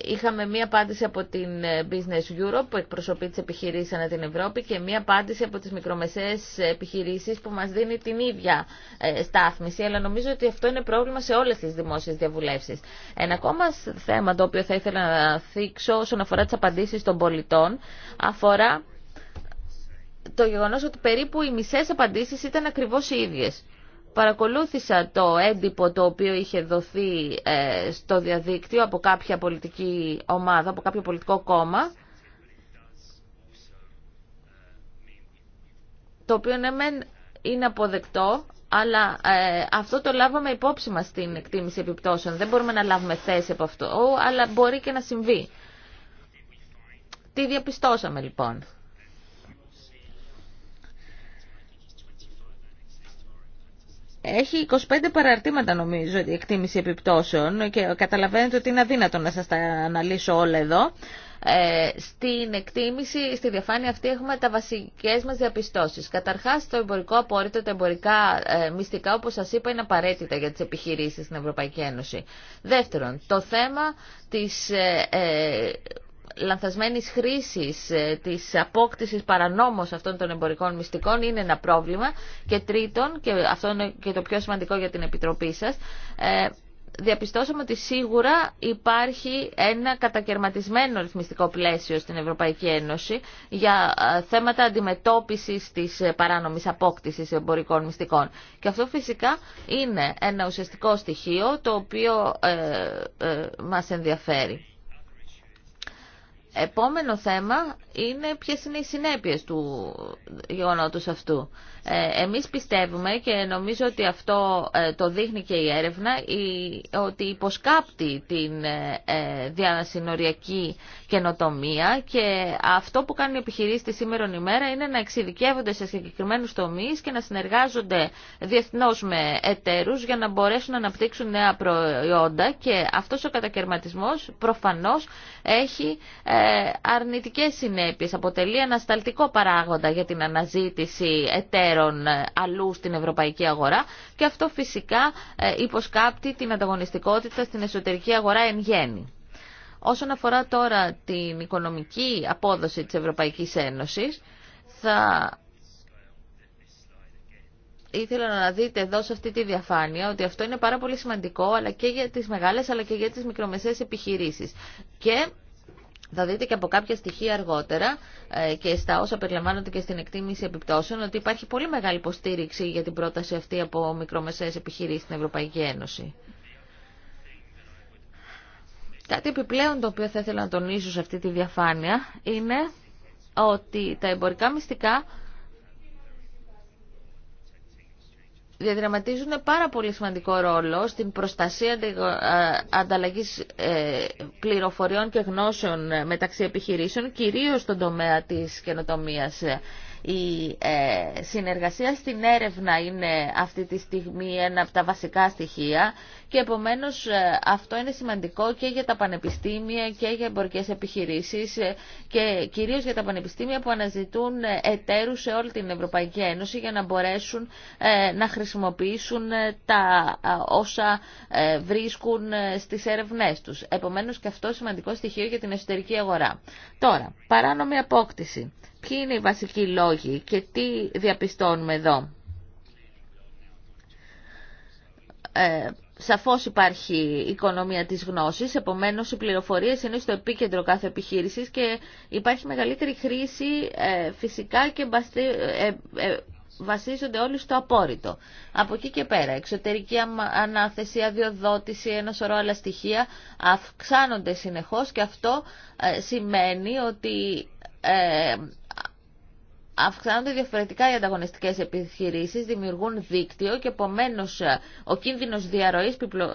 είχαμε μία απάντηση από την ε, Business Europe που εκπροσωπεί τις επιχειρήσεις ανά την Ευρώπη και μία απάντηση από τις μικρομεσαίες επιχειρήσεις που μας δίνει την ίδια ε, στάθμιση. Αλλά νομίζω ότι αυτό είναι πρόβλημα σε όλες τις δημόσιες διαβουλεύσεις. Ένα ακόμα θέμα το οποίο θα ήθελα να θίξω όσον αφορά τις απαντήσεις των πολιτών αφορά το γεγονός ότι περίπου οι μισές απαντήσεις ήταν ακριβώς οι ίδιες. Παρακολούθησα το έντυπο το οποίο είχε δοθεί ε, στο διαδίκτυο από κάποια πολιτική ομάδα, από κάποιο πολιτικό κόμμα, το οποίο ναι, είναι αποδεκτό, αλλά ε, αυτό το λάβαμε υπόψη μας στην εκτίμηση επιπτώσεων. Δεν μπορούμε να λάβουμε θέση από αυτό, αλλά μπορεί και να συμβεί. Τι διαπιστώσαμε λοιπόν. Έχει 25 παραρτήματα νομίζω η εκτίμηση επιπτώσεων και καταλαβαίνετε ότι είναι αδύνατο να σας τα αναλύσω όλα εδώ. Ε, στην εκτίμηση, στη διαφάνεια αυτή έχουμε τα βασικές μας διαπιστώσεις. Καταρχάς το εμπορικό απόρριτο, τα εμπορικά ε, μυστικά όπως σας είπα είναι απαραίτητα για τις επιχειρήσεις στην Ευρωπαϊκή Ένωση. Δεύτερον, το θέμα της ε, ε λανθασμένης χρήσης, ε, της απόκτησης παρανόμως αυτών των εμπορικών μυστικών είναι ένα πρόβλημα. Και τρίτον, και αυτό είναι και το πιο σημαντικό για την Επιτροπή σας, ε, διαπιστώσαμε ότι σίγουρα υπάρχει ένα κατακαιρματισμένο ρυθμιστικό πλαίσιο στην Ευρωπαϊκή Ένωση για ε, θέματα αντιμετώπισης της παράνομης απόκτηση εμπορικών μυστικών. Και αυτό φυσικά είναι ένα ουσιαστικό στοιχείο το οποίο ε, μας ενδιαφέρει. Επόμενο θέμα είναι ποιε είναι οι συνέπειες του γεγονότος αυτού. Ε, εμείς πιστεύουμε και νομίζω ότι αυτό ε, το δείχνει και η έρευνα ότι υποσκάπτει την ε, διασυνοριακή καινοτομία και αυτό που κάνουν οι επιχειρήσει τη σήμερα ημέρα είναι να εξειδικεύονται σε συγκεκριμένου τομεί και να συνεργάζονται διεθνώ με εταίρου για να μπορέσουν να αναπτύξουν νέα προϊόντα και αυτό ο κατακαιρματισμό προφανώ έχει ε, αρνητικέ συνέπειε. Αποτελεί ανασταλτικό παράγοντα για την αναζήτηση εταίρων αλλού στην ευρωπαϊκή αγορά και αυτό φυσικά ε, υποσκάπτει την ανταγωνιστικότητα στην εσωτερική αγορά εν γέννη. Όσον αφορά τώρα την οικονομική απόδοση της Ευρωπαϊκής Ένωσης, θα ήθελα να δείτε εδώ σε αυτή τη διαφάνεια ότι αυτό είναι πάρα πολύ σημαντικό αλλά και για τις μεγάλες αλλά και για τις μικρομεσαίες επιχειρήσεις. Και θα δείτε και από κάποια στοιχεία αργότερα ε, και στα όσα περιλαμβάνονται και στην εκτίμηση επιπτώσεων ότι υπάρχει πολύ μεγάλη υποστήριξη για την πρόταση αυτή από μικρομεσαίες επιχειρήσεις στην Ευρωπαϊκή Ένωση. Κάτι επιπλέον το οποίο θα ήθελα να τονίσω σε αυτή τη διαφάνεια είναι ότι τα εμπορικά μυστικά διαδραματίζουν πάρα πολύ σημαντικό ρόλο στην προστασία ε, ανταλλαγής ε, πληροφοριών και γνώσεων μεταξύ επιχειρήσεων, κυρίως στον τομέα της καινοτομίας. Η ε, συνεργασία στην έρευνα είναι αυτή τη στιγμή ένα από τα βασικά στοιχεία και επομένως ε, αυτό είναι σημαντικό και για τα πανεπιστήμια και για εμπορικές επιχειρήσεις ε, και κυρίως για τα πανεπιστήμια που αναζητούν ε, εταίρους σε όλη την Ευρωπαϊκή Ένωση για να μπορέσουν να χρησιμοποιήσουν τα όσα βρίσκουν στις έρευνές τους. Επομένως και αυτό σημαντικό στοιχείο για την εσωτερική αγορά. Τώρα, παράνομη απόκτηση. Ποιοι είναι οι βασικοί λόγοι και τι διαπιστώνουμε εδώ. Σαφώς υπάρχει οικονομία της γνώσης, επομένως οι πληροφορίες είναι στο επίκεντρο κάθε επιχείρησης και υπάρχει μεγαλύτερη χρήση ε, φυσικά και ε, ε, βασίζονται όλοι στο απόρριτο. Από εκεί και πέρα, εξωτερική ανάθεση, αδειοδότηση, ένα σωρό άλλα στοιχεία αυξάνονται συνεχώς και αυτό σημαίνει ότι αυξάνονται διαφορετικά οι ανταγωνιστικέ επιχειρήσει, δημιουργούν δίκτυο και επομένω ε, ο κίνδυνος διαρροή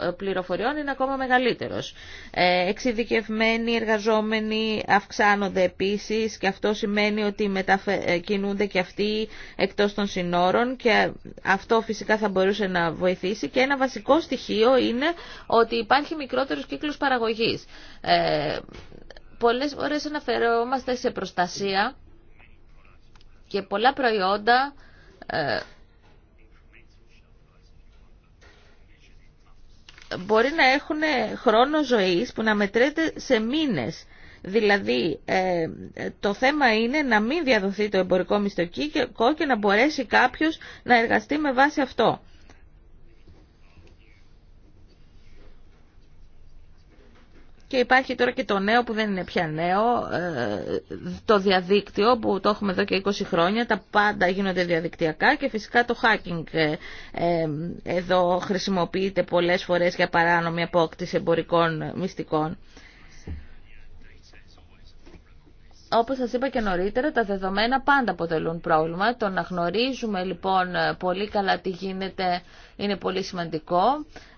ε, πληροφοριών είναι ακόμα μεγαλύτερος. Ε, εξειδικευμένοι εργαζόμενοι αυξάνονται επίσης και αυτό σημαίνει ότι μετακινούνται και αυτοί εκτό των συνόρων και αυτό φυσικά θα μπορούσε να βοηθήσει και ένα βασικό στοιχείο είναι ότι υπάρχει μικρότερο κύκλο παραγωγή. Ε, πολλές αναφερόμαστε σε προστασία και πολλά προϊόντα ε, μπορεί να έχουν χρόνο ζωής που να μετρέται σε μήνες. Δηλαδή ε, το θέμα είναι να μην διαδοθεί το εμπορικό μισθοκίκο και να μπορέσει κάποιος να εργαστεί με βάση αυτό. Και υπάρχει τώρα και το νέο που δεν είναι πια νέο, ε, το διαδίκτυο που το έχουμε εδώ και 20 χρόνια, τα πάντα γίνονται διαδικτυακά και φυσικά το hacking ε, ε, εδώ χρησιμοποιείται πολλές φορές για παράνομη απόκτηση εμπορικών μυστικών όπως σας είπα και νωρίτερα, τα δεδομένα πάντα αποτελούν πρόβλημα. Το να γνωρίζουμε λοιπόν πολύ καλά τι γίνεται είναι πολύ σημαντικό.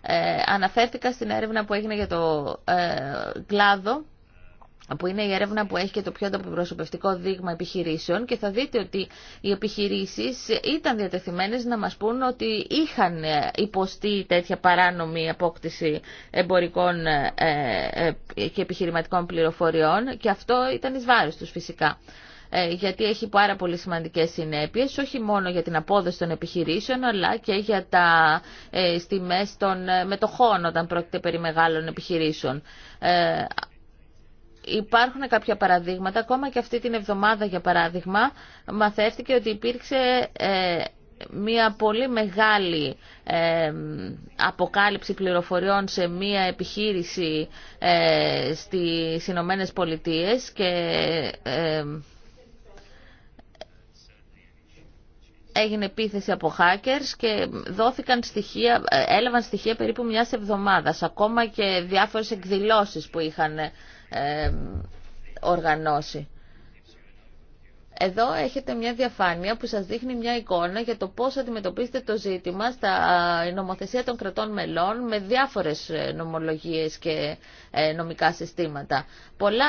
Ε, αναφέρθηκα στην έρευνα που έγινε για το ε, κλάδο που είναι η έρευνα που έχει και το πιο ανταποπροσωπευτικό δείγμα επιχειρήσεων και θα δείτε ότι οι επιχειρήσεις ήταν διατεθειμένες να μας πούν ότι είχαν υποστεί τέτοια παράνομη απόκτηση εμπορικών ε, ε, και επιχειρηματικών πληροφοριών και αυτό ήταν εις βάρος τους φυσικά ε, γιατί έχει πάρα πολύ σημαντικές συνέπειες, όχι μόνο για την απόδοση των επιχειρήσεων, αλλά και για τα ε, στιμές των μετοχών όταν πρόκειται περί μεγάλων επιχειρήσεων. Ε, Υπάρχουν κάποια παραδείγματα, ακόμα και αυτή την εβδομάδα για παράδειγμα, μαθεύτηκε ότι υπήρξε ε, μια πολύ μεγάλη ε, αποκάλυψη πληροφοριών σε μια επιχείρηση ε, στις Ηνωμένε Πολιτείες και ε, έγινε επίθεση από hackers και δόθηκαν στοιχεία, έλαβαν στοιχεία περίπου μια εβδομάδας, ακόμα και διάφορες εκδηλώσεις που είχαν οργανώσει. Εδώ έχετε μια διαφάνεια που σας δείχνει μια εικόνα για το πώς αντιμετωπίζετε το ζήτημα στα νομοθεσία των κρατών μελών με διάφορες ε, νομολογίες και ε, νομικά συστήματα. Πολλά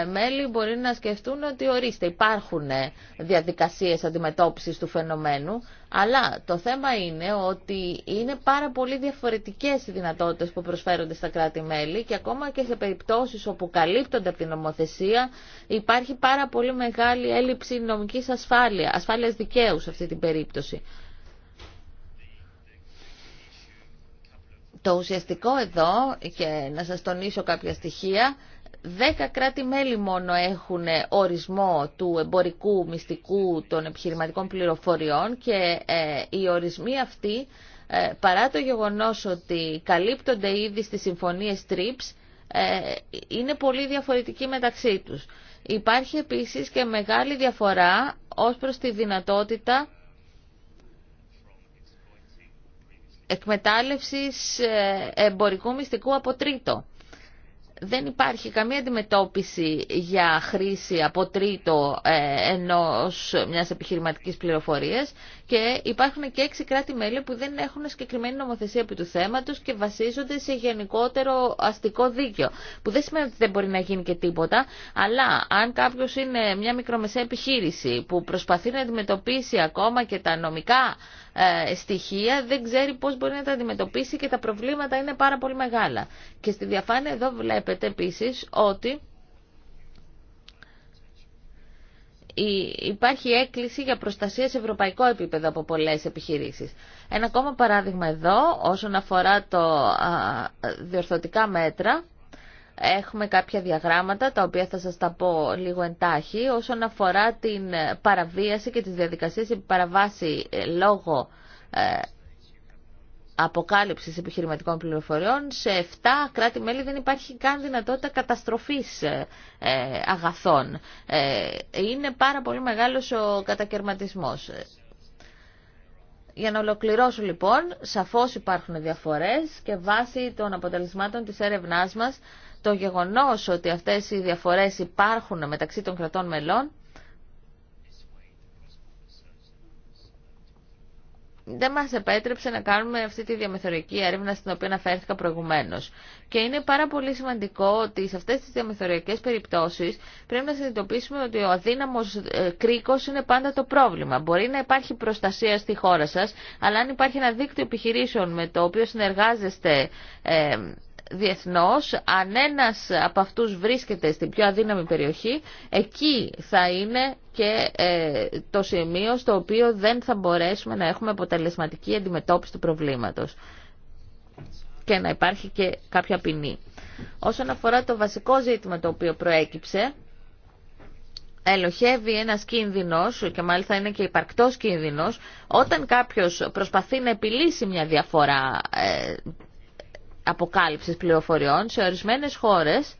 ε, μέλη μπορεί να σκεφτούν ότι ορίστε υπάρχουν διαδικασίες αντιμετώπισης του φαινομένου, αλλά το θέμα είναι ότι είναι πάρα πολύ διαφορετικές οι δυνατότητες που προσφέρονται στα κράτη-μέλη και ακόμα και σε περιπτώσεις όπου καλύπτονται από την νομοθεσία υπάρχει πάρα πολύ μεγάλη έλλειψη νομικής ασφάλειας, ασφάλειας δικαίου σε αυτή την περίπτωση. Το ουσιαστικό εδώ, και να σας τονίσω κάποια στοιχεία, Δέκα κράτη-μέλη μόνο έχουν ορισμό του εμπορικού μυστικού των επιχειρηματικών πληροφοριών και ε, οι ορισμοί αυτοί, ε, παρά το γεγονός ότι καλύπτονται ήδη στις συμφωνίες TRIPS, ε, είναι πολύ διαφορετικοί μεταξύ τους. Υπάρχει επίσης και μεγάλη διαφορά ως προς τη δυνατότητα εκμετάλλευσης εμπορικού μυστικού από τρίτο δεν υπάρχει καμία αντιμετώπιση για χρήση από τρίτο ε, ενός μιας επιχειρηματικής πληροφορίας και υπάρχουν και έξι κράτη-μέλη που δεν έχουν συγκεκριμένη νομοθεσία επί του θέματος και βασίζονται σε γενικότερο αστικό δίκαιο. Που δεν σημαίνει ότι δεν μπορεί να γίνει και τίποτα, αλλά αν κάποιο είναι μια μικρομεσαία επιχείρηση που προσπαθεί να αντιμετωπίσει ακόμα και τα νομικά ε, στοιχεία, δεν ξέρει πώς μπορεί να τα αντιμετωπίσει και τα προβλήματα είναι πάρα πολύ μεγάλα. Και στη διαφάνεια εδώ βλέπετε επίσης ότι υπάρχει έκκληση για προστασία σε ευρωπαϊκό επίπεδο από πολλές επιχειρήσεις. Ένα ακόμα παράδειγμα εδώ, όσον αφορά το διορθωτικά μέτρα, Έχουμε κάποια διαγράμματα, τα οποία θα σας τα πω λίγο εντάχει, όσον αφορά την παραβίαση και τις διαδικασίες επί παραβάση ε, λόγω ε, Αποκάλυψη επιχειρηματικών πληροφοριών σε 7 κράτη-μέλη δεν υπάρχει καν δυνατότητα καταστροφής ε, ε, αγαθών. Ε, είναι πάρα πολύ μεγάλος ο κατακαιρματισμός. Για να ολοκληρώσω λοιπόν, σαφώς υπάρχουν διαφορές και βάσει των αποτελεσμάτων της έρευνάς μας το γεγονός ότι αυτές οι διαφορές υπάρχουν μεταξύ των κρατών μελών δεν μας επέτρεψε να κάνουμε αυτή τη διαμεθοριακή έρευνα στην οποία αναφέρθηκα προηγουμένως. Και είναι πάρα πολύ σημαντικό ότι σε αυτές τις διαμεθοριακές περιπτώσεις πρέπει να συνειδητοποιήσουμε ότι ο αδύναμος ε, κρίκος είναι πάντα το πρόβλημα. Μπορεί να υπάρχει προστασία στη χώρα σας, αλλά αν υπάρχει ένα δίκτυο επιχειρήσεων με το οποίο συνεργάζεστε ε, διεθνώς αν ένας από αυτούς βρίσκεται στην πιο αδύναμη περιοχή εκεί θα είναι και ε, το σημείο στο οποίο δεν θα μπορέσουμε να έχουμε αποτελεσματική αντιμετώπιση του προβλήματος και να υπάρχει και κάποια ποινή. Όσον αφορά το βασικό ζήτημα το οποίο προέκυψε, ελοχεύει ένας κίνδυνος και μάλιστα είναι και υπαρκτός κίνδυνος όταν κάποιος προσπαθεί να επιλύσει μια διαφορά ε, αποκάλυψης πληροφοριών. Σε ορισμένες χώρες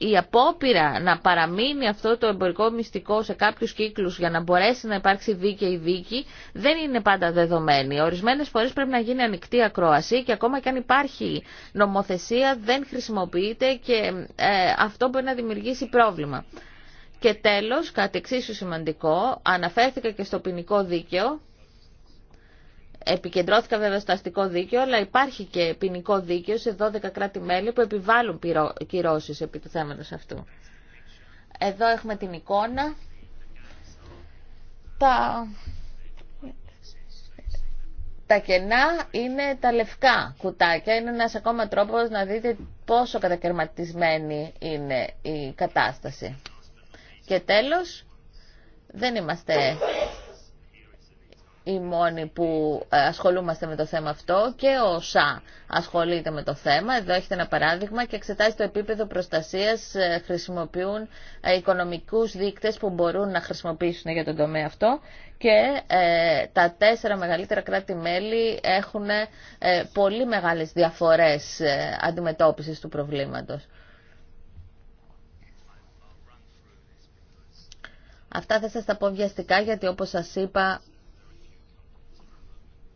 η απόπειρα να παραμείνει αυτό το εμπορικό μυστικό σε κάποιους κύκλους για να μπορέσει να υπάρξει δίκαιη δίκη δεν είναι πάντα δεδομένη. Ορισμένες φορές πρέπει να γίνει ανοιχτή ακρόαση και ακόμα και αν υπάρχει νομοθεσία δεν χρησιμοποιείται και ε, αυτό μπορεί να δημιουργήσει πρόβλημα. Και τέλος, κάτι εξίσου σημαντικό, αναφέρθηκα και στο ποινικό δίκαιο, Επικεντρώθηκα βέβαια στο αστικό δίκαιο, αλλά υπάρχει και ποινικό δίκαιο σε 12 κράτη-μέλη που επιβάλλουν κυρώσει επί του θέματος αυτού. Εδώ έχουμε την εικόνα. Τα... τα κενά είναι τα λευκά κουτάκια. Είναι ένας ακόμα τρόπος να δείτε πόσο κατακαιρματισμένη είναι η κατάσταση. Και τέλος, δεν είμαστε οι μόνοι που ε, ασχολούμαστε με το θέμα αυτό και ο ΣΑ ασχολείται με το θέμα. Εδώ έχετε ένα παράδειγμα και εξετάζει το επίπεδο προστασίας, ε, χρησιμοποιούν ε, οικονομικούς δείκτες που μπορούν να χρησιμοποιήσουν για τον τομέα αυτό και τα τέσσερα μεγαλύτερα κράτη-μέλη έχουν πολύ μεγάλες διαφορές ε, αντιμετώπισης του προβλήματος. Αυτά θα σας τα πω βιαστικά γιατί όπως σας είπα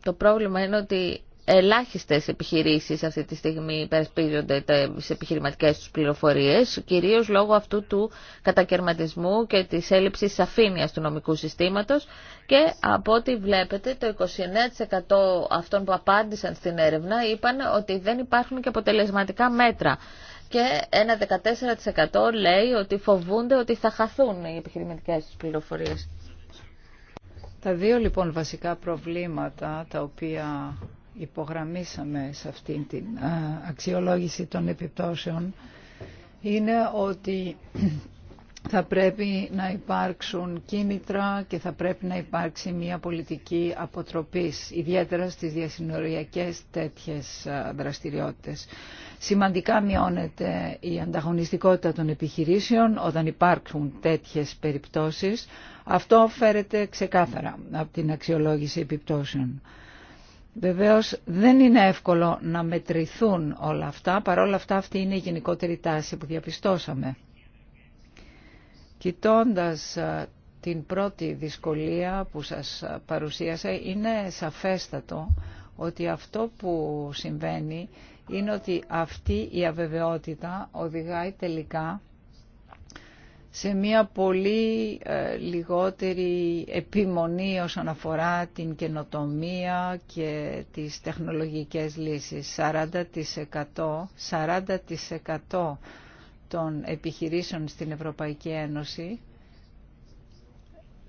το πρόβλημα είναι ότι ελάχιστες επιχειρήσεις αυτή τη στιγμή υπερασπίζονται τι επιχειρηματικέ του πληροφορίες, κυρίως λόγω αυτού του κατακαιρματισμού και της έλλειψης σαφήνεια του νομικού συστήματος και από ό,τι βλέπετε το 29% αυτών που απάντησαν στην έρευνα είπαν ότι δεν υπάρχουν και αποτελεσματικά μέτρα και ένα 14% λέει
ότι φοβούνται ότι θα χαθούν οι επιχειρηματικές τους πληροφορίες. Τα δύο λοιπόν βασικά προβλήματα τα οποία υπογραμμίσαμε σε αυτήν την ε, αξιολόγηση των επιπτώσεων είναι ότι θα πρέπει να υπάρξουν κίνητρα και θα πρέπει να υπάρξει μια πολιτική αποτροπής, ιδιαίτερα στις διασυνοριακές τέτοιες ε, δραστηριότητες. Σημαντικά μειώνεται η ανταγωνιστικότητα των επιχειρήσεων όταν υπάρχουν τέτοιες περιπτώσεις. Αυτό φέρεται ξεκάθαρα από την αξιολόγηση επιπτώσεων. Βεβαίως δεν είναι εύκολο να μετρηθούν όλα αυτά, παρόλα αυτά αυτή είναι η γενικότερη τάση που διαπιστώσαμε. Κοιτώντας την πρώτη δυσκολία που σας παρουσίασα, είναι σαφέστατο ότι αυτό που συμβαίνει είναι ότι αυτή η αβεβαιότητα οδηγάει τελικά σε μια πολύ ε, λιγότερη επιμονή όσον αφορά την καινοτομία και τις τεχνολογικές λύσεις. 40%, 40 των επιχειρήσεων στην Ευρωπαϊκή Ένωση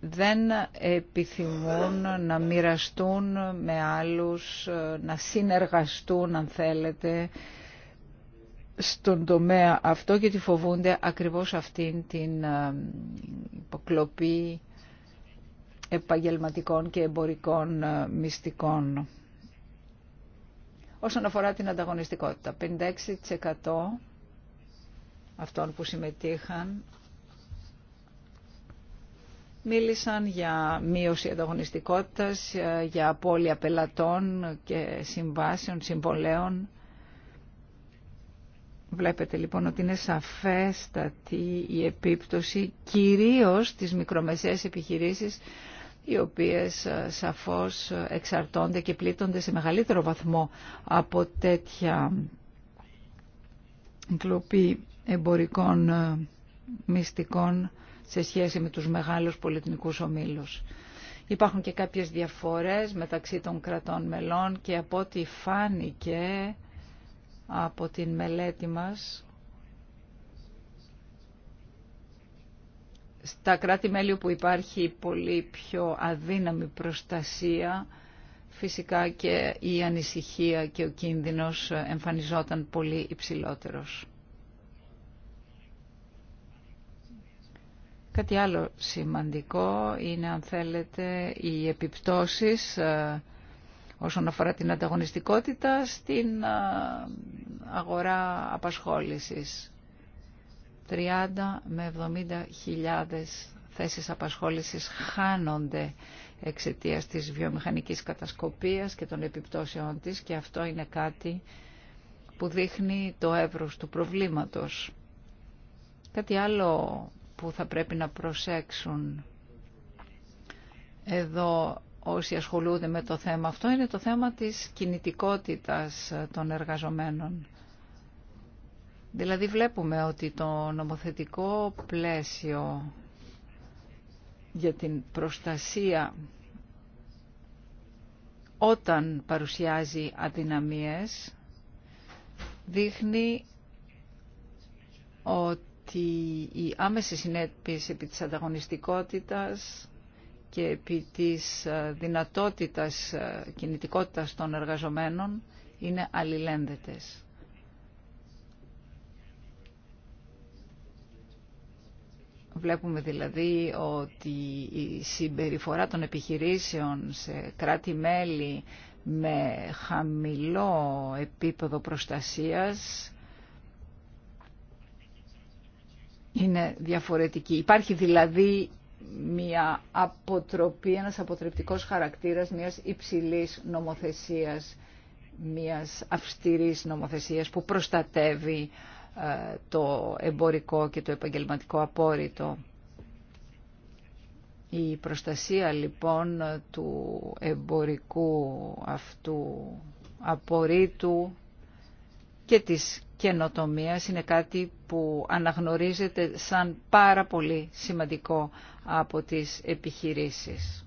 δεν επιθυμούν να μοιραστούν με άλλους, ε, να συνεργαστούν αν θέλετε, στον τομέα αυτό γιατί φοβούνται ακριβώς αυτήν την ε, υποκλοπή επαγγελματικών και εμπορικών ε, μυστικών. Όσον αφορά την ανταγωνιστικότητα, 56% αυτών που συμμετείχαν μίλησαν για μείωση ανταγωνιστικότητας, ε, για απώλεια πελατών και συμβάσεων, συμβολέων. Βλέπετε λοιπόν ότι είναι σαφέστατη η επίπτωση κυρίως στις μικρομεσαίες επιχειρήσεις οι οποίες ε, σαφώς ε, εξαρτώνται και πλήττονται σε μεγαλύτερο βαθμό από τέτοια κλοπή εμπορικών ε, μυστικών σε σχέση με τους μεγάλους πολιτικούς ομίλους. Υπάρχουν και κάποιες διαφορές μεταξύ των κρατών μελών και από ό,τι φάνηκε από την μελέτη μας στα κράτη-μέλη που υπάρχει πολύ πιο αδύναμη προστασία φυσικά και η ανησυχία και ο κίνδυνος εμφανιζόταν πολύ υψηλότερος. Κάτι άλλο σημαντικό είναι αν θέλετε οι επιπτώσεις ε, όσον αφορά την ανταγωνιστικότητα στην αγορά απασχόλησης. 30 με 70 χιλιάδες θέσεις απασχόλησης χάνονται εξαιτίας της βιομηχανικής κατασκοπίας και των επιπτώσεων της και αυτό είναι κάτι που δείχνει το εύρος του προβλήματος. Κάτι άλλο που θα πρέπει να προσέξουν εδώ όσοι ασχολούνται με το θέμα αυτό είναι το θέμα της κινητικότητας των εργαζομένων. Δηλαδή βλέπουμε ότι το νομοθετικό πλαίσιο για την προστασία όταν παρουσιάζει αδυναμίες δείχνει ότι η άμεση συνέπειες επί της ανταγωνιστικότητας και επί της ε, δυνατότητας ε, κινητικότητας των εργαζομένων είναι αλληλένδετες. Βλέπουμε δηλαδή ότι η συμπεριφορά των επιχειρήσεων σε κράτη-μέλη με χαμηλό επίπεδο προστασίας είναι διαφορετική. Υπάρχει δηλαδή μια αποτροπή, ένας αποτρεπτικός χαρακτήρας μιας υψηλής νομοθεσίας, μιας αυστηρής νομοθεσίας που προστατεύει ε, το εμπορικό και το επαγγελματικό απόρριτο. Η προστασία λοιπόν του εμπορικού αυτού απορρίτου και της καινοτομίας είναι κάτι που αναγνωρίζεται σαν πάρα πολύ σημαντικό από τις επιχειρήσεις.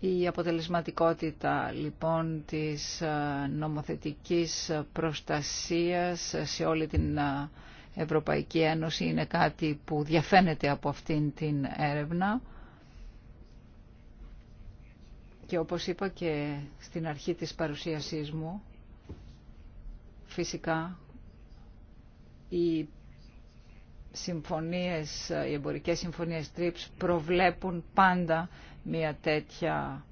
Η αποτελεσματικότητα λοιπόν της ε, νομοθετικής προστασίας σε όλη την ε, Ευρωπαϊκή Ένωση είναι κάτι που διαφαίνεται από αυτήν την έρευνα και όπως είπα και στην αρχή της παρουσίασής μου, φυσικά οι συμφωνίες, οι εμπορικές συμφωνίες TRIPS προβλέπουν πάντα μια τέτοια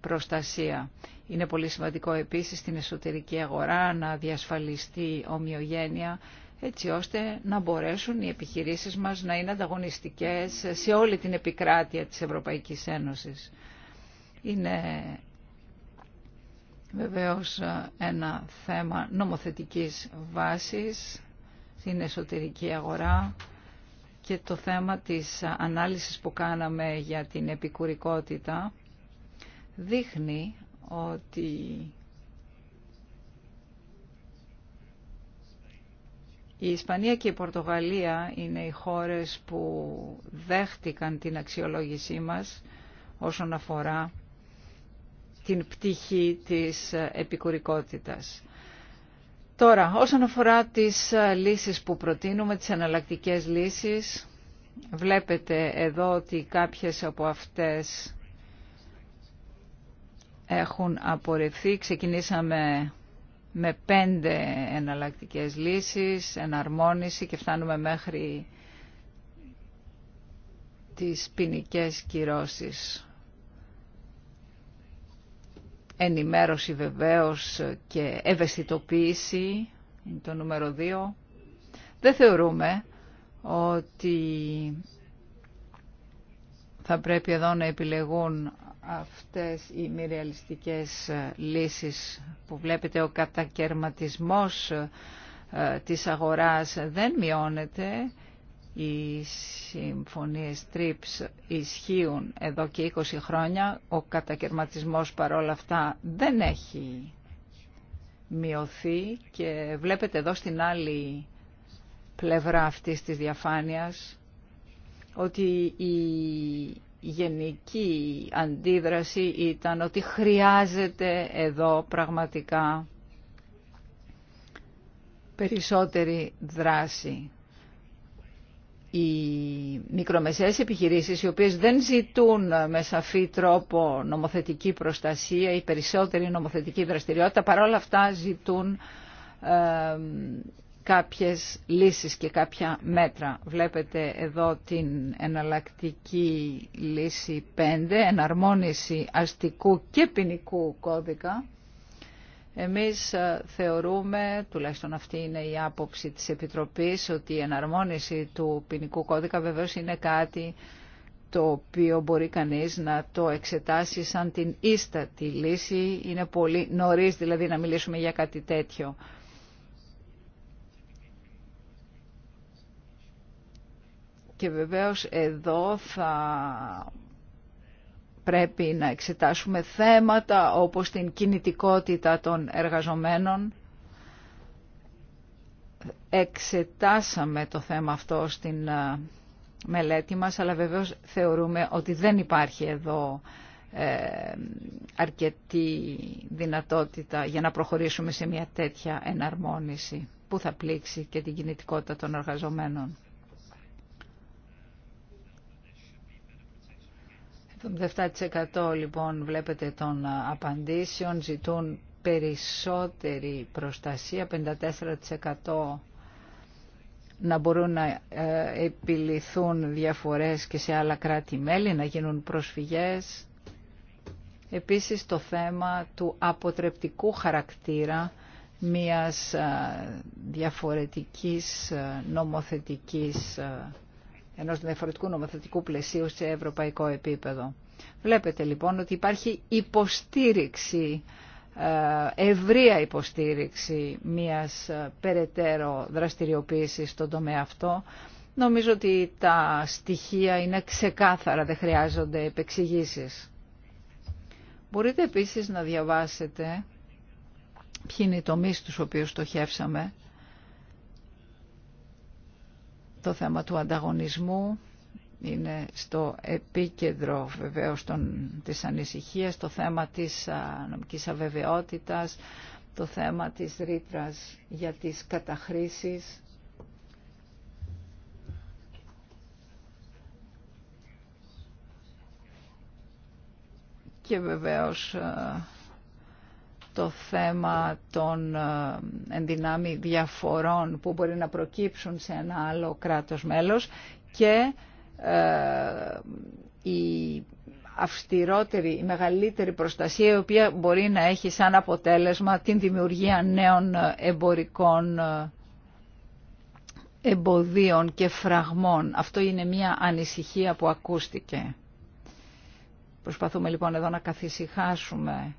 προστασία. Είναι πολύ σημαντικό επίσης στην εσωτερική αγορά να διασφαλιστεί ομοιογένεια έτσι ώστε να μπορέσουν οι επιχειρήσεις μας να είναι ανταγωνιστικές σε όλη την επικράτεια της Ευρωπαϊκής Ένωσης. Είναι βεβαίως ένα θέμα νομοθετικής βάσης στην εσωτερική αγορά και το θέμα της ανάλυσης που κάναμε για την επικουρικότητα δείχνει ότι Η Ισπανία και η Πορτογαλία είναι οι χώρες που δέχτηκαν την αξιολόγησή μας όσον αφορά την πτυχή της επικουρικότητας. Τώρα, όσον αφορά τις λύσεις που προτείνουμε, τις εναλλακτικές λύσεις, βλέπετε εδώ ότι κάποιες από αυτές έχουν απορρευθεί. Ξεκινήσαμε με πέντε εναλλακτικές λύσεις, εναρμόνιση και φτάνουμε μέχρι τις ποινικέ κυρώσεις ενημέρωση βεβαίως και ευαισθητοποίηση, είναι το νούμερο 2. Δεν θεωρούμε ότι θα πρέπει εδώ να επιλεγούν αυτές οι μη ρεαλιστικές λύσεις που βλέπετε ο κατακαιρματισμός ε, της αγοράς δεν μειώνεται οι συμφωνίες TRIPS ισχύουν εδώ και 20 χρόνια. Ο κατακαιρματισμός παρόλα αυτά δεν έχει μειωθεί και βλέπετε εδώ στην άλλη πλευρά αυτής της διαφάνειας ότι η γενική αντίδραση ήταν ότι χρειάζεται εδώ πραγματικά περισσότερη δράση οι μικρομεσαίες επιχειρήσεις οι οποίες δεν ζητούν με σαφή τρόπο νομοθετική προστασία ή περισσότερη νομοθετική δραστηριότητα παρόλα αυτά ζητούν ε, κάποιες λύσεις και κάποια μέτρα. Βλέπετε εδώ την εναλλακτική λύση 5, εναρμόνιση αστικού και ποινικού κώδικα. Εμείς ε, θεωρούμε, τουλάχιστον αυτή είναι η άποψη της Επιτροπής, ότι η εναρμόνιση του ποινικού κώδικα βεβαίως είναι κάτι το οποίο μπορεί κανείς να το εξετάσει σαν την ίστατη λύση. Είναι πολύ νωρίς δηλαδή να μιλήσουμε για κάτι τέτοιο. Και βεβαίως εδώ θα πρέπει να εξετάσουμε θέματα όπως την κινητικότητα των εργαζομένων. Εξετάσαμε το θέμα αυτό στην μελέτη μας, αλλά βεβαίως θεωρούμε ότι δεν υπάρχει εδώ ε, αρκετή δυνατότητα για να προχωρήσουμε σε μια τέτοια εναρμόνιση που θα πλήξει και την κινητικότητα των εργαζομένων. 7% λοιπόν βλέπετε των απαντήσεων ζητούν περισσότερη προστασία, 54% να μπορούν να ε, επιληθούν διαφορές και σε άλλα κράτη-μέλη, να γίνουν προσφυγές. Επίσης το θέμα του αποτρεπτικού χαρακτήρα μιας διαφορετικής νομοθετικής ενός διαφορετικού νομοθετικού πλαισίου σε ευρωπαϊκό επίπεδο. Βλέπετε λοιπόν ότι υπάρχει υποστήριξη, ε, ευρεία υποστήριξη μιας ε, περαιτέρω δραστηριοποίησης στον τομέα αυτό. Νομίζω ότι τα στοιχεία είναι ξεκάθαρα, δεν χρειάζονται επεξηγήσεις. Μπορείτε επίσης να διαβάσετε ποιοι είναι οι τομείς στους οποίους στοχεύσαμε το θέμα του ανταγωνισμού είναι στο επίκεντρο βεβαίως των, της ανησυχίας, το θέμα της νομικής αβεβαιότητας, το θέμα της ρήτρα για τις καταχρήσεις. Και βεβαίως το θέμα των ε, ενδυνάμει διαφορών που μπορεί να προκύψουν σε ένα άλλο κράτος μέλος και ε, η αυστηρότερη, η μεγαλύτερη προστασία η οποία μπορεί να έχει σαν αποτέλεσμα την δημιουργία νέων ε, εμπορικών εμποδίων και φραγμών. Αυτό είναι μια ανησυχία που ακούστηκε. Προσπαθούμε λοιπόν εδώ να καθησυχάσουμε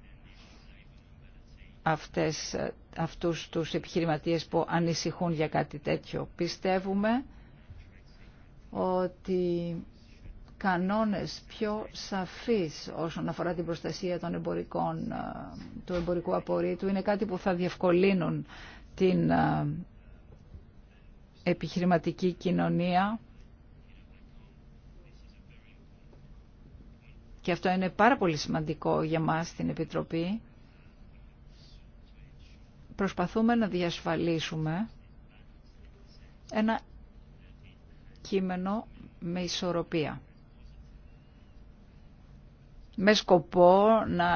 αυτές, ε, αυτούς τους επιχειρηματίες που ανησυχούν για κάτι τέτοιο. Πιστεύουμε ότι κανόνες πιο σαφείς όσον αφορά την προστασία των εμπορικών, ε, του εμπορικού απορρίτου είναι κάτι που θα διευκολύνουν την ε, επιχειρηματική κοινωνία και αυτό είναι πάρα πολύ σημαντικό για μας στην Επιτροπή προσπαθούμε να διασφαλίσουμε ένα κείμενο με ισορροπία. Με σκοπό να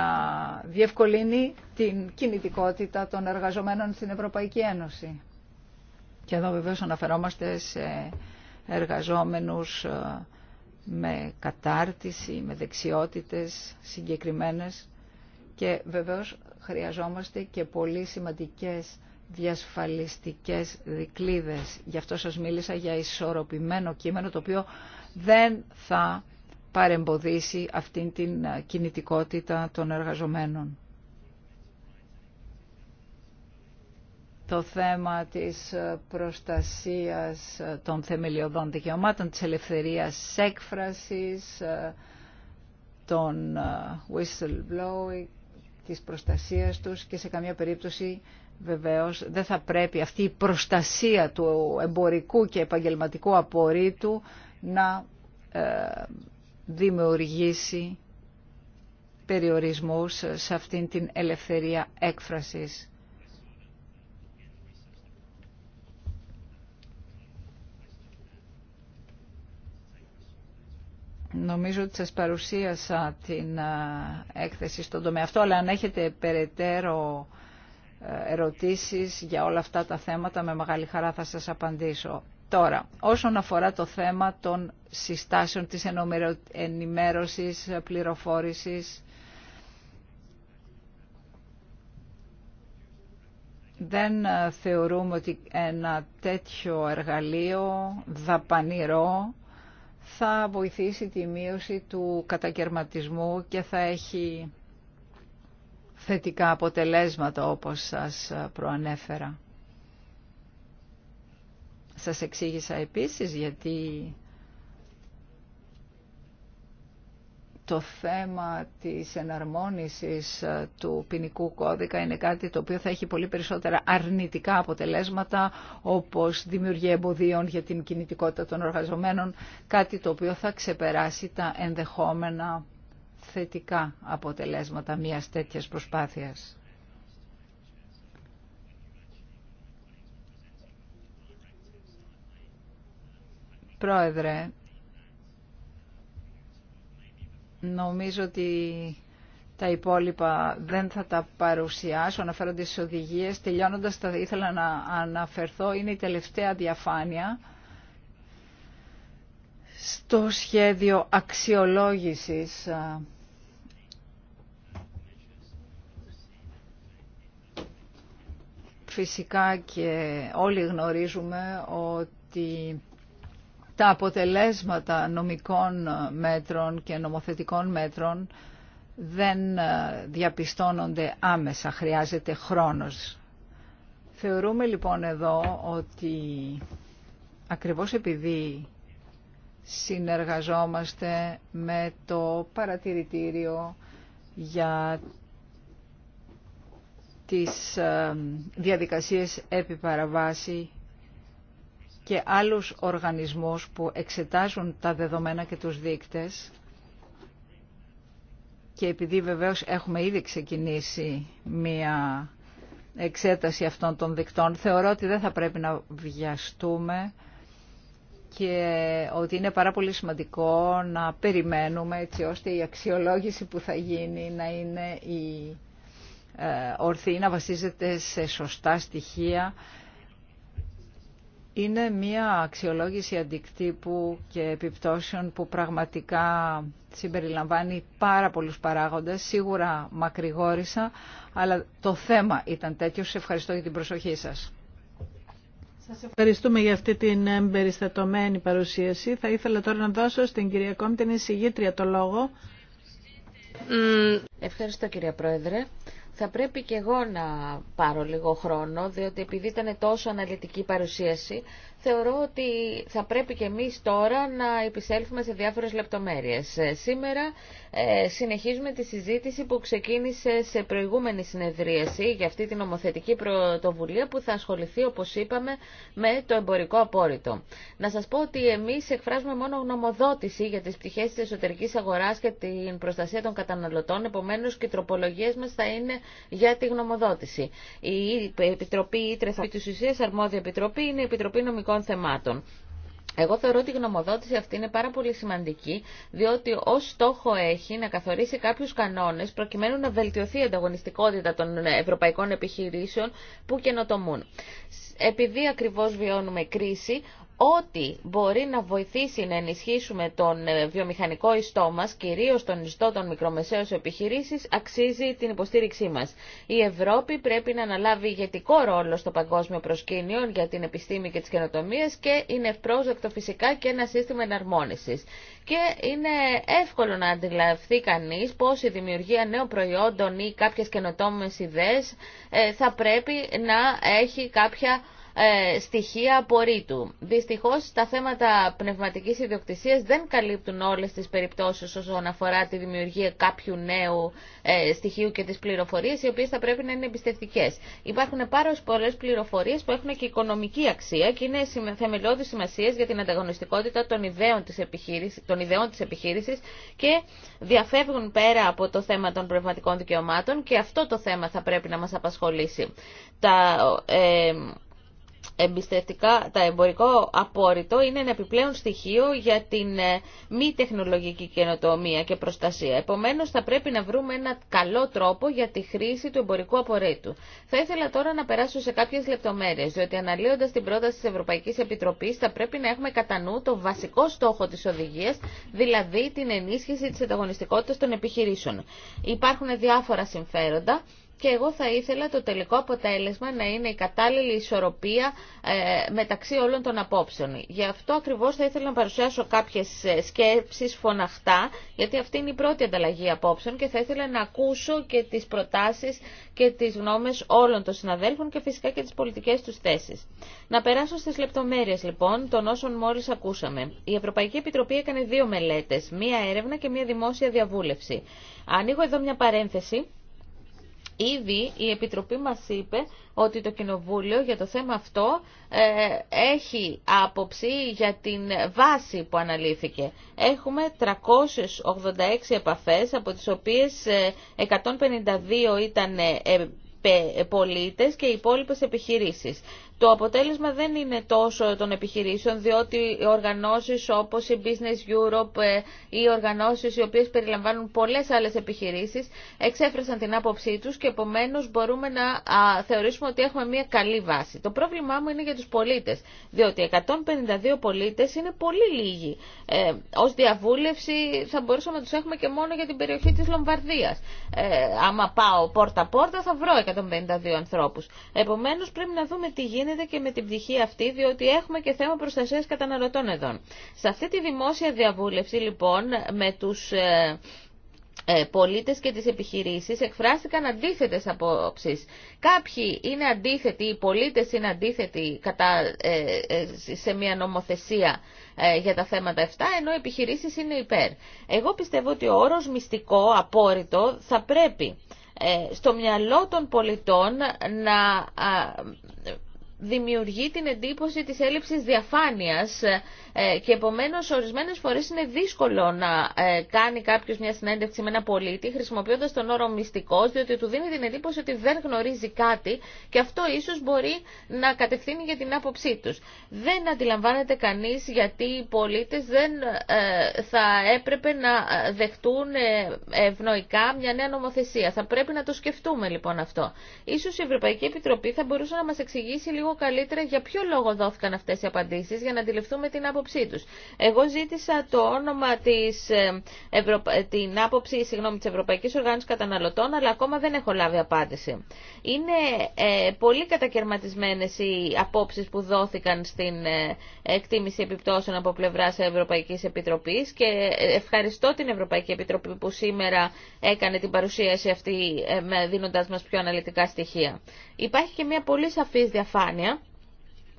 διευκολύνει την κινητικότητα των εργαζομένων στην Ευρωπαϊκή Ένωση. Και εδώ βεβαίως αναφερόμαστε σε εργαζόμενους ε, με κατάρτιση, με δεξιότητες συγκεκριμένες και βεβαίως χρειαζόμαστε και πολύ σημαντικές διασφαλιστικές δικλίδες. Γι' αυτό σας μίλησα για ισορροπημένο κείμενο το οποίο δεν θα παρεμποδίσει αυτήν την κινητικότητα των εργαζομένων. Το θέμα της προστασίας των θεμελιωδών δικαιωμάτων, της ελευθερίας έκφρασης, των whistleblowing, της προστασίας τους και σε καμία περίπτωση βεβαίως δεν θα πρέπει αυτή η προστασία του εμπορικού και επαγγελματικού απορρίτου να ε, δημιουργήσει περιορισμούς σε αυτήν την ελευθερία έκφρασης. Νομίζω ότι σας παρουσίασα την έκθεση στον τομέα αυτό, αλλά αν έχετε περαιτέρω ερωτήσεις για όλα αυτά τα θέματα, με μεγάλη χαρά θα σας απαντήσω. Τώρα, όσον αφορά το θέμα των συστάσεων της ενημέρωσης, πληροφόρησης, δεν θεωρούμε ότι ένα τέτοιο εργαλείο δαπανηρό θα βοηθήσει τη μείωση του κατακαιρματισμού και θα έχει θετικά αποτελέσματα όπως σας προανέφερα. Σας εξήγησα επίσης γιατί το θέμα της εναρμόνισης ε, του ποινικού κώδικα είναι κάτι το οποίο θα έχει πολύ περισσότερα αρνητικά αποτελέσματα όπως δημιουργία εμποδίων για την κινητικότητα των εργαζομένων, κάτι το οποίο θα ξεπεράσει τα ενδεχόμενα θετικά αποτελέσματα μιας τέτοιας προσπάθειας. Πρόεδρε, Νομίζω ότι τα υπόλοιπα δεν θα τα παρουσιάσω, αναφέρονται στις οδηγίες. Τελειώνοντας, θα ήθελα να αναφερθώ, είναι η τελευταία διαφάνεια στο σχέδιο αξιολόγησης Φυσικά και όλοι γνωρίζουμε ότι τα αποτελέσματα νομικών μέτρων και νομοθετικών μέτρων δεν ε, διαπιστώνονται άμεσα, χρειάζεται χρόνος. Θεωρούμε λοιπόν εδώ ότι ακριβώς επειδή συνεργαζόμαστε με το παρατηρητήριο για τις ε, διαδικασίες επί και άλλους οργανισμούς που εξετάζουν τα δεδομένα και τους δείκτες και επειδή βεβαίως έχουμε ήδη ξεκινήσει μία εξέταση αυτών των δικτών, θεωρώ ότι δεν θα πρέπει να βιαστούμε και ότι είναι πάρα πολύ σημαντικό να περιμένουμε έτσι ώστε η αξιολόγηση που θα γίνει να είναι η ε, ορθή, να βασίζεται σε σωστά στοιχεία είναι μια αξιολόγηση αντικτύπου και επιπτώσεων που πραγματικά συμπεριλαμβάνει πάρα πολλούς παράγοντες. Σίγουρα μακρηγόρησα, αλλά το θέμα ήταν τέτοιο. Σας ευχαριστώ για την προσοχή σας. Σας ευχαριστούμε για αυτή την εμπεριστατωμένη παρουσίαση.
Θα ήθελα τώρα να δώσω στην κυρία Κόμη την εισηγήτρια το λόγο.
Ευχαριστώ κυρία Πρόεδρε. Θα πρέπει και εγώ να πάρω λίγο χρόνο, διότι επειδή ήταν τόσο αναλυτική παρουσίαση, θεωρώ ότι θα πρέπει και εμείς τώρα να επισέλθουμε σε διάφορες λεπτομέρειες. Ε, σήμερα ε, συνεχίζουμε τη συζήτηση που ξεκίνησε σε προηγούμενη συνεδρίαση για αυτή την νομοθετική πρωτοβουλία που θα ασχοληθεί, όπως είπαμε, με το εμπορικό απόρριτο. Να σας πω ότι εμείς εκφράζουμε μόνο γνωμοδότηση για τις πτυχές της εσωτερικής αγοράς και την προστασία των καταναλωτών, επομένως και οι τροπολογίες μας θα είναι για τη γνωμοδότηση. Η Επιτροπή Ήτρεθα Αρμόδια Επιτροπή, η Επιτροπή Νομικών κοινωνικών Εγώ θεωρώ ότι η γνωμοδότηση αυτή είναι πάρα πολύ σημαντική, διότι ω στόχο έχει να καθορίσει κάποιου κανόνε προκειμένου να βελτιωθεί η ανταγωνιστικότητα των ευρωπαϊκών επιχειρήσεων που καινοτομούν. Επειδή ακριβώ βιώνουμε κρίση, ό,τι μπορεί να βοηθήσει να ενισχύσουμε τον ε, βιομηχανικό ιστό μας, κυρίως τον ιστό των μικρομεσαίων επιχειρήσεων, αξίζει την υποστήριξή μας. Η Ευρώπη πρέπει να αναλάβει ηγετικό ρόλο στο παγκόσμιο προσκήνιο για την επιστήμη και τις καινοτομίες και είναι ευπρόσδεκτο φυσικά και ένα σύστημα εναρμόνισης. Και είναι εύκολο να αντιλαφθεί κανείς πώς η δημιουργία νέων προϊόντων ή κάποιες καινοτόμες ιδέες ε, θα πρέπει να έχει κάποια ε, στοιχεία απορρίτου. Δυστυχώ, τα θέματα πνευματική ιδιοκτησία δεν καλύπτουν όλε τι περιπτώσει όσον αφορά τη δημιουργία κάποιου νέου ε, στοιχείου και τι πληροφορίε, οι οποίε θα πρέπει να είναι εμπιστευτικέ. Υπάρχουν πάρα πολλέ πληροφορίε που έχουν και οικονομική αξία και είναι θεμελιώδη σημασία για την ανταγωνιστικότητα των ιδεών τη επιχείρηση και διαφεύγουν πέρα από το θέμα των πνευματικών δικαιωμάτων και αυτό το θέμα θα πρέπει να μας απασχολήσει. Τα, ε, εμπιστευτικά, τα εμπορικό απόρριτο είναι ένα επιπλέον στοιχείο για την ε, μη τεχνολογική καινοτομία και προστασία. Επομένως θα πρέπει να βρούμε ένα καλό τρόπο για τη χρήση του εμπορικού απορρίτου. Θα ήθελα τώρα να περάσω σε κάποιες λεπτομέρειες, διότι αναλύοντας την πρόταση της Ευρωπαϊκής Επιτροπής θα πρέπει να έχουμε κατά νου το βασικό στόχο της οδηγίας, δηλαδή την ενίσχυση της ανταγωνιστικότητας των επιχειρήσεων. Υπάρχουν διάφορα συμφέροντα και εγώ θα ήθελα το τελικό αποτέλεσμα να είναι η κατάλληλη ισορροπία ε, μεταξύ όλων των απόψεων. Γι' αυτό ακριβώς θα ήθελα να παρουσιάσω κάποιες ε, σκέψεις φωναχτά, γιατί αυτή είναι η πρώτη ανταλλαγή απόψεων και θα ήθελα να ακούσω και τις προτάσεις και τις γνώμες όλων των συναδέλφων και φυσικά και τις πολιτικές τους θέσεις. Να περάσω στις λεπτομέρειες λοιπόν των όσων μόλις ακούσαμε. Η Ευρωπαϊκή Επιτροπή έκανε δύο μελέτες, μία έρευνα και μία δημόσια διαβούλευση. Ανοίγω εδώ μια παρένθεση Ήδη η Επιτροπή μας είπε ότι το Κοινοβούλιο για το θέμα αυτό ε, έχει άποψη για την βάση που αναλύθηκε. Έχουμε 386 επαφές, από τις οποίες 152 ε, ήταν ε, πολίτες και οι υπόλοιπες επιχειρήσεις. Το αποτέλεσμα δεν είναι τόσο των επιχειρήσεων, διότι οι οργανώσεις όπως η Business Europe ή ε, οι οργανώσεις οι οποίες περιλαμβάνουν πολλές άλλες επιχειρήσεις εξέφρασαν την άποψή τους και επομένως μπορούμε να θεωρήσουμε ότι έχουμε μια καλή βάση. Το πρόβλημά μου είναι για τους πολίτες, διότι 152 πολίτες είναι πολύ λίγοι. Ε, ως διαβούλευση θα μπορούσαμε να τους έχουμε και μόνο για την περιοχή της Λομβαρδίας. Ε, άμα πάω πόρτα-πόρτα θα βρω 152 ανθρώπους. Επομένως πρέπει να δούμε τι γίνεται γίνεται και με την πτυχή αυτή, διότι έχουμε και θέμα προστασία καταναλωτών εδώ. Σε αυτή τη δημόσια διαβούλευση, λοιπόν, με τους ε, ε, πολίτες και τις επιχειρήσεις εκφράστηκαν αντίθετες απόψεις. Κάποιοι είναι αντίθετοι, οι πολίτες είναι αντίθετοι κατά, ε, σε μια νομοθεσία για τα θέματα αυτά, ενώ οι επιχειρήσεις είναι υπέρ. Εγώ πιστεύω ότι ο όρος μυστικό, απόρριτο, θα πρέπει στο μυαλό των πολιτών να δημιουργεί την εντύπωση της έλλειψης διαφάνειας ε, ε, και επομένως ορισμένες φορές είναι δύσκολο να ε, κάνει κάποιος μια συνέντευξη με ένα πολίτη χρησιμοποιώντας τον όρο μυστικός διότι του δίνει την εντύπωση ότι δεν γνωρίζει κάτι και αυτό ίσως μπορεί να κατευθύνει για την άποψή τους. Δεν αντιλαμβάνεται κανείς γιατί οι πολίτες δεν θα έπρεπε να δεχτούν ευνοϊκά μια νέα νομοθεσία. Θα πρέπει να το σκεφτούμε λοιπόν αυτό. Ίσως η Ευρωπαϊκή Επιτροπή θα μπορούσε να μας εξηγήσει λίγο καλύτερα για ποιο λόγο δόθηκαν αυτές οι απαντήσεις για να αντιληφθούμε την άποψή τους. Εγώ ζήτησα το όνομα της, ε, Ευρω... την άποψη συγγνώμη, Ευρωπαϊκής Οργάνωσης Καταναλωτών αλλά ακόμα δεν έχω λάβει απάντηση. Είναι ε, πολύ κατακαιρματισμένες οι απόψεις που δόθηκαν στην ε, εκτίμηση επιπτώσεων από πλευράς Ευρωπαϊκής Επιτροπής και ε, ευχαριστώ την Ευρωπαϊκή Επιτροπή που σήμερα έκανε την παρουσίαση αυτή ε, δίνοντας μας πιο αναλυτικά στοιχεία. Υπάρχει και μια πολύ σαφή διαφάνεια διαφάνεια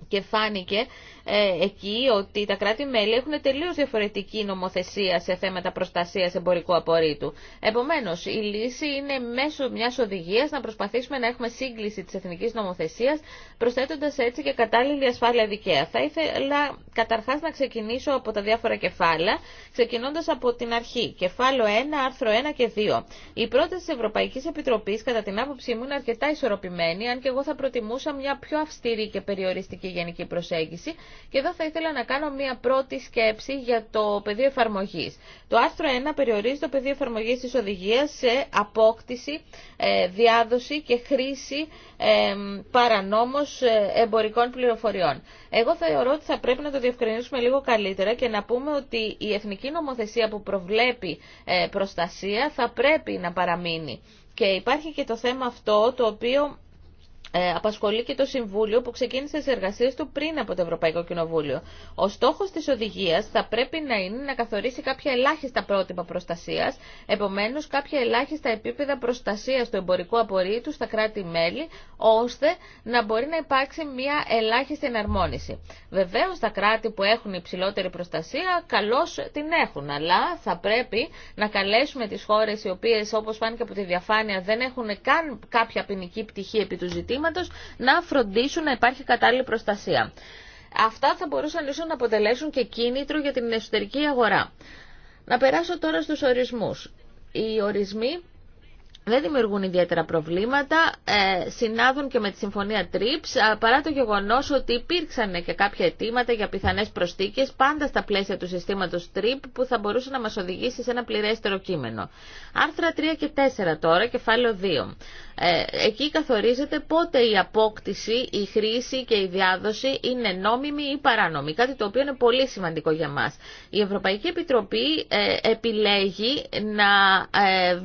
και φάνηκε ε, εκεί ότι τα κράτη-μέλη έχουν τελείω διαφορετική νομοθεσία σε θέματα προστασίας εμπορικού απορρίτου. Επομένω, η λύση είναι μέσω μια οδηγία να προσπαθήσουμε να έχουμε σύγκληση τη εθνική νομοθεσία, προσθέτοντα έτσι και κατάλληλη ασφάλεια δικαία. Θα ήθελα καταρχά να ξεκινήσω από τα διάφορα κεφάλαια, ξεκινώντα από την αρχή. Κεφάλαιο 1, άρθρο 1 και 2. Η πρόταση τη Ευρωπαϊκή Επιτροπή, κατά την άποψή μου, είναι αρκετά ισορροπημένη, αν και εγώ θα προτιμούσα μια πιο αυστηρή και περιοριστική γενική προσέγγιση, και εδώ θα ήθελα να κάνω μία πρώτη σκέψη για το πεδίο εφαρμογή. Το άρθρο 1 περιορίζει το πεδίο εφαρμογή τη οδηγία σε απόκτηση, ε, διάδοση και χρήση ε, παρανόμως ε, εμπορικών πληροφοριών. Εγώ θεωρώ ότι θα πρέπει να το διευκρινίσουμε λίγο καλύτερα και να πούμε ότι η εθνική νομοθεσία που προβλέπει προστασία θα πρέπει να παραμείνει. Και υπάρχει και το θέμα αυτό το οποίο ε, απασχολεί και το Συμβούλιο που ξεκίνησε τι εργασίε του πριν από το Ευρωπαϊκό Κοινοβούλιο. Ο στόχο τη οδηγία θα πρέπει να είναι να καθορίσει κάποια ελάχιστα πρότυπα προστασία, επομένω κάποια ελάχιστα επίπεδα προστασία του εμπορικού απορρίτου στα κράτη-μέλη, ώστε να μπορεί να υπάρξει μια ελάχιστη εναρμόνιση. Βεβαίω τα κράτη που έχουν υψηλότερη προστασία καλώ την έχουν, αλλά θα πρέπει να καλέσουμε τι χώρε οι οποίε, όπω φάνηκε από τη διαφάνεια δεν έχουν καν κάποια ποινική πτυχή επί του ζητήματο να φροντίσουν να υπάρχει κατάλληλη προστασία. Αυτά θα μπορούσαν ίσως να αποτελέσουν και κίνητρο για την εσωτερική αγορά. Να περάσω τώρα στους ορισμούς. Οι ορισμοί δεν δημιουργούν ιδιαίτερα προβλήματα, ε, συνάδουν και με τη Συμφωνία TRIPS, παρά το γεγονός ότι υπήρξαν και κάποια αιτήματα για πιθανές προστίκες, πάντα στα πλαίσια του συστήματος TRIP, που θα μπορούσε να μας οδηγήσει σε ένα πληρέστερο κείμενο. Άρθρα 3 και 4 τώρα, κεφάλαιο 2. Ε, εκεί καθορίζεται πότε η απόκτηση, η χρήση και η διάδοση είναι νόμιμη ή παράνομη, κάτι το οποίο είναι πολύ σημαντικό για μας. Η Ευρωπαϊκή Επιτροπή ε, επιλέγει να ε,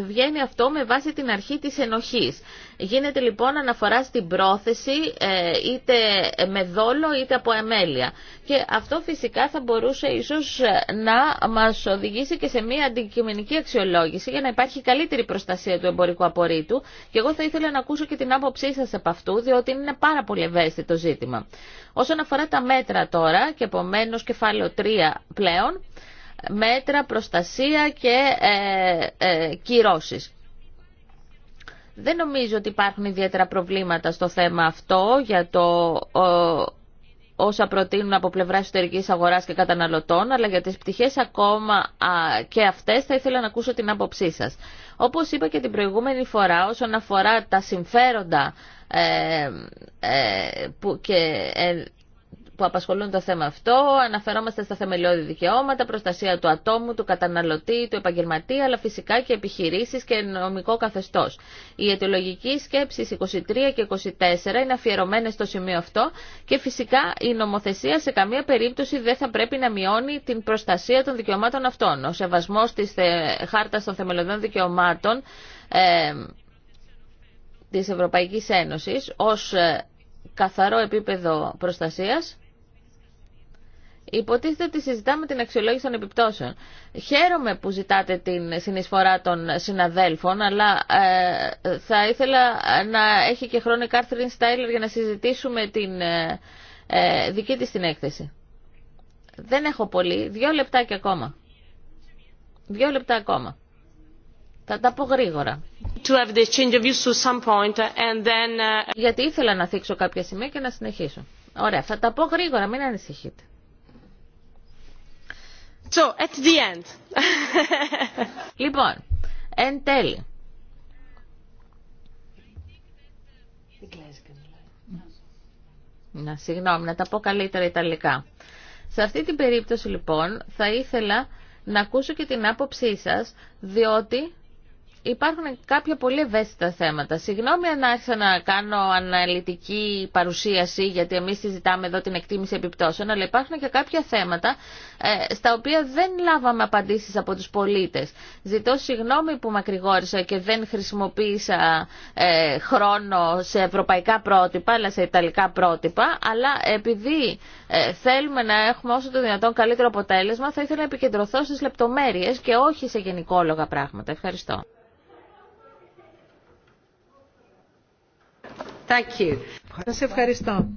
βγαίνει αυτό με βάση την αρχή της ενοχής. Γίνεται λοιπόν αναφορά στην πρόθεση ε, είτε με δόλο είτε από εμέλεια. Και αυτό φυσικά θα μπορούσε ίσως ε, να μας οδηγήσει και σε μια αντικειμενική αξιολόγηση για να υπάρχει καλύτερη προστασία του εμπορικού απορρίτου. Και εγώ θα ήθελα να ακούσω και την άποψή σας από αυτού, διότι είναι πάρα πολύ ευαίσθητο ζήτημα. Όσον αφορά τα μέτρα τώρα και επομένως κεφάλαιο 3 πλέον, μέτρα, προστασία και ε, ε κυρώσεις. Δεν νομίζω ότι υπάρχουν ιδιαίτερα προβλήματα στο θέμα αυτό για το ο, όσα προτείνουν από πλευρά εσωτερική αγοράς και καταναλωτών, αλλά για τις πτυχές ακόμα και αυτές θα ήθελα να ακούσω την άποψή σας. Όπως είπα και την προηγούμενη φορά, όσον αφορά τα συμφέροντα ε, ε, που, και ε, που απασχολούν το θέμα αυτό. Αναφερόμαστε στα θεμελιώδη δικαιώματα, προστασία του ατόμου, του καταναλωτή, του επαγγελματία, αλλά φυσικά και επιχειρήσει και νομικό καθεστώς. Οι αιτιολογικοί σκέψη 23 και 24 είναι αφιερωμένες στο σημείο αυτό και φυσικά η νομοθεσία σε καμία περίπτωση δεν θα πρέπει να μειώνει την προστασία των δικαιωμάτων αυτών. Ο σεβασμός της χάρτα των Θεμελιωδών Δικαιωμάτων ε, της Ευρωπαϊκής Ένωσης ως ε, καθαρό επίπεδο προστασίας Υποτίθεται ότι συζητάμε την αξιολόγηση των επιπτώσεων. Χαίρομαι που ζητάτε την συνεισφορά των συναδέλφων, αλλά ε, θα ήθελα να έχει και χρόνο η Κάρθριν Στάιλερ για να συζητήσουμε την ε, ε, δική της την έκθεση. Δεν έχω πολύ. Δύο λεπτά και ακόμα. Δύο λεπτά ακόμα. Θα τα πω γρήγορα. Γιατί ήθελα να θίξω κάποια σημεία και να συνεχίσω. Ωραία, θα τα πω γρήγορα, μην ανησυχείτε. So, at the end. λοιπόν, εν τέλει. Να, συγγνώμη, να τα πω καλύτερα Ιταλικά. Σε αυτή την περίπτωση, λοιπόν, θα ήθελα να ακούσω και την άποψή σας, διότι υπάρχουν κάποια πολύ ευαίσθητα θέματα. Συγγνώμη αν άρχισα να κάνω αναλυτική παρουσίαση, γιατί εμείς συζητάμε εδώ την εκτίμηση επιπτώσεων, αλλά υπάρχουν και κάποια θέματα ε, στα οποία δεν λάβαμε απαντήσεις από τους πολίτες. Ζητώ συγγνώμη που μακρηγόρησα και δεν χρησιμοποίησα ε, χρόνο σε ευρωπαϊκά πρότυπα, αλλά σε ιταλικά πρότυπα, αλλά επειδή ε, θέλουμε να έχουμε όσο το δυνατόν καλύτερο αποτέλεσμα, θα ήθελα να επικεντρωθώ στις λεπτομέρειες και όχι σε γενικόλογα πράγματα. Ευχαριστώ.
Thank ευχαριστώ.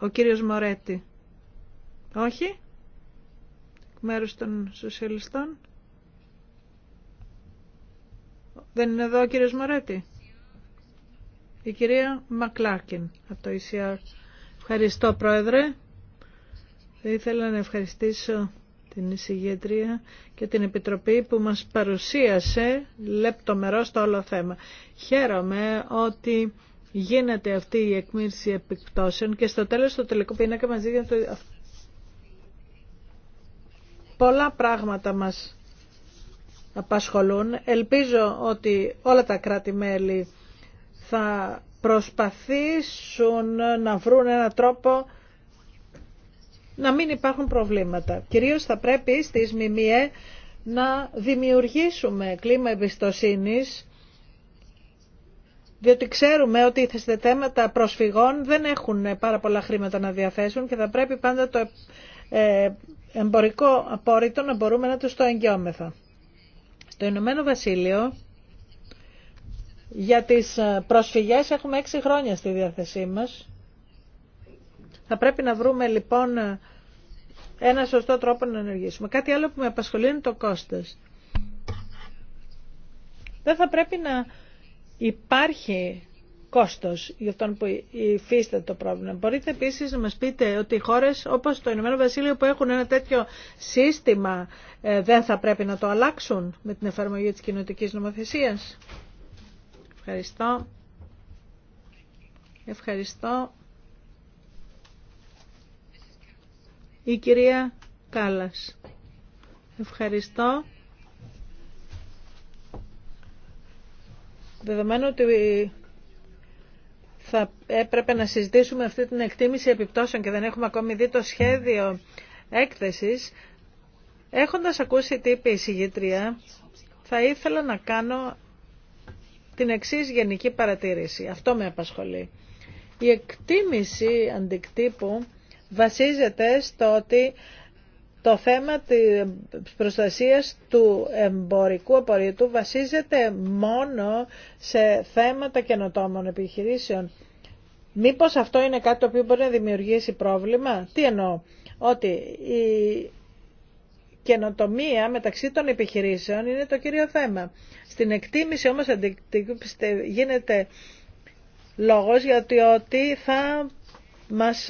Ο κύριος Μωρέτη. Όχι. Μέρους των σοσιαλιστών. Δεν είναι εδώ ο κύριος Μωρέτη. Η κυρία Μακλάκιν από το ECR. Ευχαριστώ πρόεδρε. Θα ήθελα να ευχαριστήσω την εισηγήτρια και την Επιτροπή που μας παρουσίασε λεπτομερό το όλο θέμα. Χαίρομαι ότι γίνεται αυτή η εκμήρυση επιπτώσεων και στο τέλος το τελικό πίνακα μας δείχνει πολλά πράγματα μας απασχολούν. Ελπίζω ότι όλα τα κράτη-μέλη θα προσπαθήσουν να βρουν έναν τρόπο να μην υπάρχουν προβλήματα. Κυρίως θα πρέπει στις ΜΜΕ να δημιουργήσουμε κλίμα εμπιστοσύνης διότι ξέρουμε ότι οι θέματα προσφυγών δεν έχουν πάρα πολλά χρήματα να διαθέσουν και θα πρέπει πάντα το ε, εμπορικό απόρριτο να μπορούμε να τους το εγγυόμεθα. Στο Ηνωμένο Βασίλειο για τις ε, προσφυγές έχουμε έξι χρόνια στη διάθεσή μας θα πρέπει να βρούμε λοιπόν ένα σωστό τρόπο να ενεργήσουμε. Κάτι άλλο που με απασχολεί είναι το κόστος. Δεν θα πρέπει να υπάρχει κόστος για αυτόν που υφίσταται το πρόβλημα. Μπορείτε επίσης να μας πείτε ότι οι χώρες όπως το Ηνωμένο Βασίλειο που έχουν ένα τέτοιο σύστημα ε, δεν θα πρέπει να το αλλάξουν με την εφαρμογή της κοινωτικής νομοθεσίας. Ευχαριστώ. Ευχαριστώ. η κυρία Κάλλας. Ευχαριστώ. Δεδομένου ότι θα έπρεπε να συζητήσουμε αυτή την εκτίμηση επιπτώσεων και δεν έχουμε ακόμη δει το σχέδιο έκθεσης, έχοντας ακούσει τι είπε η συγγήτρια, θα ήθελα να κάνω την εξής γενική παρατήρηση. Αυτό με απασχολεί. Η εκτίμηση αντικτύπου βασίζεται στο ότι το θέμα της προστασίας του εμπορικού απορρίτου βασίζεται μόνο σε θέματα καινοτόμων επιχειρήσεων. Μήπως αυτό είναι κάτι το οποίο μπορεί να δημιουργήσει πρόβλημα. Τι εννοώ. Ότι η καινοτομία μεταξύ των επιχειρήσεων είναι το κύριο θέμα. Στην εκτίμηση όμως γίνεται λόγος γιατί ότι θα μας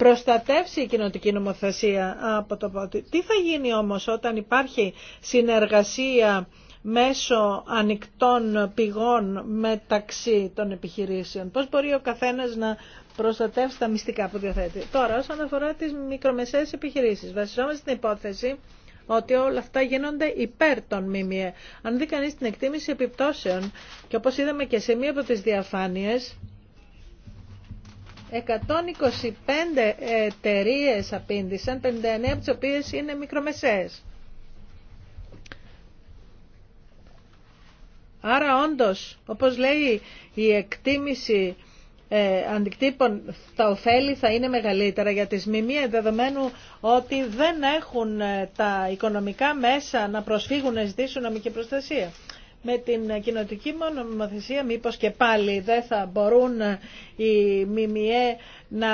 προστατεύσει η κοινοτική νομοθεσία από το πόδι. Τι θα γίνει όμως όταν υπάρχει συνεργασία μέσω ανοιχτών πηγών μεταξύ των επιχειρήσεων. Πώς μπορεί ο καθένας να προστατεύσει τα μυστικά που διαθέτει. Τώρα, όσον αφορά τις μικρομεσαίες επιχειρήσεις, βασιζόμαστε στην υπόθεση ότι όλα αυτά γίνονται υπέρ των ΜΜΕ. Αν δει κανείς την εκτίμηση επιπτώσεων και όπως είδαμε και σε μία από τις διαφάνειες, 125 εταιρείε απήντησαν, 59 από τις οποίες είναι μικρομεσαίες. Άρα όντως, όπως λέει η εκτίμηση ε, αντικτύπων, τα ωφέλη θα είναι μεγαλύτερα για τις μημία δεδομένου ότι δεν έχουν ε, τα οικονομικά μέσα να προσφύγουν να ζητήσουν νομική προστασία με την κοινοτική μονομοθεσία μήπως και πάλι δεν θα μπορούν οι ΜΜΕ να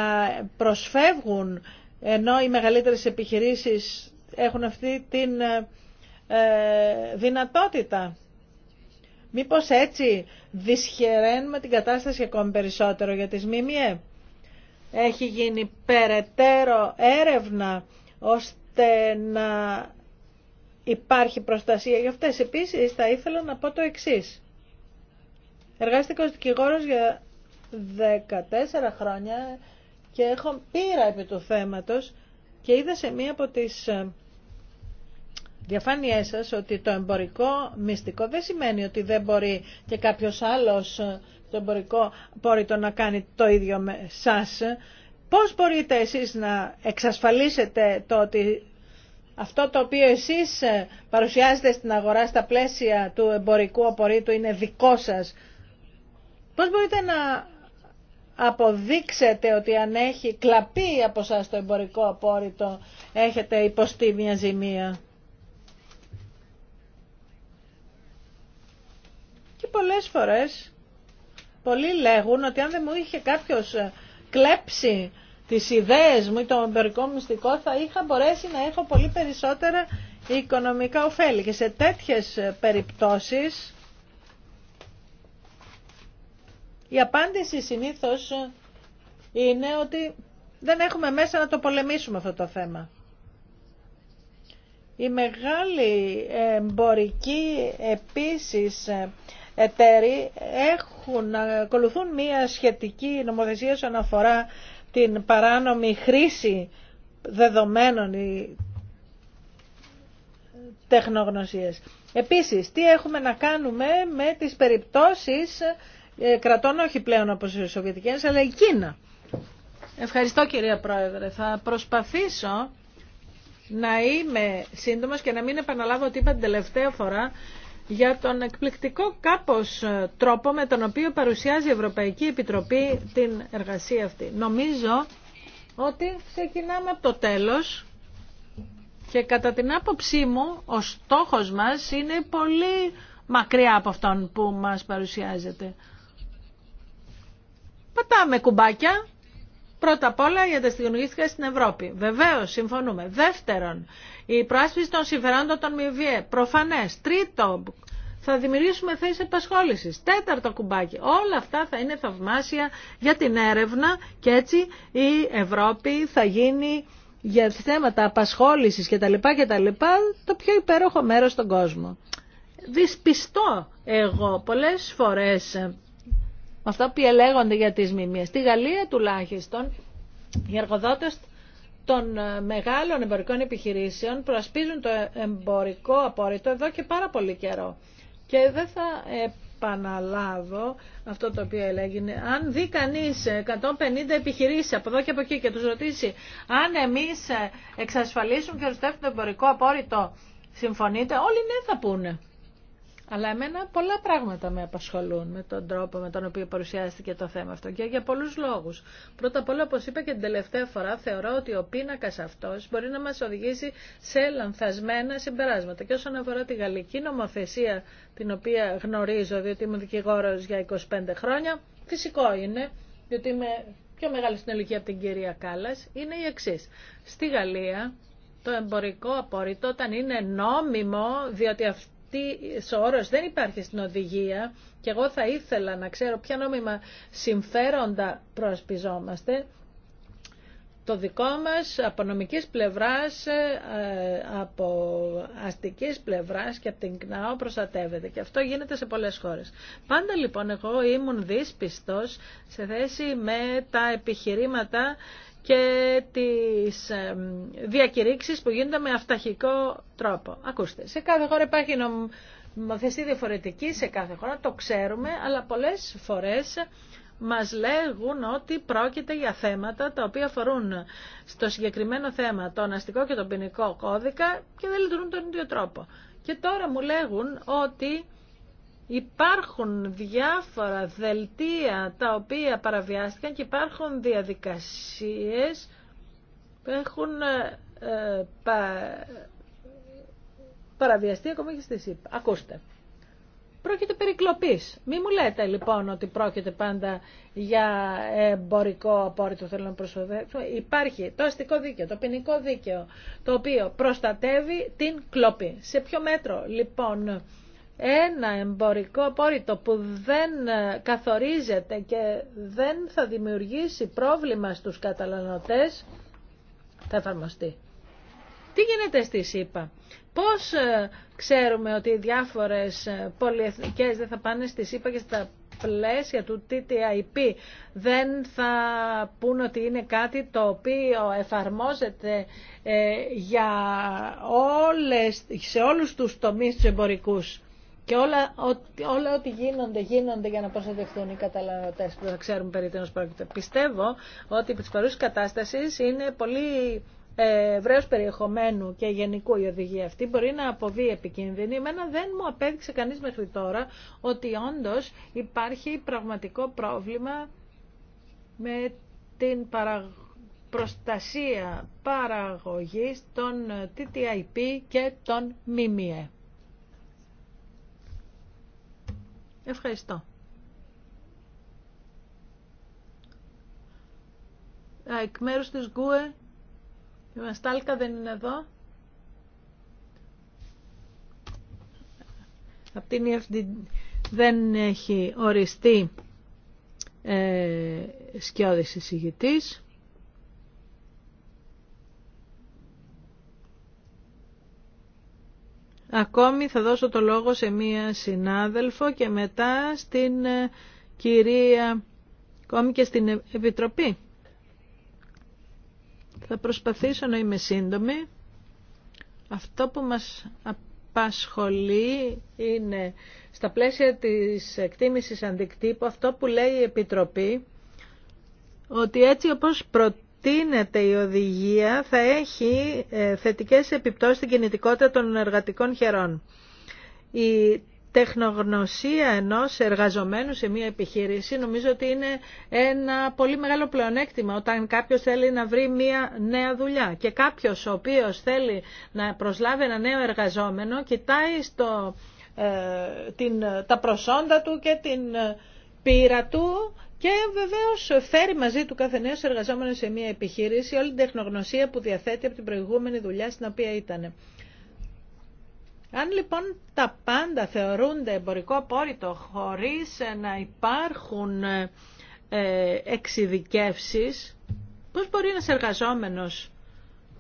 προσφεύγουν ενώ οι μεγαλύτερες επιχειρήσεις έχουν αυτή την ε, δυνατότητα. Μήπως έτσι δυσχεραίνουμε την κατάσταση ακόμη περισσότερο για τις ΜΜΕ. Έχει γίνει περαιτέρω έρευνα ώστε να υπάρχει προστασία για αυτές. Επίσης θα ήθελα να πω το εξής. Εργάστηκα ως δικηγόρος για 14 χρόνια και έχω πείρα επί του θέματος και είδα σε μία από τις ε, διαφάνειές σας ότι το εμπορικό μυστικό δεν σημαίνει ότι δεν μπορεί και κάποιος άλλος ε, το εμπορικό πόρυτο να κάνει το ίδιο με σας. Πώς μπορείτε εσείς να εξασφαλίσετε το ότι αυτό το οποίο εσείς ε, παρουσιάζετε στην αγορά στα πλαίσια του εμπορικού απορρίτου είναι δικό σας. Πώς μπορείτε να αποδείξετε ότι αν έχει κλαπεί από σας το εμπορικό απόρριτο έχετε υποστεί μια ζημία. Και πολλές φορές πολλοί λέγουν ότι αν δεν μου είχε κάποιος ε, κλέψει τις ιδέες μου ή το εμπερικό μυστικό θα είχα μπορέσει να έχω πολύ περισσότερα οικονομικά ωφέλη. Και σε τέτοιες περιπτώσεις η απάντηση συνήθως είναι ότι δεν έχουμε μέσα να το πολεμήσουμε αυτό το θέμα. Οι μεγάλη εμπορικοί επίσης εταίροι έχουν, ακολουθούν μια σχετική νομοθεσία όσον αφορά την παράνομη χρήση δεδομένων ή τεχνογνωσίες. Επίσης, τι έχουμε να κάνουμε με τις περιπτώσεις ε, κρατών όχι πλέον από οι Σοβιετικές, αλλά η Κίνα. Ευχαριστώ κυρία Πρόεδρε. Θα προσπαθήσω να είμαι σύντομος και να μην επαναλάβω ότι είπα την τελευταία φορά για τον εκπληκτικό κάπως ε, τρόπο με τον οποίο παρουσιάζει η Ευρωπαϊκή Επιτροπή την εργασία αυτή. Νομίζω ότι ξεκινάμε από το τέλος και κατά την άποψή μου ο στόχος μας είναι πολύ μακριά από αυτόν που μας παρουσιάζεται. Πατάμε κουμπάκια Πρώτα απ' όλα τα ανταστοιχονομιστικά στην Ευρώπη. Βεβαίω, συμφωνούμε. Δεύτερον, η πράσπιση των συμφερόντων των ΜΜΕ. Προφανέ. Τρίτο, θα δημιουργήσουμε θέσει επασχόληση. Τέταρτο κουμπάκι. Όλα αυτά θα είναι θαυμάσια για την έρευνα και έτσι η Ευρώπη θα γίνει για θέματα απασχόληση κτλ. τα το πιο υπέροχο μέρο στον κόσμο. Δυσπιστώ εγώ πολλέ φορέ αυτά που ελέγονται για τις μιμίες. Στη Γαλλία τουλάχιστον οι εργοδότες των ε, μεγάλων εμπορικών επιχειρήσεων προασπίζουν το εμπορικό απόρριτο εδώ και πάρα πολύ καιρό. Και δεν θα επαναλάβω αυτό το οποίο έλεγε. Αν δει κανεί 150 επιχειρήσει από εδώ και από εκεί και του ρωτήσει αν εμεί ε, εξασφαλίσουμε και οριστεύουμε το εμπορικό απόρριτο, συμφωνείτε, όλοι ναι θα πούνε. Αλλά εμένα πολλά πράγματα με απασχολούν με τον τρόπο με τον οποίο παρουσιάστηκε το θέμα αυτό και για πολλούς λόγους. Πρώτα απ' όλα, όπως είπα και την τελευταία φορά, θεωρώ ότι ο πίνακας αυτός μπορεί να μας οδηγήσει σε λανθασμένα συμπεράσματα. Και όσον αφορά τη γαλλική νομοθεσία, την οποία γνωρίζω, διότι είμαι δικηγόρος για 25 χρόνια, φυσικό είναι, διότι είμαι πιο μεγάλη στην ελληνική από την κυρία Κάλλας, είναι η εξή. Στη Γαλλία το εμπορικό απόρριτο όταν είναι νόμιμο, διότι τι όρος δεν υπάρχει στην οδηγία και εγώ θα ήθελα να ξέρω ποια νόμιμα συμφέροντα προσπιζόμαστε. Το δικό μας από νομικής πλευράς, ε, από αστικής πλευράς και από την ΚΝΑΟ προστατεύεται. Και αυτό γίνεται σε πολλές χώρες. Πάντα λοιπόν εγώ ήμουν δύσπιστος σε θέση με τα επιχειρήματα και τις διακηρύξεις που γίνονται με αυταχικό τρόπο. Ακούστε, σε κάθε χώρα υπάρχει νομοθεσία διαφορετική, σε κάθε χώρα το ξέρουμε, αλλά πολλές φορές μας λέγουν ότι πρόκειται για θέματα τα οποία αφορούν στο συγκεκριμένο θέμα το αστικό και το ποινικό κώδικα και δεν λειτουργούν τον ίδιο τρόπο. Και τώρα μου λέγουν ότι Υπάρχουν διάφορα δελτία τα οποία παραβιάστηκαν και υπάρχουν διαδικασίες που έχουν ε, ε, παραβιαστεί ακόμα και στη ΣΥΠ. Ακούστε. Πρόκειται περί κλοπής. Μη μου λέτε λοιπόν ότι πρόκειται πάντα για εμπορικό απόρριτο θέλω να προσοδέψω. Υπάρχει το αστικό δίκαιο, το ποινικό δίκαιο, το οποίο προστατεύει την κλοπή. Σε ποιο μέτρο λοιπόν ένα εμπορικό απόρριτο που δεν ε, καθορίζεται και δεν θα δημιουργήσει πρόβλημα στους καταναλωτές θα εφαρμοστεί. Τι γίνεται στη ΣΥΠΑ. Πώς ε, ξέρουμε ότι οι διάφορες ε, πολυεθνικές δεν θα πάνε στη ΣΥΠΑ και στα πλαίσια του TTIP δεν θα πούν ότι είναι κάτι το οποίο εφαρμόζεται για όλες, σε όλους τους τομείς τους εμπορικούς. Και όλα, ό, όλα ό,τι γίνονται, γίνονται για να προστατευτούν οι καταναλωτέ που θα ξέρουν περί τίνο πρόκειται. Πιστεύω ότι η τη παρούσε κατάσταση είναι πολύ ε, ευρέω περιεχομένου και γενικού η οδηγία αυτή μπορεί να αποβεί επικίνδυνη. Εμένα δεν μου απέδειξε κανεί μέχρι τώρα ότι όντω υπάρχει πραγματικό πρόβλημα με την προστασία παραγωγής των TTIP ε, και των ΜΜΕ. Ευχαριστώ. Α, εκ μέρους της Γκουε, η Μαστάλκα δεν είναι εδώ. Από την EFD δεν έχει οριστεί ε, σκιώδης Ακόμη θα δώσω το λόγο σε μία συνάδελφο και μετά στην ε, κυρία, ακόμη και στην Επιτροπή. Θα προσπαθήσω να είμαι σύντομη. Αυτό που μας απασχολεί είναι στα πλαίσια της εκτίμησης αντικτύπου αυτό που λέει η Επιτροπή ότι έτσι όπως προτείνει Τίνεται η οδηγία θα έχει ε, θετικές επιπτώσεις στην κινητικότητα των εργατικών χερών. Η τεχνογνωσία ενός εργαζομένου σε μια επιχείρηση νομίζω ότι είναι ένα πολύ μεγάλο πλεονέκτημα όταν κάποιος θέλει να βρει μια νέα δουλειά και κάποιος ο οποίος θέλει να προσλάβει ένα νέο εργαζόμενο κοιτάει στο, ε, τα προσόντα του και την ε, πείρα του και βεβαίω φέρει μαζί του κάθε νέο εργαζόμενο σε μια επιχείρηση όλη την τεχνογνωσία που διαθέτει από την προηγούμενη δουλειά στην οποία ήταν. Αν λοιπόν τα πάντα θεωρούνται εμπορικό απόρριτο χωρίς να υπάρχουν ε, ε, εξειδικεύσεις, πώς μπορεί ένας εργαζόμενος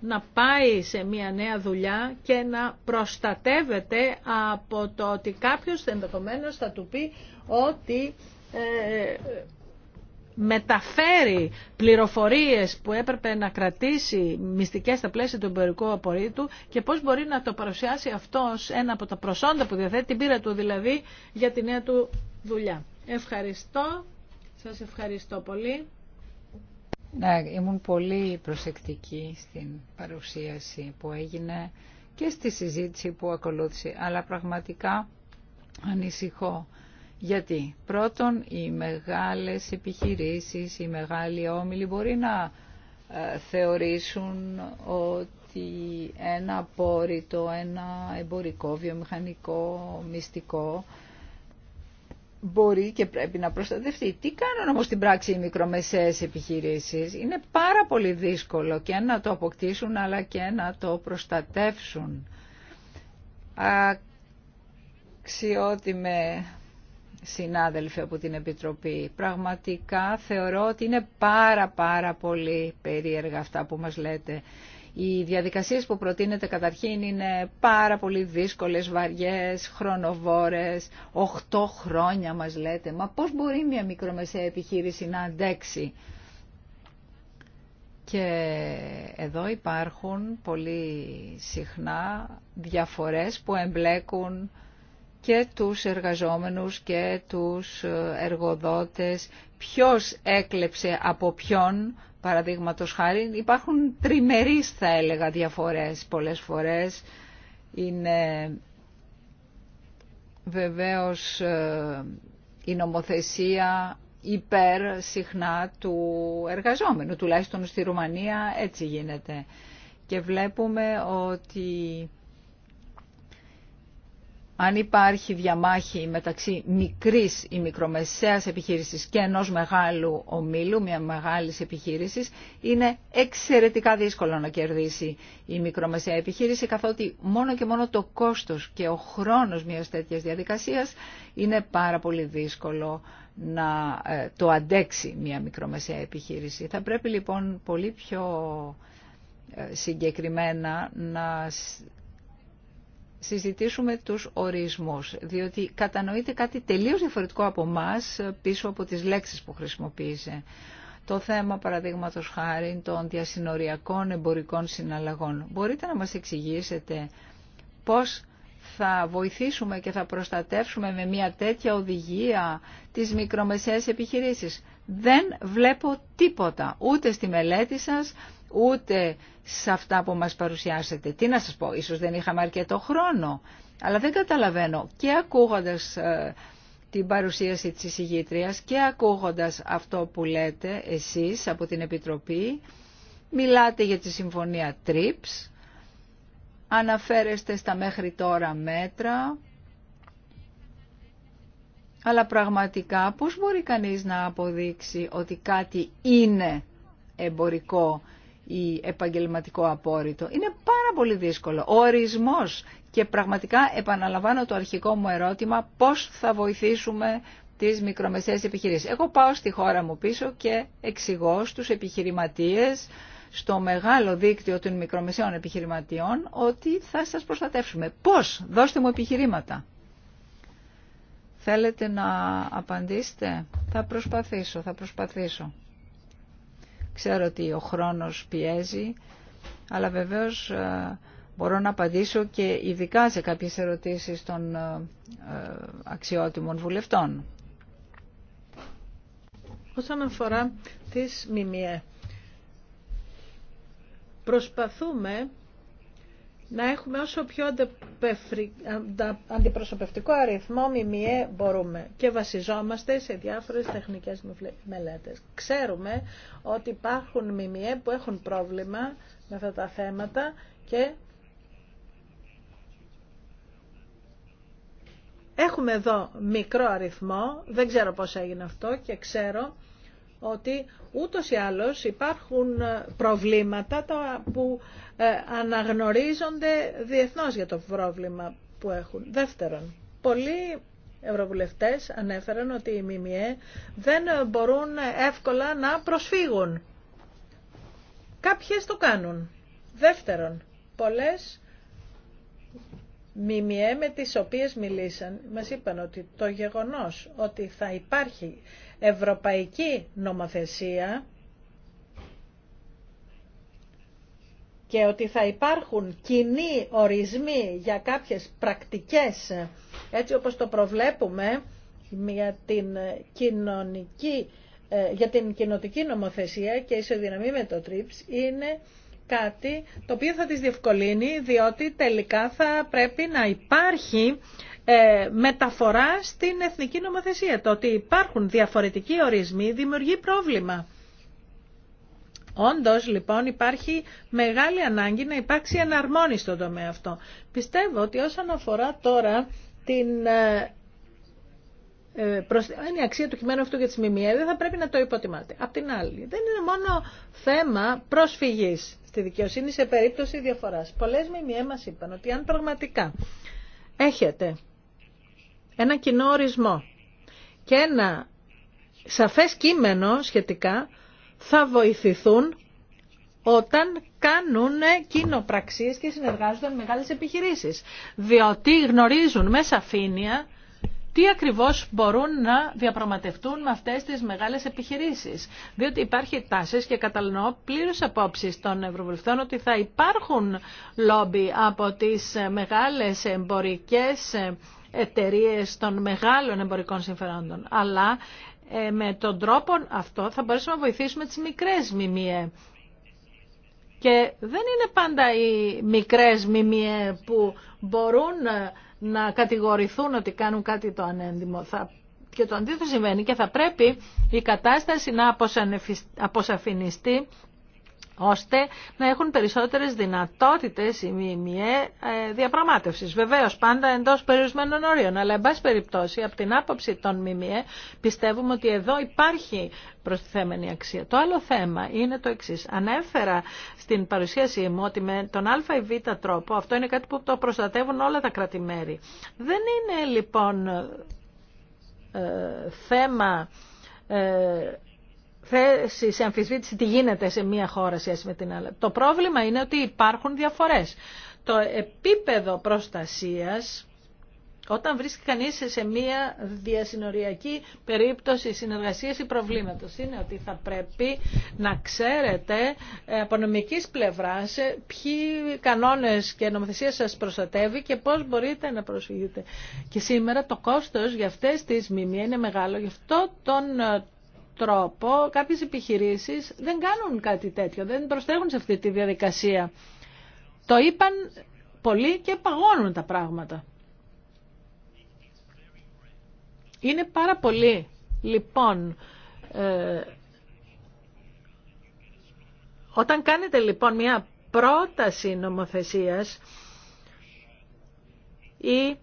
να πάει σε μια νέα δουλειά και να προστατεύεται από το ότι κάποιος ενδεχομένως θα του πει ότι ε, μεταφέρει πληροφορίες που έπρεπε να κρατήσει μυστικές στα πλαίσια του εμπορικού απορρίτου και πώς μπορεί να το παρουσιάσει αυτό ένα από τα προσόντα που διαθέτει την πείρα του δηλαδή για τη νέα του δουλειά. Ευχαριστώ. Σας ευχαριστώ πολύ.
Ναι, ήμουν πολύ προσεκτική στην παρουσίαση που έγινε και στη συζήτηση που ακολούθησε, αλλά πραγματικά ανησυχώ γιατί πρώτον οι μεγάλες επιχειρήσεις, οι μεγάλοι όμιλοι μπορεί να ε, θεωρήσουν ότι ένα απόρριτο, ένα εμπορικό, βιομηχανικό, μυστικό μπορεί και πρέπει να προστατευτεί. Τι κάνουν όμως στην πράξη οι μικρομεσαίες επιχειρήσεις. Είναι πάρα πολύ δύσκολο και να το αποκτήσουν αλλά και να το προστατεύσουν. Αξιότιμε συνάδελφοι από την Επιτροπή. Πραγματικά θεωρώ ότι είναι πάρα πάρα πολύ περίεργα αυτά που μας λέτε. Οι διαδικασίες που προτείνετε καταρχήν είναι πάρα πολύ δύσκολες, βαριές, χρονοβόρες, 8 χρόνια μας λέτε. Μα πώς μπορεί μια μικρομεσαία επιχείρηση να αντέξει. Και εδώ υπάρχουν πολύ συχνά διαφορές που εμπλέκουν και τους εργαζόμενους και τους ε, εργοδότες, ποιος έκλεψε από ποιον, παραδείγματο χάρη. Υπάρχουν τριμερείς θα έλεγα διαφορές πολλές φορές. Είναι βεβαίως ε, η νομοθεσία υπέρ συχνά του εργαζόμενου, τουλάχιστον στη Ρουμανία έτσι γίνεται. Και βλέπουμε ότι αν υπάρχει διαμάχη μεταξύ μικρής ή μικρομεσαίας επιχείρησης και ενός μεγάλου ομίλου, μια μεγάλης επιχείρησης, είναι εξαιρετικά δύσκολο να κερδίσει η μικρομεσαία επιχείρηση, καθότι μόνο και μόνο το κόστος και ο χρόνος μιας τέτοιας διαδικασίας είναι πάρα πολύ δύσκολο να ε, το αντέξει μια μικρομεσαία επιχείρηση. Θα πρέπει λοιπόν πολύ πιο ε, συγκεκριμένα να συζητήσουμε τους ορισμούς, διότι κατανοείται κάτι τελείως διαφορετικό από μας ε, πίσω από τις λέξεις που χρησιμοποίησε. Το θέμα, παραδείγματο χάρη, των διασυνοριακών εμπορικών συναλλαγών. Μπορείτε να μας εξηγήσετε πώς θα βοηθήσουμε και θα προστατεύσουμε με μια τέτοια οδηγία τις μικρομεσαίες επιχειρήσεις. Δεν βλέπω τίποτα, ούτε στη μελέτη σας, ούτε σε αυτά που μας παρουσιάσετε. Τι να σας πω, ίσως δεν είχαμε αρκετό χρόνο, αλλά δεν καταλαβαίνω. Και ακούγοντας ε, την παρουσίαση της εισηγήτριας και ακούγοντας αυτό που λέτε εσείς από την Επιτροπή, μιλάτε για τη Συμφωνία TRIPS, αναφέρεστε στα μέχρι τώρα μέτρα, αλλά πραγματικά πώς μπορεί κανείς να αποδείξει ότι κάτι είναι εμπορικό ή επαγγελματικό απόρριτο. Είναι πάρα πολύ δύσκολο. Ο ορισμός και πραγματικά επαναλαμβάνω το αρχικό μου ερώτημα πώς θα βοηθήσουμε τις μικρομεσαίες επιχειρήσεις. Εγώ πάω στη χώρα μου πίσω και εξηγώ στους επιχειρηματίες στο μεγάλο δίκτυο των μικρομεσαίων επιχειρηματιών ότι θα σας προστατεύσουμε. Πώς, δώστε μου επιχειρήματα. Θέλετε να απαντήσετε. Θα προσπαθήσω, θα προσπαθήσω. Ξέρω ότι ο χρόνος πιέζει, αλλά βεβαίως ε, μπορώ να απαντήσω και ειδικά σε κάποιες ερωτήσεις των ε, ε, αξιότιμων βουλευτών.
Όσον αφορά τις ΜΜΕ, προσπαθούμε να έχουμε όσο πιο αντιπροσωπευτικό αριθμό μιμιέ μπορούμε και βασιζόμαστε σε διάφορες τεχνικές μελέτες. Ξέρουμε ότι υπάρχουν μιμιέ που έχουν πρόβλημα με αυτά τα θέματα και έχουμε εδώ μικρό αριθμό, δεν ξέρω πώς έγινε αυτό και ξέρω ότι ούτως ή άλλως υπάρχουν ε, προβλήματα που ε, αναγνωρίζονται διεθνώς για το πρόβλημα που έχουν. Δεύτερον, πολλοί ευρωβουλευτές ανέφεραν ότι οι ΜΜΕ δεν μπορούν εύκολα να προσφύγουν. Κάποιες το κάνουν. Δεύτερον, πολλές ΜΜΕ με τις οποίες μιλήσαν μας είπαν ότι το γεγονός ότι θα υπάρχει ευρωπαϊκή νομοθεσία και ότι θα υπάρχουν κοινοί ορισμοί για κάποιες πρακτικές έτσι όπως το προβλέπουμε για την κοινωνική ε, για την κοινοτική νομοθεσία και ισοδυναμή με το TRIPS είναι κάτι το οποίο θα τις διευκολύνει διότι τελικά θα πρέπει να υπάρχει ε, μεταφορά στην εθνική νομοθεσία. Το ότι υπάρχουν διαφορετικοί ορισμοί δημιουργεί πρόβλημα. Όντως λοιπόν υπάρχει μεγάλη ανάγκη να υπάρξει εναρμόνιση στον τομέα αυτό. Πιστεύω ότι όσον αφορά τώρα την ε, ε, η αξία του κειμένου αυτού για τις ΜΜΕ δεν θα πρέπει να το υποτιμάτε. Απ' την άλλη, δεν είναι μόνο θέμα προσφυγής στη δικαιοσύνη σε περίπτωση διαφοράς. Πολλέ ΜΜΕ μα είπαν ότι αν πραγματικά έχετε ένα κοινό ορισμό και ένα σαφές κείμενο σχετικά θα βοηθηθούν όταν κάνουν κοινοπραξίες και συνεργάζονται με μεγάλες επιχειρήσεις. Διότι γνωρίζουν με σαφήνεια τι ακριβώς μπορούν να διαπραγματευτούν με αυτές τις μεγάλες επιχειρήσεις. Διότι υπάρχει τάσεις και κατανοώ πλήρως απόψεις των Ευρωβουλευτών ότι θα υπάρχουν λόμπι από τις μεγάλες εμπορικές εταιρείες των μεγάλων εμπορικών συμφερόντων. Αλλά ε, με τον τρόπο αυτό θα μπορέσουμε να βοηθήσουμε τις μικρές μιμιέ. Και δεν είναι πάντα οι μικρές μιμιέ που μπορούν ε, να κατηγορηθούν ότι κάνουν κάτι το ανέντιμο. Και το αντίθετο συμβαίνει και θα πρέπει η κατάσταση να αποσαφινιστεί ώστε να έχουν περισσότερες δυνατότητες οι ΜΜΕ ε, διαπραγμάτευσης. Βεβαίως πάντα εντός περιορισμένων ορίων, αλλά εν πάση περιπτώσει από την άποψη των ΜΜΕ πιστεύουμε ότι εδώ υπάρχει προστιθέμενη αξία. Το άλλο θέμα είναι το εξής. Ανέφερα στην παρουσίασή μου ότι με τον α ή β τρόπο, αυτό είναι κάτι που το προστατεύουν όλα τα κρατημέρη. Δεν είναι λοιπόν ε, θέμα ε, θέσει σε αμφισβήτηση τι γίνεται σε μία χώρα σχέση με την άλλη. Το πρόβλημα είναι ότι υπάρχουν διαφορές. Το επίπεδο προστασίας όταν βρίσκει κανείς σε μία διασυνοριακή περίπτωση συνεργασίας ή προβλήματος είναι ότι θα πρέπει να ξέρετε ε, από νομικής πλευράς ε, ποιοι κανόνες και νομοθεσία σας προστατεύει και πώς μπορείτε να προσφυγείτε. Και σήμερα το κόστος για αυτές τις μιμία είναι μεγάλο. Γι' αυτό τον ε, τρόπο κάποιες επιχειρήσεις δεν κάνουν κάτι τέτοιο, δεν προστέχουν σε αυτή τη διαδικασία. Το είπαν πολλοί και παγώνουν τα πράγματα. Είναι πάρα πολύ, λοιπόν, ε, όταν κάνετε λοιπόν μια πρόταση νομοθεσίας ή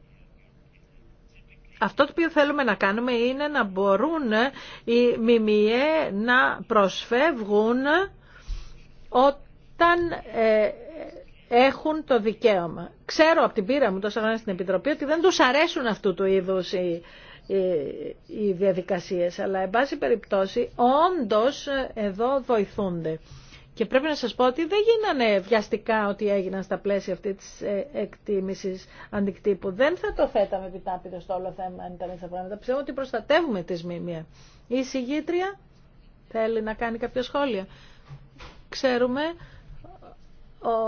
αυτό το οποίο θέλουμε να κάνουμε είναι να μπορούν οι ΜΜΕ να προσφεύγουν όταν ε, έχουν το δικαίωμα. Ξέρω από την πείρα μου τόσα χρόνια στην Επιτροπή ότι δεν τους αρέσουν αυτού του είδους οι, οι, διαδικασίες, αλλά εν πάση περιπτώσει όντως ε, εδώ βοηθούνται. Και πρέπει να σας πω ότι δεν γίνανε βιαστικά ότι έγιναν στα πλαίσια αυτή της ε, εκτίμησης αντικτύπου. Δεν θα το θέταμε επιτάπητο στο όλο θέμα αν ήταν στα τα πράγματα. Πιστεύω ότι προστατεύουμε τη σμήμια. Η συγγήτρια θέλει να κάνει κάποια σχόλια. Ξέρουμε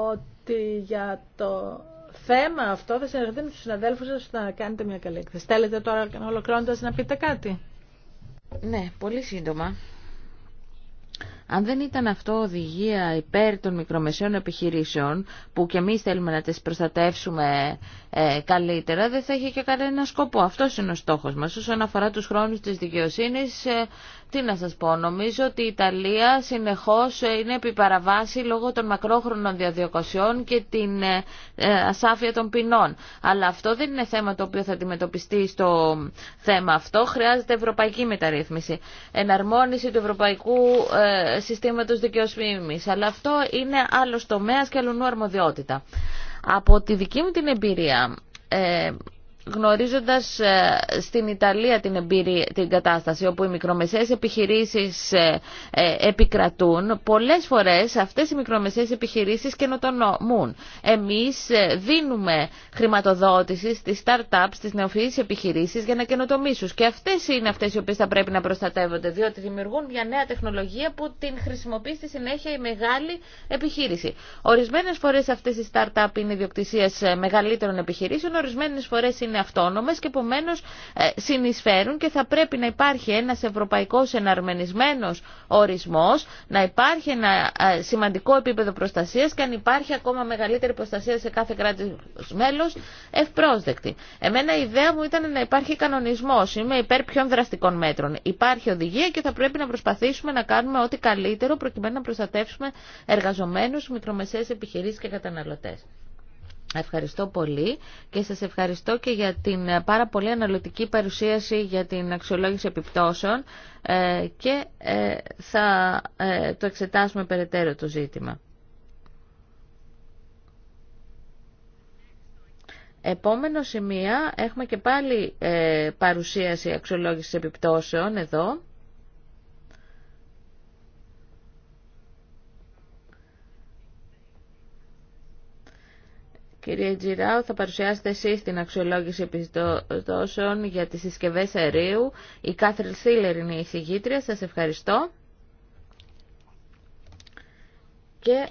ότι για το θέμα αυτό θα συνεργαστεί με τους συναδέλφους σας να κάνετε μια καλή έκθεση. Θέλετε τώρα ολοκληρώνοντας να πείτε κάτι.
Ναι, πολύ σύντομα. Αν δεν ήταν αυτό οδηγία υπέρ των μικρομεσαίων επιχειρήσεων, που και εμείς θέλουμε να τις προστατεύσουμε ε, καλύτερα, δεν θα είχε και κανένα σκοπό. Αυτός είναι ο στόχος μας. Όσον αφορά τους χρόνους της δικαιοσύνης, ε, τι να σας πω, νομίζω ότι η Ιταλία συνεχώς είναι επιπαραβάση λόγω των μακρόχρονων διαδιοκοσιών και την ε, ε, ασάφεια των ποινών. Αλλά αυτό δεν είναι θέμα το οποίο θα αντιμετωπιστεί στο θέμα αυτό. Χρειάζεται ευρωπαϊκή μεταρρύθμιση. Εναρμόνιση του ευρωπαϊκού ε, συστήματος δικαιοσύνης. Αλλά αυτό είναι άλλο τομέα και αλλουνού αρμοδιότητα. Από τη δική μου την εμπειρία, γνωρίζοντας ε, στην Ιταλία την, εμπειρία, την κατάσταση όπου οι μικρομεσαίες επιχειρήσεις ε, ε, επικρατούν, πολλές φορές αυτές οι μικρομεσαίες επιχειρήσεις καινοτομούν. Εμείς δίνουμε χρηματοδότηση στις startups, στις νεοφυείς επιχειρήσεις για να καινοτομήσουν και αυτές είναι αυτές οι οποίες θα πρέπει να προστατεύονται διότι δημιουργούν μια νέα τεχνολογία που την χρησιμοποιεί στη συνέχεια η μεγάλη επιχείρηση. Ορισμένες φορές αυτές οι startup είναι ιδιοκτησίες μεγαλύτερων επιχειρήσεων, ορισμένες φορές είναι είναι αυτόνομες και επομένως ε, συνεισφέρουν και θα πρέπει να υπάρχει ένας ευρωπαϊκός εναρμενισμένος ορισμός, να υπάρχει ένα ε, σημαντικό επίπεδο προστασίας και αν υπάρχει ακόμα μεγαλύτερη προστασία σε κάθε κράτος μέλος, ευπρόσδεκτη. Εμένα η ιδέα μου ήταν να υπάρχει κανονισμός, είμαι υπέρ ποιων δραστικών μέτρων. Υπάρχει οδηγία και θα πρέπει να προσπαθήσουμε να κάνουμε ό,τι καλύτερο προκειμένου να προστατεύσουμε εργαζομένους, μικρομεσαίες επιχειρήσεις και καταναλωτές. Ευχαριστώ πολύ και σας ευχαριστώ και για την ε, πάρα πολύ αναλυτική παρουσίαση για την αξιολόγηση επιπτώσεων ε, και ε, θα το εξετάσουμε περαιτέρω το ζήτημα. Επόμενο σημείο, έχουμε και πάλι παρουσίαση αξιολόγησης επιπτώσεων εδώ. Κυρία Τζιράου, θα παρουσιάσετε εσείς την αξιολόγηση επιστώσεων για τις συσκευές αερίου. Η Κάθριλ Σίλερ είναι η εισηγήτρια. Σας ευχαριστώ. Και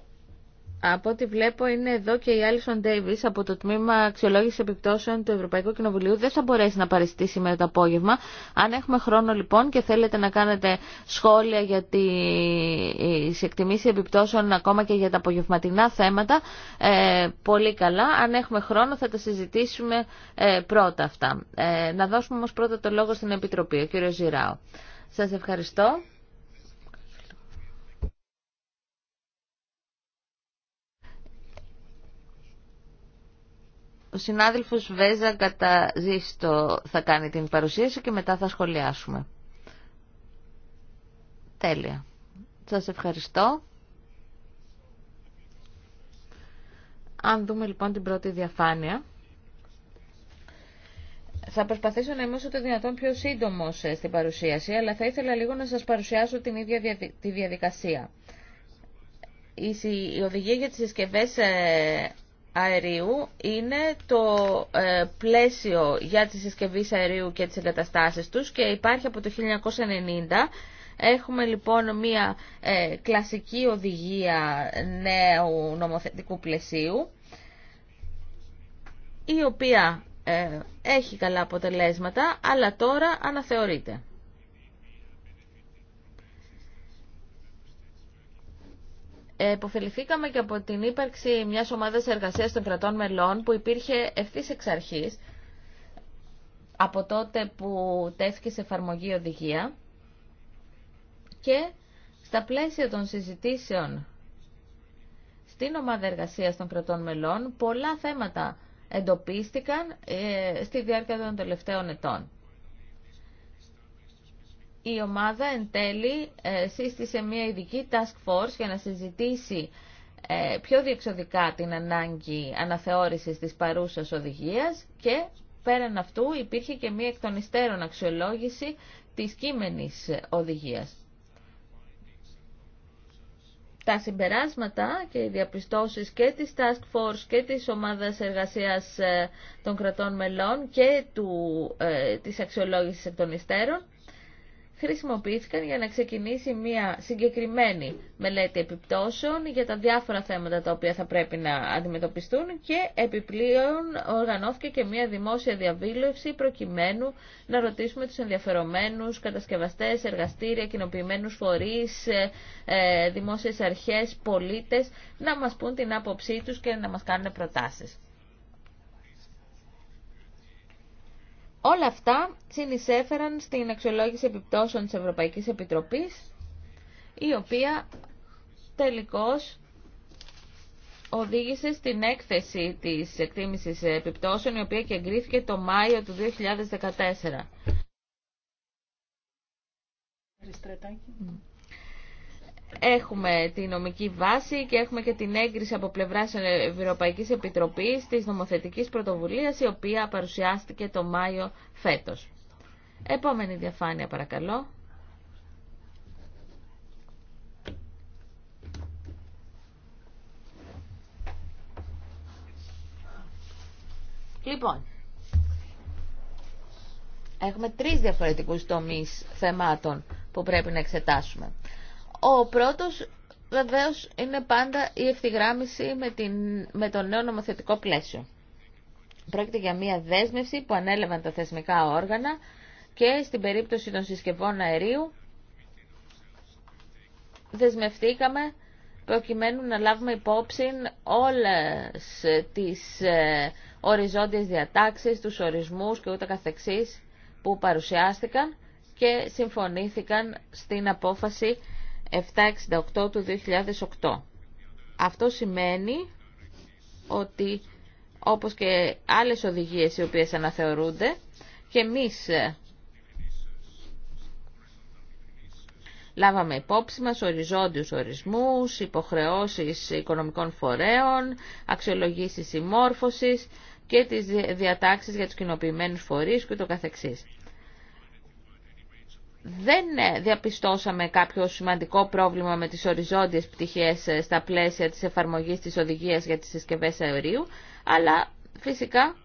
από ό,τι βλέπω είναι εδώ και η Άλισον Ντέιβις από το Τμήμα αξιολόγηση Επιπτώσεων του Ευρωπαϊκού Κοινοβουλίου. Δεν θα μπορέσει να παρεστεί σήμερα το απόγευμα. Αν έχουμε χρόνο λοιπόν και θέλετε να κάνετε σχόλια για τις εκτιμήσεις επιπτώσεων ακόμα και για τα απογευματινά θέματα, ε, πολύ καλά. Αν έχουμε χρόνο θα τα συζητήσουμε ε, πρώτα αυτά. Ε, να δώσουμε όμως πρώτα το λόγο στην Επιτροπή, ο κύριος Ζηράου. Σας ευχαριστώ. Ο συνάδελφος Βέζα Καταζήστο θα κάνει την παρουσίαση και μετά θα σχολιάσουμε. Τέλεια. Σας ευχαριστώ. Αν δούμε λοιπόν την πρώτη διαφάνεια. Θα προσπαθήσω να είμαι όσο το δυνατόν πιο σύντομο ε, στην παρουσίαση, αλλά θα ήθελα λίγο να σας παρουσιάσω την ίδια τη διαδικασία. Η οδηγία για τις συσκευές ε, αερίου είναι το ε, πλαίσιο για τις συσκευή αερίου και τις εγκαταστάσεις τους και υπάρχει από το 1990. Έχουμε λοιπόν μία ε, κλασική οδηγία νέου νομοθετικού πλαισίου η οποία ε, έχει καλά αποτελέσματα αλλά τώρα αναθεωρείται. Εποφεληθήκαμε και από την ύπαρξη μιας ομάδας εργασίας των κρατών μελών που υπήρχε ευθύ εξ αρχής από τότε που τέθηκε σε εφαρμογή οδηγία και στα πλαίσια των συζητήσεων στην ομάδα εργασίας των κρατών μελών πολλά θέματα εντοπίστηκαν ε, στη διάρκεια των τελευταίων ετών η ομάδα εν τέλει ε, σύστησε μια ειδική task force για να συζητήσει ε, πιο διεξοδικά την ανάγκη αναθεώρησης της παρούσας οδηγίας και πέραν αυτού υπήρχε και μια εκ των υστέρων αξιολόγηση της κείμενης οδηγίας. Τα συμπεράσματα και οι διαπιστώσεις και της Task Force και της Ομάδας Εργασίας ε, των Κρατών Μελών και του, ε, της αξιολόγησης εκ των υστέρων χρησιμοποιήθηκαν για να ξεκινήσει μια συγκεκριμένη μελέτη επιπτώσεων για τα διάφορα θέματα τα οποία θα πρέπει να αντιμετωπιστούν και επιπλέον οργανώθηκε και μια δημόσια διαβίλευση προκειμένου να ρωτήσουμε τους ενδιαφερομένους κατασκευαστές, εργαστήρια, κοινοποιημένου φορείς, ε, ε, δημόσιες αρχές, πολίτες να μας πούν την άποψή τους και να μας κάνουν προτάσεις. Όλα αυτά συνεισέφεραν στην αξιολόγηση επιπτώσεων της Ευρωπαϊκής Επιτροπής, η οποία τελικώς οδήγησε στην έκθεση της εκτίμησης επιπτώσεων, η οποία και εγκρίθηκε το Μάιο του 2014. Έχουμε τη νομική βάση και έχουμε και την έγκριση από πλευρά Ευρωπαϊκή Επιτροπή της Νομοθετική πρωτοβουλίας η οποία παρουσιάστηκε το Μάιο φέτος. Επόμενη διαφάνεια παρακαλώ. Λοιπόν, έχουμε τρεις διαφορετικούς τομείς θεμάτων που πρέπει να εξετάσουμε. Ο πρώτος βεβαίως είναι πάντα η ευθυγράμμιση με, την, με το νέο νομοθετικό πλαίσιο. Πρόκειται για μια δέσμευση που ανέλαβαν τα θεσμικά όργανα και στην περίπτωση των συσκευών αερίου δεσμευτήκαμε προκειμένου να λάβουμε υπόψη όλες τις ε, οριζόντιες διατάξεις, τους ορισμούς και ούτε καθεξής που παρουσιάστηκαν και συμφωνήθηκαν στην απόφαση 768 του 2008. Αυτό σημαίνει ότι όπως και άλλες οδηγίες οι οποίες αναθεωρούνται και εμείς ε, λάβαμε υπόψη μας οριζόντιους ορισμούς, υποχρεώσεις οικονομικών φορέων, αξιολογήσεις συμμόρφωσης και τις διατάξεις για τους κοινοποιημένους φορείς και το καθεξής δεν ε, διαπιστώσαμε κάποιο σημαντικό πρόβλημα με τις οριζόντιες πτυχές ε, στα πλαίσια της εφαρμογής της οδηγίας για τις συσκευές αερίου, αλλά φυσικά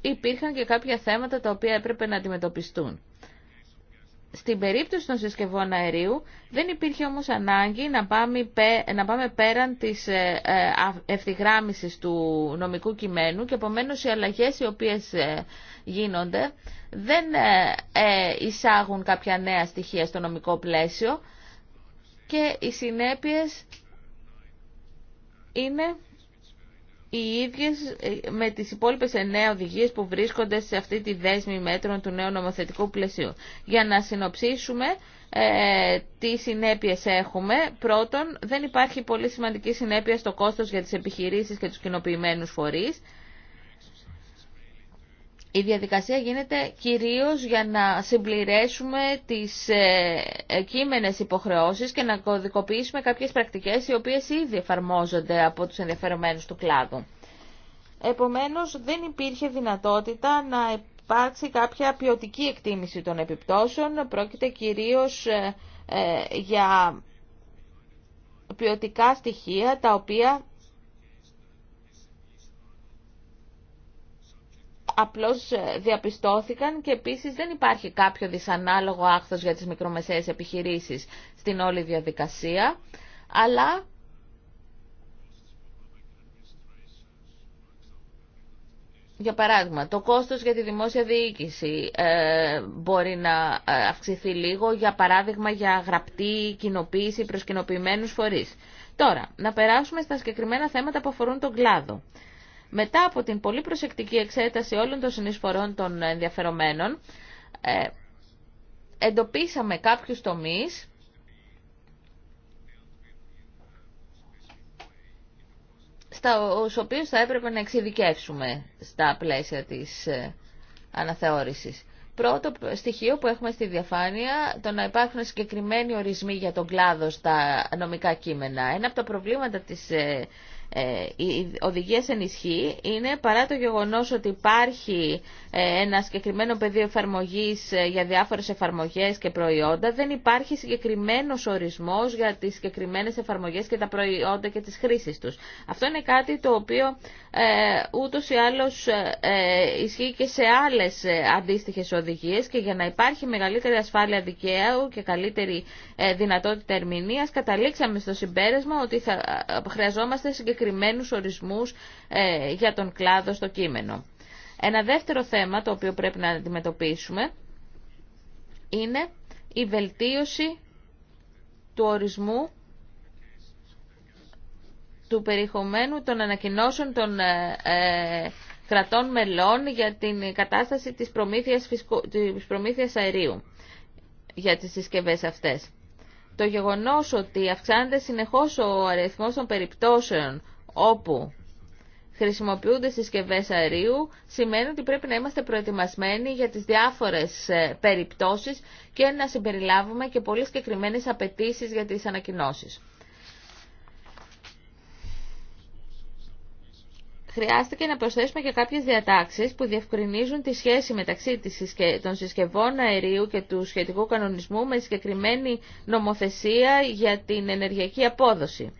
υπήρχαν και κάποια θέματα τα οποία έπρεπε να αντιμετωπιστούν. Στην περίπτωση των συσκευών αερίου δεν υπήρχε όμως ανάγκη να πάμε, να πάμε πέραν της ε, ε, ευθυγράμμισης του νομικού κειμένου και επομένως οι αλλαγές οι οποίες ε, γίνονται δεν εισάγουν κάποια νέα στοιχεία στο νομικό πλαίσιο και οι συνέπειες είναι οι ίδιες ε, με τις υπόλοιπες εννέα οδηγίες που βρίσκονται σε αυτή τη δέσμη μέτρων του νέου νομοθετικού πλαισίου. Για να συνοψίσουμε ε, τι συνέπειες έχουμε. Πρώτον, δεν υπάρχει πολύ σημαντική συνέπεια στο κόστος για τις επιχειρήσεις και τους κοινοποιημένους φορείς. Η διαδικασία γίνεται κυρίως για να συμπληρέσουμε τις ε, ε, κείμενες υποχρεώσεις και να κωδικοποιήσουμε κάποιες πρακτικές οι οποίες ήδη εφαρμόζονται από τους ενδιαφερομένους του κλάδου. Επομένως, δεν υπήρχε δυνατότητα να υπάρξει κάποια ποιοτική εκτίμηση των επιπτώσεων. Πρόκειται κυρίως ε, για ποιοτικά στοιχεία τα οποία απλώς ε, διαπιστώθηκαν και επίσης δεν υπάρχει κάποιο δυσανάλογο άκθος για τις μικρομεσαίες επιχειρήσεις στην όλη διαδικασία, αλλά Για παράδειγμα, το κόστος για τη δημόσια διοίκηση ε, μπορεί να ε, αυξηθεί λίγο, για παράδειγμα για γραπτή κοινοποίηση προς κοινοποιημένους φορείς. Τώρα, να περάσουμε στα συγκεκριμένα θέματα που αφορούν τον κλάδο. Μετά από την πολύ προσεκτική εξέταση όλων των συνεισφορών των ενδιαφερομένων, ε, εντοπίσαμε κάποιους τομείς ...στα οποίους θα έπρεπε να εξειδικεύσουμε στα πλαίσια της ε, αναθεώρησης. Πρώτο στοιχείο που έχουμε στη διαφάνεια, το να υπάρχουν συγκεκριμένοι ορισμοί για τον κλάδο στα νομικά κείμενα. Ένα από τα προβλήματα της ε, ε, η οδηγίες σε ενισχύ είναι παρά το γεγονός ότι υπάρχει ε, ένα συγκεκριμένο πεδίο εφαρμογής ε, για διάφορες εφαρμογές και προϊόντα, δεν υπάρχει συγκεκριμένος ορισμός για τις συγκεκριμένες εφαρμογές και τα προϊόντα και τις χρήσεις τους. Αυτό είναι κάτι το οποίο ούτως ή άλλως ισχύει και σε άλλες αντίστοιχες οδηγίες και για να υπάρχει μεγαλύτερη ασφάλεια δικαίου και καλύτερη δυνατότητα ερμηνείας καταλήξαμε στο συμπέρασμα ότι θα χρειαζόμαστε συγκεκριμένους ορισμούς ε, για τον κλάδο στο κείμενο. Ένα δεύτερο θέμα το οποίο πρέπει να αντιμετωπίσουμε είναι η βελτίωση του ορισμού του περιεχομένου των ανακοινώσεων των ε, ε κρατών μελών για την κατάσταση της προμήθειας, της προμήθειας αερίου για τις συσκευές αυτές το γεγονός ότι αυξάνεται συνεχώς ο αριθμός των περιπτώσεων όπου χρησιμοποιούνται συσκευές αερίου σημαίνει ότι πρέπει να είμαστε προετοιμασμένοι για τις διάφορες ε, περιπτώσεις και να συμπεριλάβουμε και πολύ συγκεκριμένε απαιτήσει για τις ανακοινώσεις. χρειάστηκε να προσθέσουμε και κάποιες διατάξεις που διευκρινίζουν τη σχέση μεταξύ των συσκευών αερίου και του σχετικού κανονισμού με συγκεκριμένη νομοθεσία για την ενεργειακή απόδοση.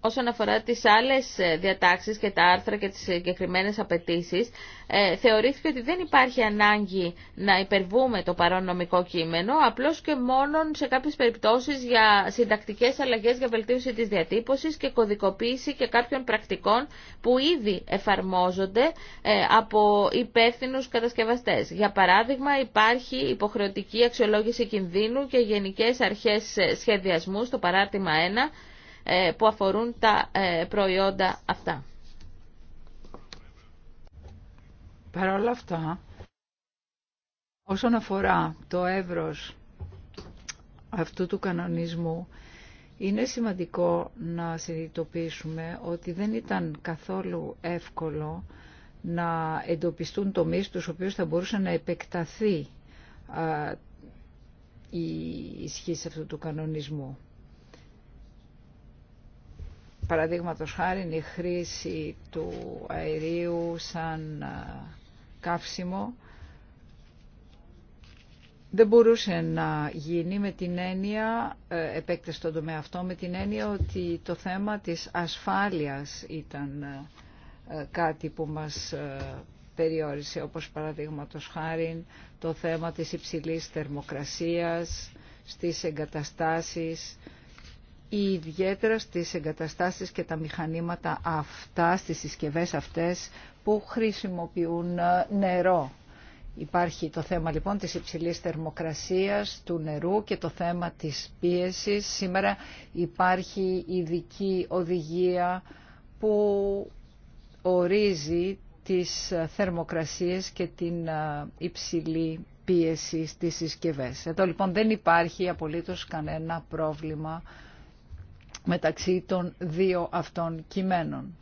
όσον αφορά τις άλλες ε, διατάξεις και τα άρθρα και τις συγκεκριμένες απαιτήσει, ε, θεωρήθηκε ότι δεν υπάρχει ανάγκη να υπερβούμε το παρόν νομικό κείμενο, απλώς και μόνο σε κάποιες περιπτώσεις για συντακτικές αλλαγές για βελτίωση της διατύπωσης και κωδικοποίηση και κάποιων πρακτικών που ήδη εφαρμόζονται ε, από υπεύθυνου κατασκευαστές. Για παράδειγμα, υπάρχει υποχρεωτική αξιολόγηση κινδύνου και γενικές αρχές σχεδιασμού στο παράρτημα 1, ε, που αφορούν τα ε, προϊόντα αυτά.
Παρ' όλα αυτά, όσον αφορά το εύρος αυτού του κανονισμού, είναι σημαντικό να συνειδητοποιήσουμε ότι δεν ήταν καθόλου εύκολο να εντοπιστούν τομείς τους οποίους θα μπορούσε να επεκταθεί η ισχύ αυτού του κανονισμού παραδείγματος χάρη η χρήση του αερίου σαν καύσιμο δεν μπορούσε να γίνει με την έννοια, ε, επέκτες στον τομέα αυτό, με την έννοια ότι το θέμα της ασφάλειας ήταν ε, κάτι που μας ε, περιόρισε, όπως παραδείγματος χάρη το θέμα της υψηλής θερμοκρασίας στις εγκαταστάσεις, ιδιαίτερα στις εγκαταστάσεις και τα μηχανήματα αυτά, στις συσκευές αυτές που χρησιμοποιούν ε, νερό. Υπάρχει το θέμα λοιπόν της υψηλής θερμοκρασίας του νερού και το θέμα της πίεσης. Σήμερα υπάρχει ειδική οδηγία που ορίζει τις ε, θερμοκρασίες και την ε, υψηλή πίεση στις συσκευές. Εδώ λοιπόν δεν υπάρχει απολύτως κανένα πρόβλημα μεταξύ των δύο αυτών κειμένων.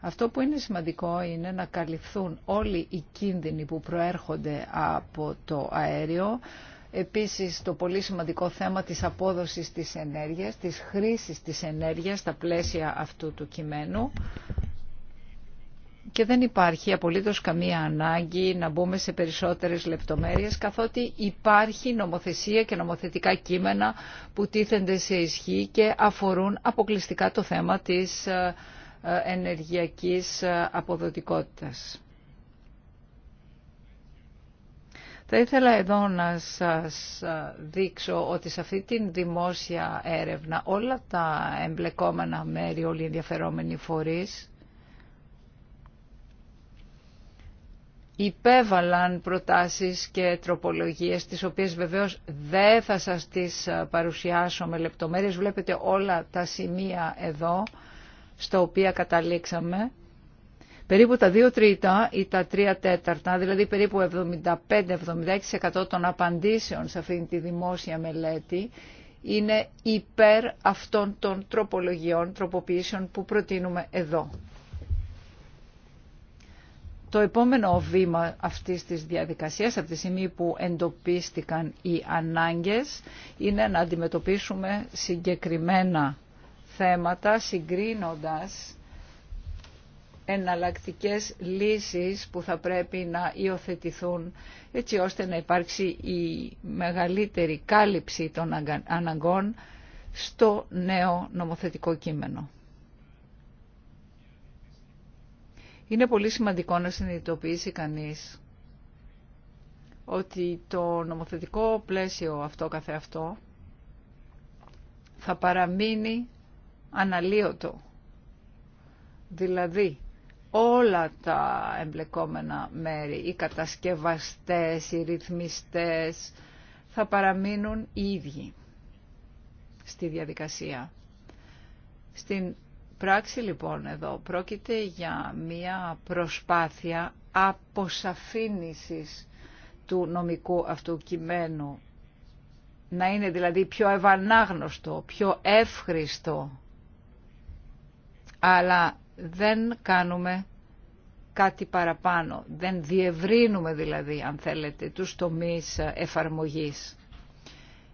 Αυτό που είναι σημαντικό είναι να καλυφθούν όλοι οι κίνδυνοι που προέρχονται από το αέριο, επίσης το πολύ σημαντικό θέμα της απόδοσης της ενέργειας, της χρήσης της ενέργειας στα πλαίσια αυτού του κειμένου και δεν υπάρχει απολύτως καμία ανάγκη να μπούμε σε περισσότερες λεπτομέρειες καθότι υπάρχει νομοθεσία και νομοθετικά κείμενα που τίθενται σε ισχύ και αφορούν αποκλειστικά το θέμα της ε, ε, ενεργειακής ε, αποδοτικότητας. Θα ήθελα εδώ να σας δείξω ότι σε αυτή την δημόσια έρευνα όλα τα εμπλεκόμενα μέρη, όλοι οι ενδιαφερόμενοι φορείς, υπέβαλαν προτάσεις και τροπολογίες, τις οποίες βεβαίως δεν θα σας τις ε, παρουσιάσω με λεπτομέρειες. Βλέπετε όλα τα σημεία εδώ, στα οποία καταλήξαμε. Περίπου τα 2 τρίτα ή τα 3 τέταρτα, δηλαδή περίπου 75-76% των απαντήσεων σε αυτή τη δημόσια μελέτη, είναι υπέρ αυτών των τροπολογιών, τροποποιήσεων που προτείνουμε εδώ. Το επόμενο βήμα αυτής της διαδικασίας, από τη στιγμή που εντοπίστηκαν οι ανάγκες, είναι να αντιμετωπίσουμε συγκεκριμένα θέματα, συγκρίνοντας εναλλακτικές λύσεις που θα πρέπει να υιοθετηθούν έτσι ώστε να υπάρξει η μεγαλύτερη κάλυψη των αναγκών στο νέο νομοθετικό κείμενο. Είναι πολύ σημαντικό να συνειδητοποιήσει κανείς ότι το νομοθετικό πλαίσιο αυτό καθεαυτό θα παραμείνει αναλύωτο. Δηλαδή, όλα τα εμπλεκόμενα μέρη, οι κατασκευαστές, οι ρυθμιστές, θα παραμείνουν οι ίδιοι στη διαδικασία. Στην πράξη λοιπόν εδώ πρόκειται για μία προσπάθεια αποσαφήνισης του νομικού αυτού κειμένου. Να είναι δηλαδή πιο ευανάγνωστο, πιο εύχριστο. Αλλά δεν κάνουμε κάτι παραπάνω. Δεν διευρύνουμε δηλαδή, αν θέλετε, τους τομείς εφαρμογής.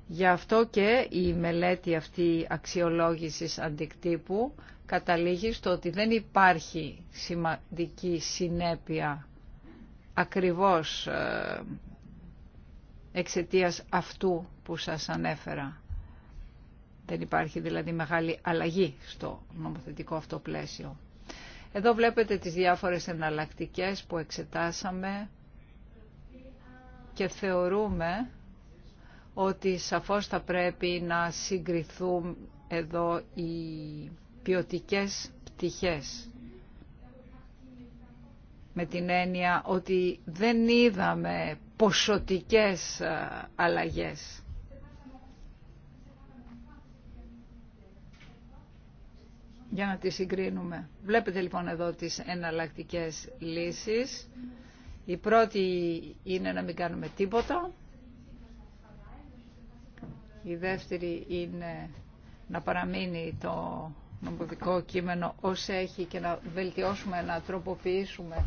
Γι' αυτό και η μελέτη αυτή αξιολόγησης αντικτύπου καταλήγει στο ότι δεν υπάρχει σημαντική συνέπεια ακριβώς ε, εξαιτίας αυτού που σας ανέφερα. Δεν υπάρχει δηλαδή μεγάλη αλλαγή στο νομοθετικό αυτό πλαίσιο. Εδώ βλέπετε τις διάφορες εναλλακτικές που εξετάσαμε και θεωρούμε ότι σαφώς θα πρέπει να συγκριθούν εδώ οι ποιοτικές πτυχές. Με την έννοια ότι δεν είδαμε ποσοτικές ε, αλλαγές. Για να τις συγκρίνουμε. Βλέπετε λοιπόν εδώ τις εναλλακτικές λύσεις. Η πρώτη είναι να μην κάνουμε τίποτα. Η δεύτερη είναι να παραμείνει το νομοθετικό κείμενο ως έχει και να βελτιώσουμε, να τροποποιήσουμε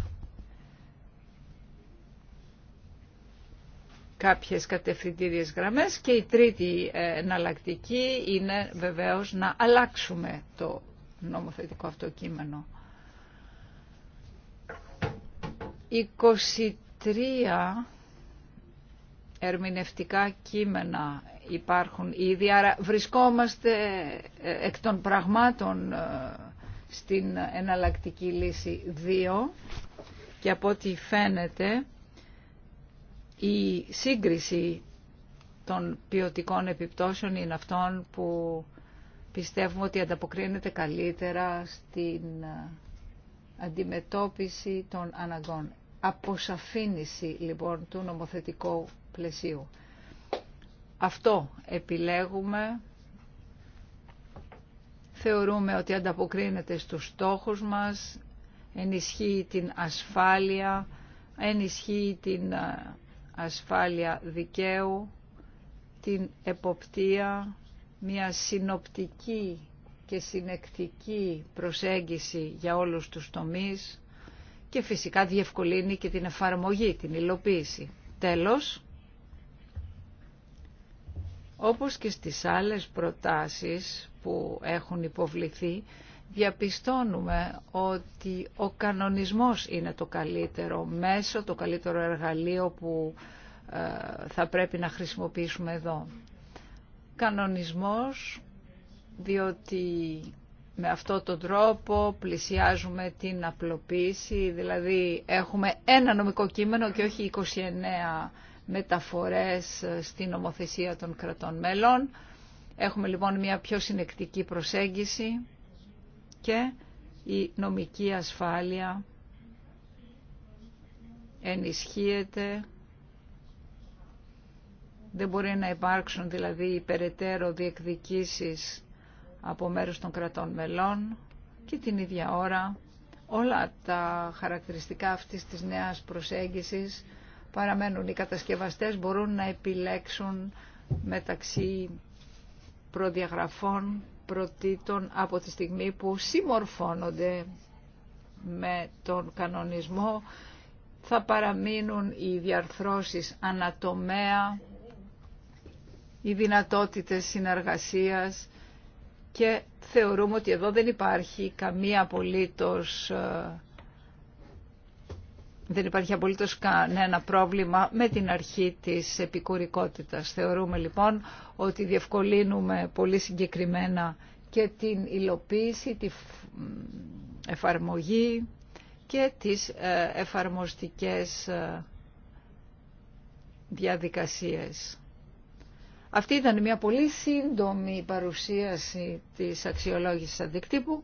κάποιες κατευθυντήριες γραμμές και η τρίτη ε, εναλλακτική είναι βεβαίως να αλλάξουμε το νομοθετικό αυτό κείμενο. 23 ερμηνευτικά κείμενα υπάρχουν ήδη, άρα βρισκόμαστε ε, ε, εκ των πραγμάτων ε, στην εναλλακτική λύση 2 και από ό,τι φαίνεται η σύγκριση των ποιοτικών επιπτώσεων είναι αυτών που πιστεύουμε ότι ανταποκρίνεται καλύτερα στην αντιμετώπιση των αναγκών. Αποσαφήνιση λοιπόν του νομοθετικού πλαισίου. Αυτό επιλέγουμε. Θεωρούμε ότι ανταποκρίνεται στους στόχους μας, ενισχύει την ασφάλεια, ενισχύει την ε, ασφάλεια δικαίου, την εποπτεία, μια συνοπτική και συνεκτική προσέγγιση για όλους τους τομείς και φυσικά διευκολύνει και την εφαρμογή, την υλοποίηση. Τέλος, όπως και στις άλλες προτάσεις που έχουν υποβληθεί, διαπιστώνουμε ότι ο κανονισμός είναι το καλύτερο μέσο, το καλύτερο εργαλείο που ε, θα πρέπει να χρησιμοποιήσουμε εδώ. Κανονισμός, διότι με αυτό τον τρόπο πλησιάζουμε την απλοποίηση, δηλαδή έχουμε ένα νομικό κείμενο και όχι 29 μεταφορές ε, στην ομοθεσία των κρατών μέλων. Έχουμε λοιπόν μια πιο συνεκτική προσέγγιση και η νομική ασφάλεια ενισχύεται. Δεν μπορεί να υπάρξουν δηλαδή υπεραιτέρω διεκδικήσεις από μέρους των κρατών μελών και την ίδια ώρα όλα τα χαρακτηριστικά αυτής της νέας προσέγγισης παραμένουν. Οι κατασκευαστές μπορούν να επιλέξουν μεταξύ προδιαγραφών προτήτων από τη στιγμή που συμμορφώνονται με τον κανονισμό θα παραμείνουν οι διαρθρώσεις ανατομέα, οι δυνατότητες συνεργασίας και θεωρούμε ότι εδώ δεν υπάρχει καμία απολύτως ε, δεν υπάρχει απολύτως κανένα πρόβλημα με την αρχή της επικουρικότητας. Θεωρούμε λοιπόν ότι διευκολύνουμε πολύ συγκεκριμένα και την υλοποίηση, την εφαρμογή και τις ε, εφαρμοστικές ε, διαδικασίες. Αυτή ήταν μια πολύ σύντομη παρουσίαση της αξιολόγησης αντικτύπου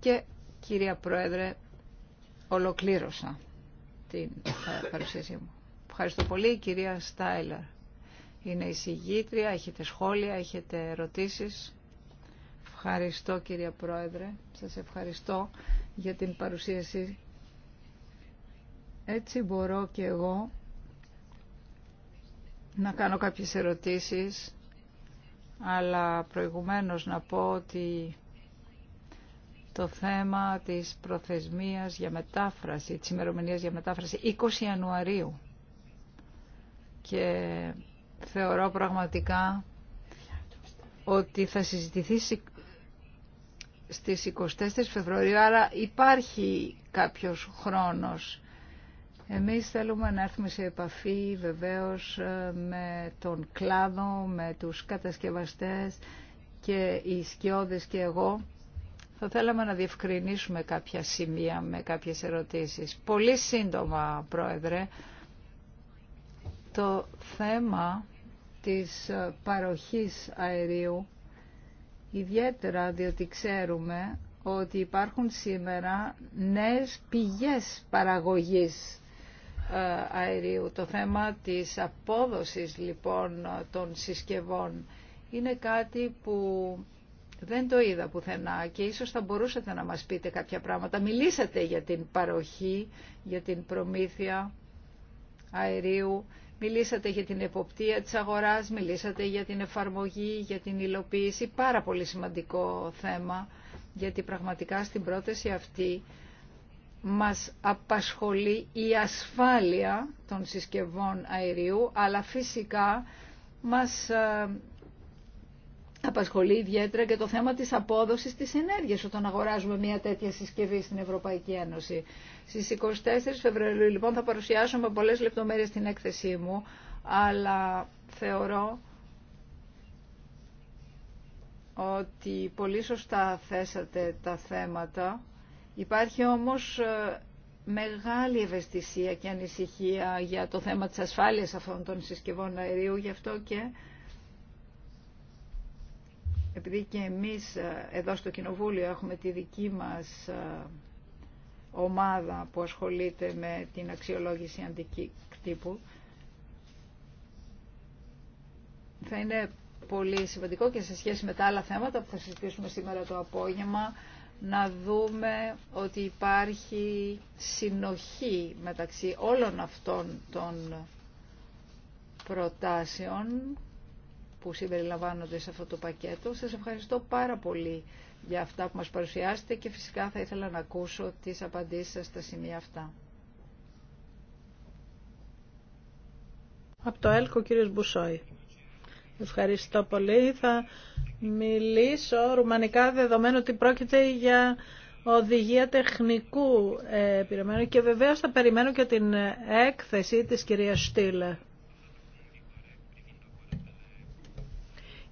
και κυρία Πρόεδρε ολοκλήρωσα την ε, παρουσίασή μου. Ευχαριστώ πολύ, κυρία Στάιλερ. Είναι η συγγήτρια, έχετε σχόλια, έχετε ερωτήσεις. Ευχαριστώ, κυρία Πρόεδρε. Σας ευχαριστώ για την παρουσίαση. Έτσι μπορώ και εγώ να κάνω κάποιες ερωτήσεις, αλλά προηγουμένως να πω ότι το θέμα της προθεσμίας για μετάφραση, της ημερομηνίας για μετάφραση 20 Ιανουαρίου. Και θεωρώ πραγματικά ότι θα συζητηθεί στις 24 Φεβρουαρίου, άρα υπάρχει κάποιος χρόνος. Εμείς θέλουμε να έρθουμε σε επαφή βεβαίως ε, με τον κλάδο, με τους κατασκευαστές και οι σκιώδες και εγώ θα θέλαμε να διευκρινίσουμε κάποια σημεία με κάποιες ερωτήσεις. Πολύ σύντομα, Πρόεδρε, το θέμα της ε, παροχής αερίου, ιδιαίτερα διότι ξέρουμε ότι υπάρχουν σήμερα νέες πηγές παραγωγής ε, αερίου. Το θέμα της απόδοσης λοιπόν των συσκευών είναι κάτι που δεν το είδα πουθενά και ίσως θα μπορούσατε να μας πείτε κάποια πράγματα. Μιλήσατε για την παροχή, για την προμήθεια αερίου, μιλήσατε για την εποπτεία της αγοράς, μιλήσατε για την εφαρμογή, για την υλοποίηση. Πάρα πολύ σημαντικό θέμα, γιατί πραγματικά στην πρόταση αυτή μας απασχολεί η ασφάλεια των συσκευών αερίου, αλλά φυσικά μας ε, απασχολεί ιδιαίτερα και το θέμα της απόδοσης της ενέργειας όταν αγοράζουμε μια τέτοια συσκευή στην Ευρωπαϊκή Ένωση. Στις 24 Φεβρουαρίου λοιπόν θα παρουσιάσω με πολλές λεπτομέρειες την έκθεσή μου, αλλά θεωρώ ότι πολύ σωστά θέσατε τα θέματα. Υπάρχει όμως ε, μεγάλη ευαισθησία και ανησυχία για το θέμα της ασφάλειας αυτών των συσκευών αερίου, γι' αυτό και επειδή και εμείς ε, εδώ στο Κοινοβούλιο έχουμε τη δική μας ε, ομάδα που ασχολείται με την αξιολόγηση αντικτύπου, θα είναι πολύ σημαντικό και σε σχέση με τα άλλα θέματα που θα συζητήσουμε σήμερα το απόγευμα, να δούμε ότι υπάρχει συνοχή μεταξύ όλων αυτών των προτάσεων που συμπεριλαμβάνονται σε αυτό το πακέτο. Σας ευχαριστώ πάρα πολύ για αυτά που μας παρουσιάσετε και φυσικά θα ήθελα να ακούσω τις απαντήσεις σας στα σημεία αυτά. Από
το ΕΛΚΟ, κύριος Μπουσόη. Ευχαριστώ πολύ. Θα μιλήσω ρουμανικά δεδομένου ότι πρόκειται για οδηγία τεχνικού ε, και βεβαίως θα περιμένω και την έκθεση της κυρίας Στήλε.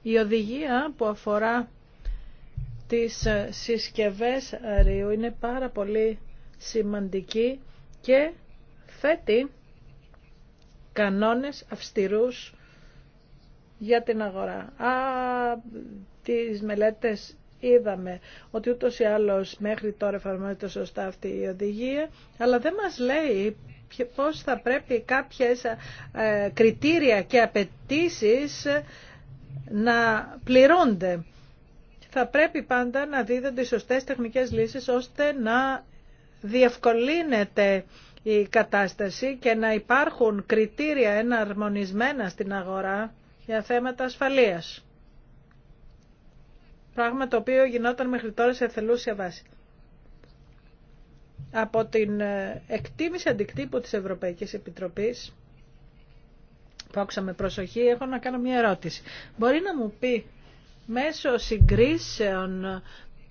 Η οδηγία που αφορά τις ε, συσκευές αερίου είναι πάρα πολύ σημαντική και θέτει κανόνες αυστηρούς για την αγορά. Α, τις μελέτες είδαμε ότι ούτως ή άλλως μέχρι τώρα εφαρμόζεται σωστά αυτή η οδηγία, αλλά δεν μας λέει πώς θα πρέπει κάποιες ε, ε, κριτήρια και απαιτήσει να πληρώνται. Θα πρέπει πάντα να δίδονται οι σωστές τεχνικές λύσεις ώστε να διευκολύνεται η κατάσταση και να υπάρχουν κριτήρια εναρμονισμένα στην αγορά για θέματα ασφαλείας. Πράγμα το οποίο γινόταν μέχρι τώρα σε θελούσια βάση. Από την ε, εκτίμηση αντικτύπου της Ευρωπαϊκής Επιτροπής που με προσοχή, έχω να κάνω μια ερώτηση. Μπορεί να μου πει μέσω συγκρίσεων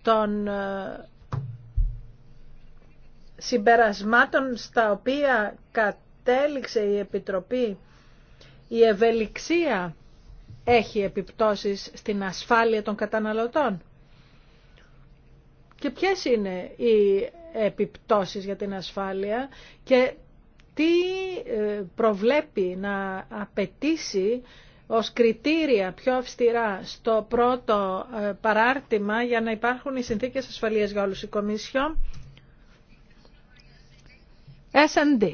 των ε, συμπερασμάτων στα οποία κατέληξε η Επιτροπή, η ευελιξία έχει επιπτώσεις στην ασφάλεια των καταναλωτών. Και ποιες είναι οι επιπτώσεις για την ασφάλεια και τι ε, προβλέπει να απαιτήσει ως κριτήρια πιο αυστηρά στο πρώτο ε, παράρτημα για να υπάρχουν οι συνθήκες ασφαλείας για όλους. Η Κομίσιο S&D.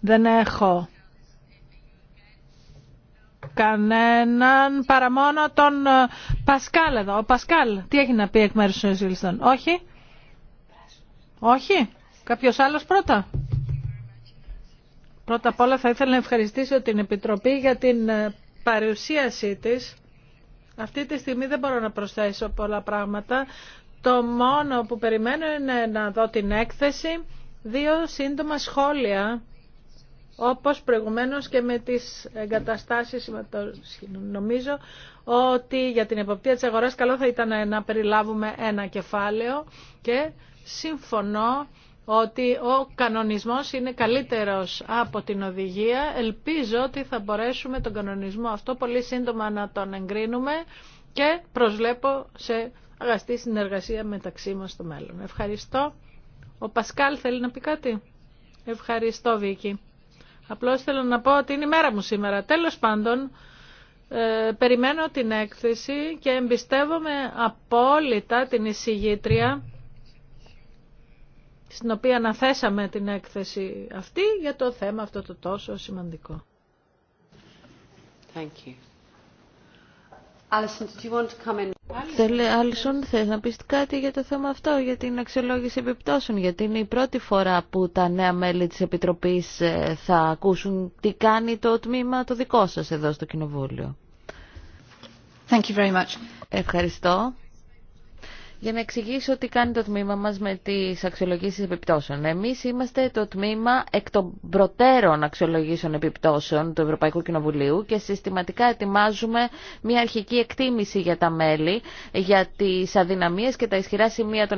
Δεν έχω κανέναν παρά μόνο τον ε, Πασκάλ εδώ. Ο Πασκάλ, τι έχει να πει εκ μέρους των Όχι. Όχι. Κάποιος άλλος πρώτα. Πρώτα απ' όλα θα ήθελα να ευχαριστήσω την Επιτροπή για την ε, παρουσίασή της. Αυτή τη στιγμή δεν μπορώ να προσθέσω πολλά πράγματα. Το μόνο που περιμένω είναι να δω την έκθεση. Δύο σύντομα σχόλια, όπως προηγουμένως και με τις εγκαταστάσεις. Νομίζω ότι για την εποπτεία της αγοράς καλό θα ήταν να περιλάβουμε ένα κεφάλαιο και Συμφωνώ ότι ο κανονισμός είναι καλύτερος από την οδηγία. Ελπίζω ότι θα μπορέσουμε τον κανονισμό αυτό πολύ σύντομα να τον εγκρίνουμε και προσβλέπω σε αγαστή συνεργασία μεταξύ μας στο μέλλον. Ευχαριστώ. Ο Πασκάλ θέλει να πει κάτι. Ευχαριστώ Βίκη. Απλώς θέλω να πω ότι είναι η μέρα μου σήμερα. Τέλος πάντων, ε, περιμένω την έκθεση και εμπιστεύομαι απόλυτα την εισηγήτρια στην οποία αναθέσαμε την έκθεση αυτή για το θέμα αυτό το τόσο σημαντικό.
Thank you.
Άλισον, θες να πεις κάτι για το θέμα αυτό, για την αξιολόγηση επιπτώσεων, γιατί είναι η πρώτη φορά που τα νέα μέλη της Επιτροπής ε, θα ακούσουν τι κάνει το τμήμα το δικό σας εδώ στο Κοινοβούλιο.
Thank you very much.
Ευχαριστώ για να εξηγήσω τι κάνει το τμήμα μας με τις αξιολογήσεις επιπτώσεων. Εμείς είμαστε το τμήμα εκ των προτέρων αξιολογήσεων επιπτώσεων του Ευρωπαϊκού Κοινοβουλίου και συστηματικά ετοιμάζουμε μια αρχική εκτίμηση για τα μέλη, για τις αδυναμίες και τα ισχυρά σημεία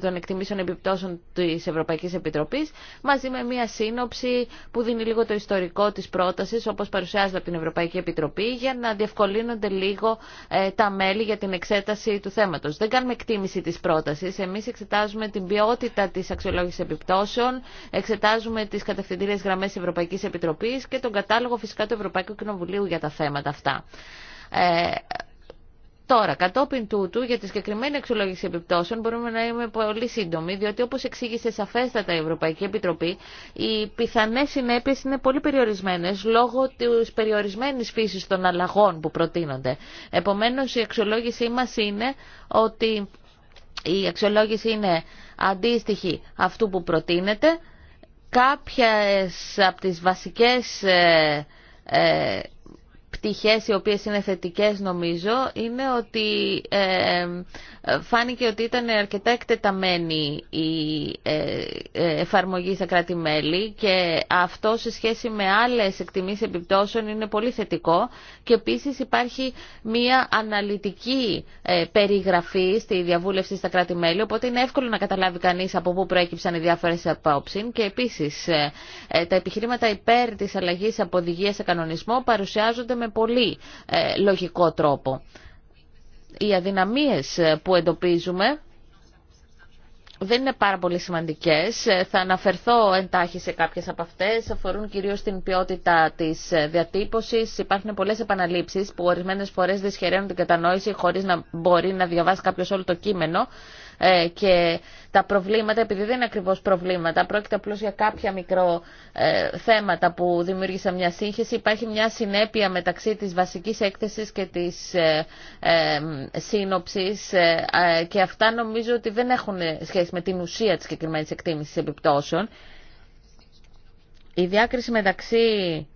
των εκτιμήσεων επιπτώσεων της Ευρωπαϊκής Επιτροπής, μαζί με μια σύνοψη που δίνει λίγο το ιστορικό της πρότασης, όπως παρουσιάζεται από την Ευρωπαϊκή Επιτροπή, για να διευκολύνονται λίγο ε, τα μέλη για την εξέταση του θέματος. Δεν κάνουμε εκτίμηση της πρότασης. Εμείς εξετάζουμε την ποιότητα της αξιολόγησης επιπτώσεων, εξετάζουμε τις κατευθυντήριες γραμμές Ευρωπαϊκής Επιτροπής και τον κατάλογο φυσικά του Ευρωπαϊκού Κοινοβουλίου για τα θέματα αυτά. Ε, Τώρα, κατόπιν τούτου, για τη συγκεκριμένη αξιολόγηση επιπτώσεων μπορούμε να είμαι πολύ σύντομοι, διότι όπως εξήγησε σαφέστατα η Ευρωπαϊκή Επιτροπή, οι πιθανές συνέπειε είναι πολύ περιορισμένες λόγω τη περιορισμένης φύσης των αλλαγών που προτείνονται. Επομένως, η αξιολόγησή μα είναι ότι η αξιολόγηση είναι αντίστοιχη αυτού που προτείνεται. Κάποιες από τις βασικές ε, ε πτυχές οι οποίες είναι θετικές νομίζω είναι ότι ε, φάνηκε ότι ήταν αρκετά εκτεταμένη η ε, ε, εφαρμογή στα κράτη-μέλη και αυτό σε σχέση με άλλες εκτιμήσεις επιπτώσεων είναι πολύ θετικό και επίσης υπάρχει μια αναλυτική περιγραφή στη διαβούλευση στα κράτη-μέλη οπότε είναι εύκολο να καταλάβει κανείς από πού προέκυψαν οι διάφορες απόψει και επίσης τα επιχειρήματα υπέρ της αλλαγής από σε κανονισμό παρουσιάζονται με πολύ ε, λογικό τρόπο. Οι αδυναμίες ε, που εντοπίζουμε δεν είναι πάρα πολύ σημαντικές. Ε, θα αναφερθώ εντάχει σε κάποιες από αυτές. Αφορούν κυρίως την ποιότητα της διατύπωσης. Υπάρχουν πολλές επαναλήψεις που ορισμένες φορές δυσχεραίνουν την κατανόηση χωρίς να μπορεί να διαβάσει κάποιος όλο το κείμενο. Ε, και τα προβλήματα, επειδή δεν είναι ακριβώς προβλήματα, πρόκειται απλώς για κάποια μικρό ε, θέματα που δημιούργησαν μια σύγχυση, υπάρχει μια συνέπεια μεταξύ της βασικής έκθεσης και της ε, ε σύνοψης και αυτά νομίζω ότι δεν έχουν σχέση με την ουσία της συγκεκριμένη εκτίμησης επιπτώσεων. Η διάκριση μεταξύ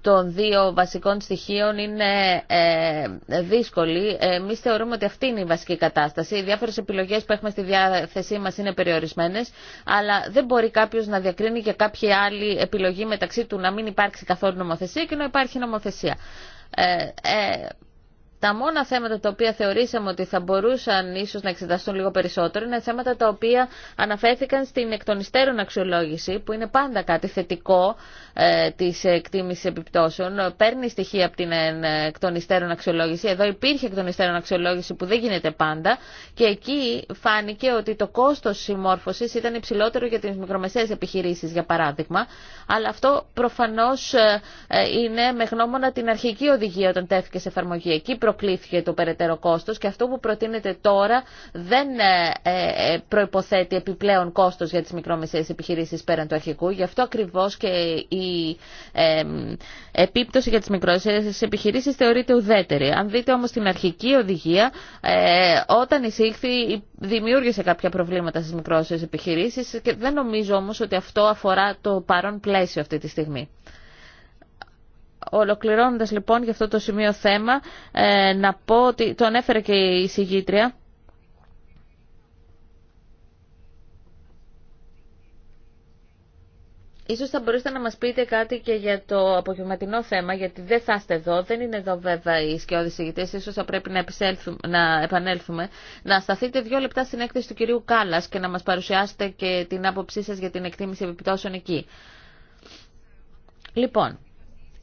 των δύο βασικών στοιχείων είναι ε, δύσκολη. Εμεί θεωρούμε ότι αυτή είναι η βασική κατάσταση. Οι διάφορε επιλογέ που έχουμε στη διάθεσή μα είναι περιορισμένε, αλλά δεν μπορεί κάποιο να διακρίνει και κάποια άλλη επιλογή μεταξύ του να μην υπάρξει καθόλου νομοθεσία και να υπάρχει νομοθεσία. Ε, ε, τα μόνα θέματα τα οποία θεωρήσαμε ότι θα μπορούσαν ίσω να εξεταστούν λίγο περισσότερο είναι θέματα τα οποία αναφέρθηκαν στην εκ αξιολόγηση που είναι πάντα κάτι θετικό ε, της επιπτώσεων. Παίρνει στοιχεία από την ε, εκ αξιολόγηση. Εδώ υπήρχε εκ αξιολόγηση που δεν γίνεται πάντα και εκεί φάνηκε ότι το κόστος συμμόρφωση ήταν υψηλότερο για τι μικρομεσαίες επιχειρήσει, για παράδειγμα αλλά αυτό προφανώς ε, ε, είναι με γνώμονα την αρχική οδηγία όταν τέθηκε σε εφαρμογή προκλήθηκε το περαιτέρω κόστος και αυτό που προτείνεται τώρα δεν ε, ε, ε, προϋποθέτει επιπλέον κόστος για τις μικρομεσαίες επιχειρήσεις πέραν του αρχικού. Γι' αυτό ακριβώς και η επίπτωση για τις μικρομεσαίες επιχειρήσεις θεωρείται ουδέτερη. Αν δείτε όμως την αρχική οδηγία, όταν εισήχθη δημιούργησε κάποια προβλήματα στις μικρομεσαίες επιχειρήσεις και δεν νομίζω όμως ότι αυτό αφορά το παρόν πλαίσιο αυτή τη στιγμή. Ολοκληρώνοντας λοιπόν για αυτό το σημείο θέμα, ε, να πω ότι το ανέφερε και η συγγήτρια, Ίσως θα μπορούσατε να μας πείτε κάτι και για το απογευματινό θέμα, γιατί δεν θα είστε εδώ, δεν είναι εδώ βέβαια οι σκιώδεις ηγητές, ίσως θα πρέπει να, να επανέλθουμε. Να σταθείτε δύο λεπτά στην έκθεση του κυρίου Κάλλας και να μας παρουσιάσετε και την άποψή σας για την εκτίμηση επιπτώσεων εκεί. Λοιπόν,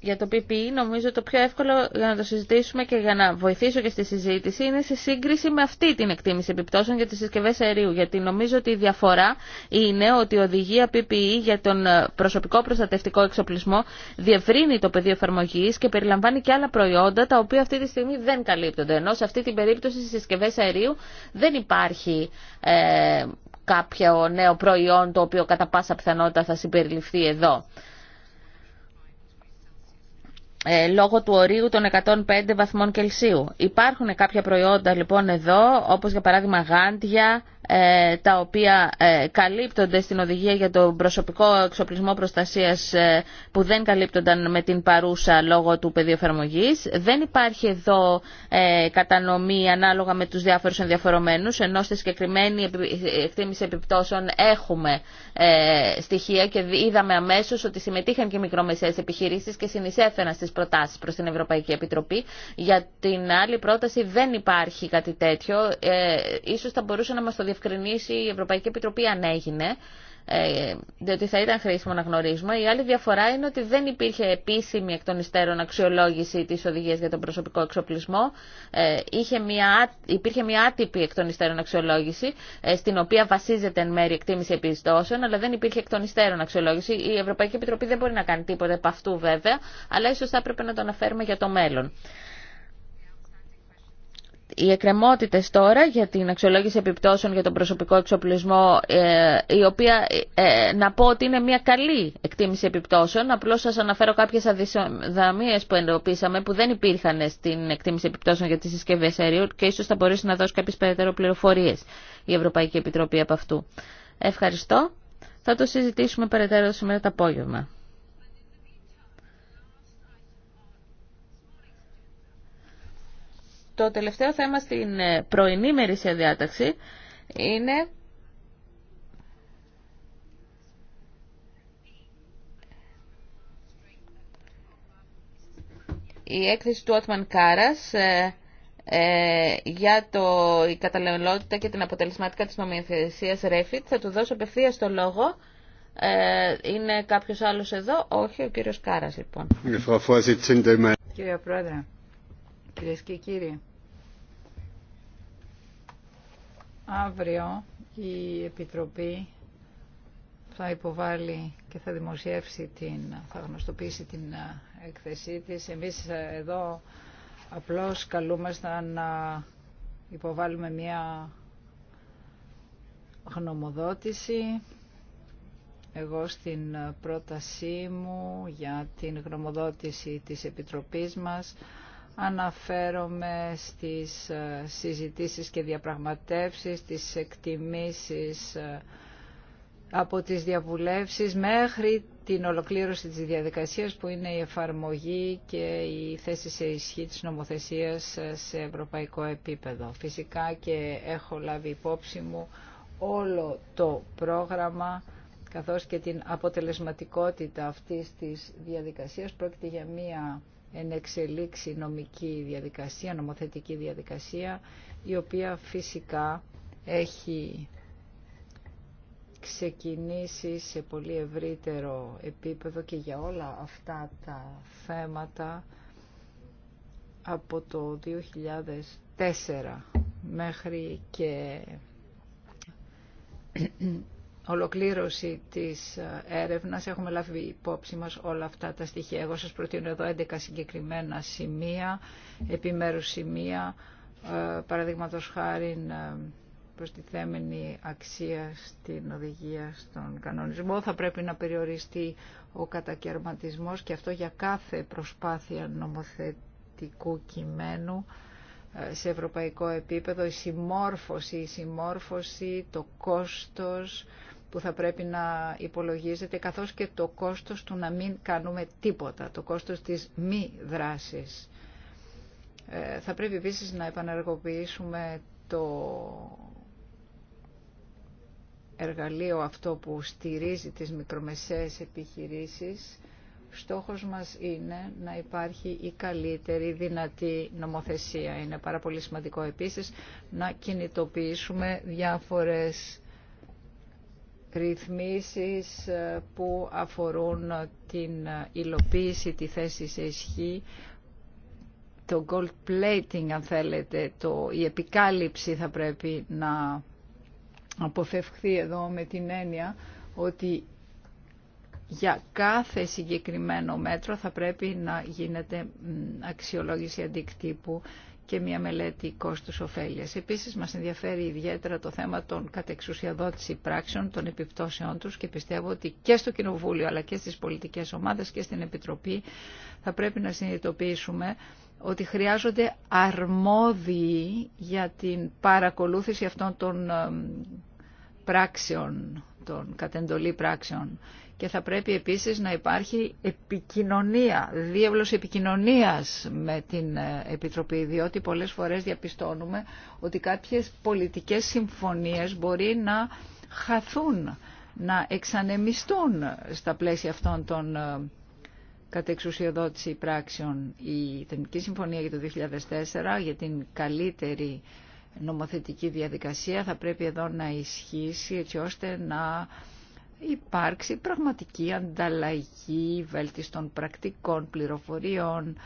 για το PPE νομίζω το πιο εύκολο για να το συζητήσουμε και για να βοηθήσω και στη συζήτηση είναι σε σύγκριση με αυτή την εκτίμηση επιπτώσεων για τις συσκευέ αερίου. Γιατί νομίζω ότι η διαφορά είναι ότι η οδηγία PPE για τον ε, προσωπικό προστατευτικό εξοπλισμό διευρύνει το πεδίο εφαρμογή και περιλαμβάνει και άλλα προϊόντα τα οποία αυτή τη στιγμή δεν καλύπτονται. Ενώ σε αυτή την περίπτωση στι συσκευέ αερίου δεν υπάρχει ε, κάποιο νέο προϊόν το οποίο κατά πάσα πιθανότητα θα συμπεριληφθεί εδώ. Ε, λόγω του ορίου των 105 βαθμών Κελσίου. Υπάρχουν κάποια προϊόντα λοιπόν εδώ, όπως για παράδειγμα γάντια, ε, τα οποία ε, καλύπτονται στην οδηγία για τον προσωπικό εξοπλισμό προστασίας που δεν καλύπτονταν με την παρούσα λόγω του πεδίου Δεν υπάρχει εδώ κατανομή ανάλογα με τους διάφορους ενδιαφορομένους, ενώ στη συγκεκριμένη εκτίμηση επιπτώσεων έχουμε στοιχεία και είδαμε αμέσως ότι συμμετείχαν και μικρομεσαίες επιχειρήσεις και συνεισέφεραν στις προτάσεις προς την Ευρωπαϊκή Επιτροπή. Για την άλλη πρόταση δεν υπάρχει κάτι τέτοιο. Ε, ίσως θα μπορούσε να μα το διευκρινίσει η Ευρωπαϊκή Επιτροπή αν έγινε. Ε, διότι θα ήταν χρήσιμο να γνωρίζουμε. Η άλλη διαφορά είναι ότι δεν υπήρχε επίσημη εκ των υστέρων αξιολόγηση τη οδηγία για τον προσωπικό εξοπλισμό. Ε, είχε μια, υπήρχε μια άτυπη εκ των υστέρων αξιολόγηση, ε, στην οποία βασίζεται εν μέρη εκτίμηση επιστώσεων, αλλά δεν υπήρχε εκ των υστέρων αξιολόγηση. Η Ευρωπαϊκή Επιτροπή δεν μπορεί να κάνει τίποτα από αυτού βέβαια, αλλά ίσως θα έπρεπε να το αναφέρουμε για το μέλλον οι εκκρεμότητες τώρα για την αξιολόγηση επιπτώσεων για τον προσωπικό εξοπλισμό ε, η οποία ε, να πω ότι είναι μια καλή εκτίμηση επιπτώσεων απλώς σας αναφέρω κάποιες αδυναμίες που εντοπίσαμε που δεν υπήρχαν στην εκτίμηση επιπτώσεων για τις συσκευέ αερίου και ίσως θα μπορέσει να δώσει κάποιες περαιτέρω πληροφορίες η Ευρωπαϊκή Επιτροπή από αυτού. Ευχαριστώ. Θα το συζητήσουμε περαιτέρω σήμερα το απόγευμα. Το τελευταίο θέμα στην ε, πρωινή μερίσια διάταξη είναι η έκθεση του Ότμαν Κάρας ε, ε, για το, η καταλληλότητα και την αποτελεσματικά της νομιοθεσίας Refit. Θα του δώσω απευθεία το λόγο. Ε, είναι κάποιος άλλος εδώ. Όχι, ο κύριος Κάρας λοιπόν.
Κύριε Πρόεδρε, Κυρίες και κύριοι, αύριο η Επιτροπή θα υποβάλει και θα δημοσιεύσει την, θα γνωστοποιήσει την ε, έκθεσή της. Εμείς ε, εδώ απλώς καλούμαστε να υποβάλουμε μια γνωμοδότηση. Εγώ στην πρότασή μου για την γνωμοδότηση της Επιτροπής μας Αναφέρομαι στις ε, συζητήσεις και διαπραγματεύσεις, τις εκτιμήσεις ε, από τις διαβουλεύσεις μέχρι την ολοκλήρωση της διαδικασίας που είναι η εφαρμογή και η θέση σε ισχύ της νομοθεσίας ε, σε ευρωπαϊκό επίπεδο. Φυσικά και έχω λάβει υπόψη μου όλο το πρόγραμμα καθώς και την αποτελεσματικότητα αυτής της διαδικασίας. Πρόκειται για μία εξελίξει νομική διαδικασία, νομοθετική διαδικασία, η οποία φυσικά έχει ξεκινήσει σε πολύ ευρύτερο επίπεδο και για όλα αυτά τα θέματα από το 2004 μέχρι και ολοκλήρωση της ε, έρευνας έχουμε λάβει υπόψη μας όλα αυτά τα στοιχεία. Εγώ σας προτείνω εδώ 11 συγκεκριμένα σημεία, επιμέρους σημεία, ε, παραδείγματο χάρη ε, θέμενη αξία στην οδηγία, στον κανονισμό. Θα πρέπει να περιοριστεί ο κατακαιρματισμός και αυτό για κάθε προσπάθεια νομοθετικού κειμένου σε ευρωπαϊκό επίπεδο, η συμμόρφωση, η συμμόρφωση, το κόστος, που θα πρέπει να υπολογίζεται, καθώς και το κόστος του να μην κάνουμε τίποτα, το κόστος της μη δράσης. Ε, θα πρέπει επίσης να επαναργοποιήσουμε το εργαλείο αυτό που στηρίζει τις μικρομεσαίες επιχειρήσεις. Στόχος μας είναι να υπάρχει η καλύτερη δυνατή νομοθεσία. Είναι πάρα πολύ σημαντικό επίσης να κινητοποιήσουμε διάφορες ρυθμίσεις ε, που αφορούν την ε, υλοποίηση, τη θέση σε ισχύ, το gold plating αν θέλετε, το, η επικάλυψη θα πρέπει να αποφευχθεί εδώ με την έννοια ότι για κάθε συγκεκριμένο μέτρο θα πρέπει να γίνεται αξιολόγηση αντικτύπου και μια μελέτη κόστους ωφέλειας. Επίσης μας ενδιαφέρει ιδιαίτερα το θέμα των κατεξουσιαδότηση πράξεων, των επιπτώσεών τους και πιστεύω ότι και στο Κοινοβούλιο αλλά και στις πολιτικές ομάδες και στην Επιτροπή θα πρέπει να συνειδητοποιήσουμε ότι χρειάζονται αρμόδιοι για την παρακολούθηση αυτών των πράξεων των κατεντολή πράξεων. Και θα πρέπει επίσης να υπάρχει επικοινωνία, διεύλος επικοινωνίας με την ε, Επιτροπή, διότι πολλές φορές διαπιστώνουμε ότι κάποιες πολιτικές συμφωνίες μπορεί να χαθούν, να εξανεμιστούν στα πλαίσια αυτών των ε, κατ' εξουσιοδότηση πράξεων η Εθνική Συμφωνία για το 2004 για την καλύτερη νομοθετική διαδικασία θα πρέπει εδώ να ισχύσει έτσι ώστε να υπάρξει πραγματική ανταλλαγή βέλτιστων πρακτικών πληροφοριών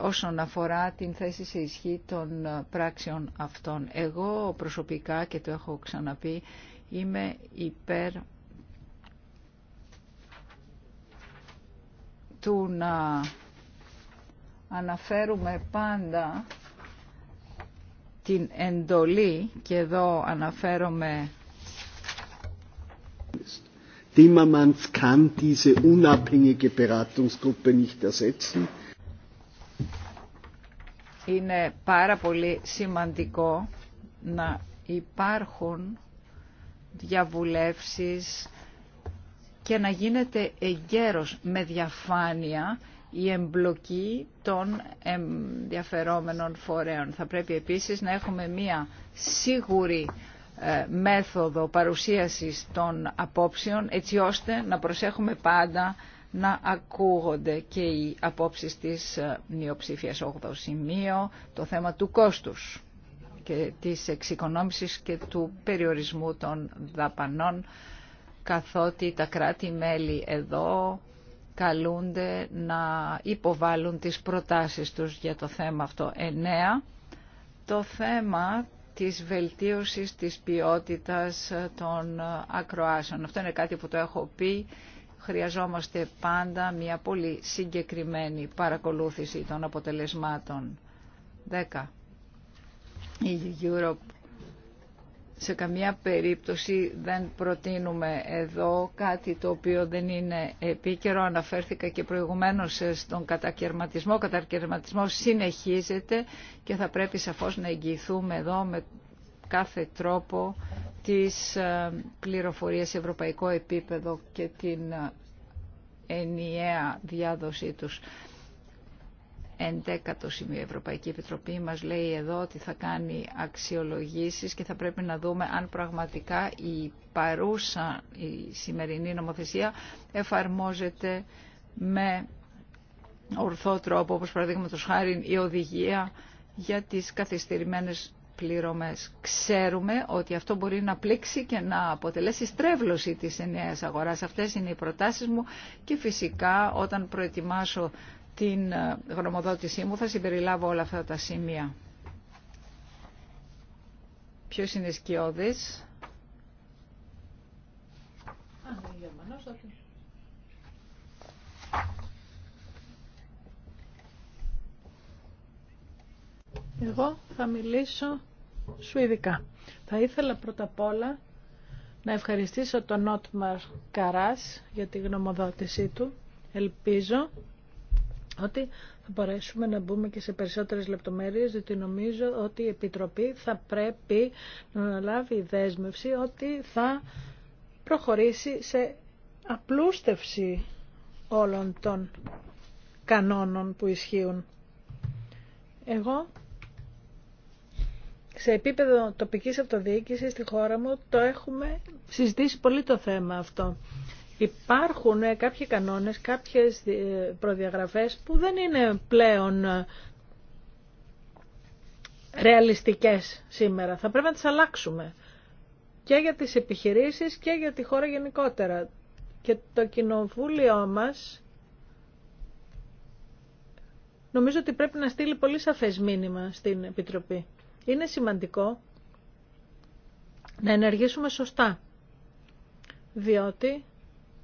όσον αφορά την θέση σε ισχύ των πράξεων αυτών. Εγώ προσωπικά και το έχω ξαναπεί είμαι υπέρ του να αναφέρουμε πάντα την εντολή και εδώ αναφέρομαι
Timmermans kann diese unabhängige Beratungsgruppe nicht
ersetzen.
Είναι πάρα πολύ σημαντικό να υπάρχουν διαβουλεύσεις και να γίνεται εγκαίρος με διαφάνεια η εμπλοκή των ενδιαφερόμενων φορέων. Θα πρέπει επίσης να έχουμε μία σίγουρη ε, μέθοδο παρουσίασης των απόψεων έτσι ώστε να προσέχουμε πάντα να ακούγονται και οι απόψεις της ε, μειοψηφίας 8 σημείο, το θέμα του κόστους και της εξοικονόμησης και του περιορισμού των δαπανών καθότι τα κράτη-μέλη εδώ καλούνται να υποβάλουν τις προτάσεις τους για το θέμα αυτό. 9. Το θέμα της βελτίωσης της ποιότητας των ακροάσεων. Αυτό είναι κάτι που το έχω πει. Χρειαζόμαστε πάντα μια πολύ συγκεκριμένη παρακολούθηση των αποτελεσμάτων. 10. Η Europe σε καμία περίπτωση δεν προτείνουμε εδώ κάτι το οποίο δεν είναι επίκαιρο. Αναφέρθηκα και προηγουμένως στον κατακαιρματισμό. Ο κατακαιρματισμός συνεχίζεται και θα πρέπει σαφώς να εγγυηθούμε εδώ με κάθε τρόπο τις ε, πληροφορίες σε ευρωπαϊκό επίπεδο και την ε, ενιαία διάδοσή τους. Εντέκατο σημείο η Ευρωπαϊκή Επιτροπή μας λέει εδώ ότι θα κάνει αξιολογήσεις και θα πρέπει να δούμε αν πραγματικά η παρούσα, η σημερινή νομοθεσία εφαρμόζεται με ορθό τρόπο, όπως παραδείγματο χάρη η οδηγία για τις καθυστερημένες πληρωμές. Ξέρουμε ότι αυτό μπορεί να πλήξει και να αποτελέσει στρέβλωση της ενιαίας αγοράς. Αυτές είναι οι προτάσεις μου και φυσικά όταν προετοιμάσω την ε, γνωμοδότησή μου θα συμπεριλάβω όλα αυτά τα σημεία. Ποιο είναι σκιώδη.
Εγώ θα μιλήσω σουηδικά. Θα ήθελα πρώτα απ' όλα να ευχαριστήσω τον Νότμαρ Καράς για τη γνωμοδότησή του. Ελπίζω ότι θα μπορέσουμε να μπούμε και σε περισσότερες λεπτομέρειες, διότι νομίζω ότι η Επιτροπή θα πρέπει να λάβει δέσμευση ότι θα προχωρήσει σε απλούστευση όλων των κανόνων που ισχύουν. Εγώ σε επίπεδο τοπικής αυτοδιοίκησης στη χώρα μου το έχουμε συζητήσει πολύ το θέμα αυτό υπάρχουν ε, κάποιοι κανόνες, κάποιες ε, προδιαγραφές που δεν είναι πλέον ε, ρεαλιστικές σήμερα. Θα πρέπει να τις αλλάξουμε και για τις επιχειρήσεις και για τη χώρα γενικότερα. Και το κοινοβούλιο μας νομίζω ότι πρέπει να στείλει πολύ σαφές μήνυμα στην Επιτροπή. Είναι σημαντικό να ενεργήσουμε σωστά, διότι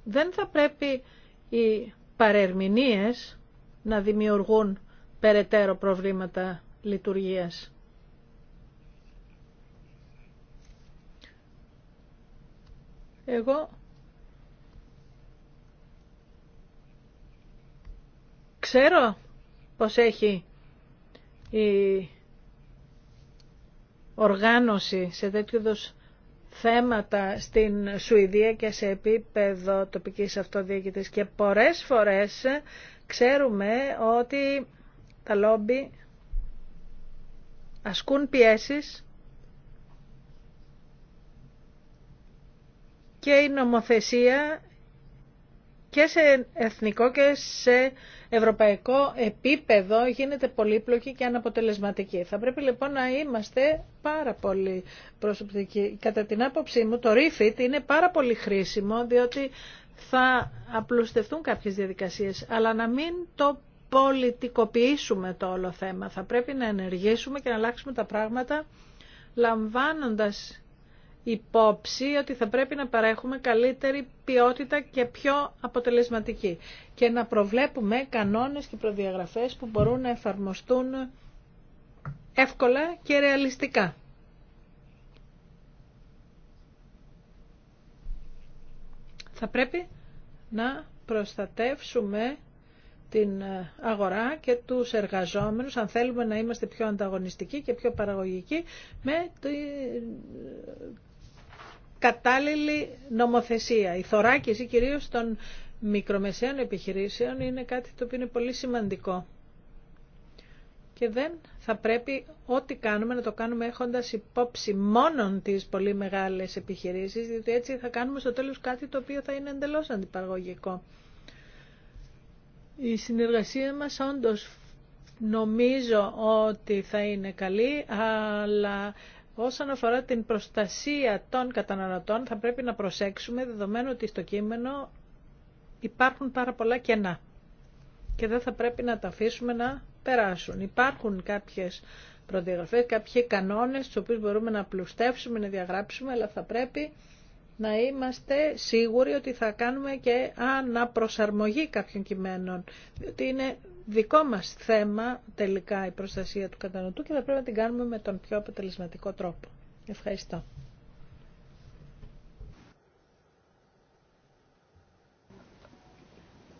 δεν θα πρέπει οι παρερμηνίες να δημιουργούν περαιτέρω προβλήματα λειτουργίας. Εγώ ξέρω πως έχει η οργάνωση σε τέτοιου θέματα στην Σουηδία και σε επίπεδο τοπικής αυτοδιοίκητης και πορές φορές ξέρουμε ότι τα λόμπι ασκούν πιέσεις και η νομοθεσία και σε εθνικό και σε ευρωπαϊκό επίπεδο γίνεται πολύπλοκη και αναποτελεσματική. Θα πρέπει λοιπόν να είμαστε πάρα πολύ προσωπικοί. Κατά την άποψή μου το REFIT είναι πάρα πολύ χρήσιμο διότι θα απλουστευτούν κάποιες διαδικασίες, αλλά να μην το πολιτικοποιήσουμε το όλο θέμα. Θα πρέπει να ενεργήσουμε και να αλλάξουμε τα πράγματα λαμβάνοντας υπόψη ότι θα πρέπει να παρέχουμε καλύτερη ποιότητα και πιο αποτελεσματική και να προβλέπουμε κανόνες και προδιαγραφές που μπορούν να εφαρμοστούν εύκολα και ρεαλιστικά. Θα πρέπει να προστατεύσουμε την αγορά και τους εργαζόμενους αν θέλουμε να είμαστε πιο ανταγωνιστικοί και πιο παραγωγικοί με κατάλληλη νομοθεσία. Η θωράκιση κυρίως των μικρομεσαίων επιχειρήσεων είναι κάτι το οποίο είναι πολύ σημαντικό. Και δεν θα πρέπει ό,τι κάνουμε να το κάνουμε έχοντας υπόψη μόνον τις πολύ μεγάλες επιχειρήσεις, διότι έτσι θα κάνουμε στο τέλος κάτι το οποίο θα είναι εντελώς αντιπαραγωγικό. Η συνεργασία μας όντως νομίζω ότι θα είναι καλή, αλλά Όσον αφορά την προστασία των καταναλωτών θα πρέπει να προσέξουμε δεδομένου ότι στο κείμενο υπάρχουν πάρα πολλά κενά και δεν θα πρέπει να τα αφήσουμε να περάσουν. Υπάρχουν κάποιες προδιαγραφές, κάποιοι κανόνες τους οποίους μπορούμε να πλουστεύσουμε, να διαγράψουμε, αλλά θα πρέπει να είμαστε σίγουροι ότι θα κάνουμε και αναπροσαρμογή κάποιων κειμένων, διότι είναι δικό μας θέμα τελικά η προστασία του κατανοτού και θα πρέπει να την κάνουμε με τον πιο αποτελεσματικό τρόπο. Ευχαριστώ.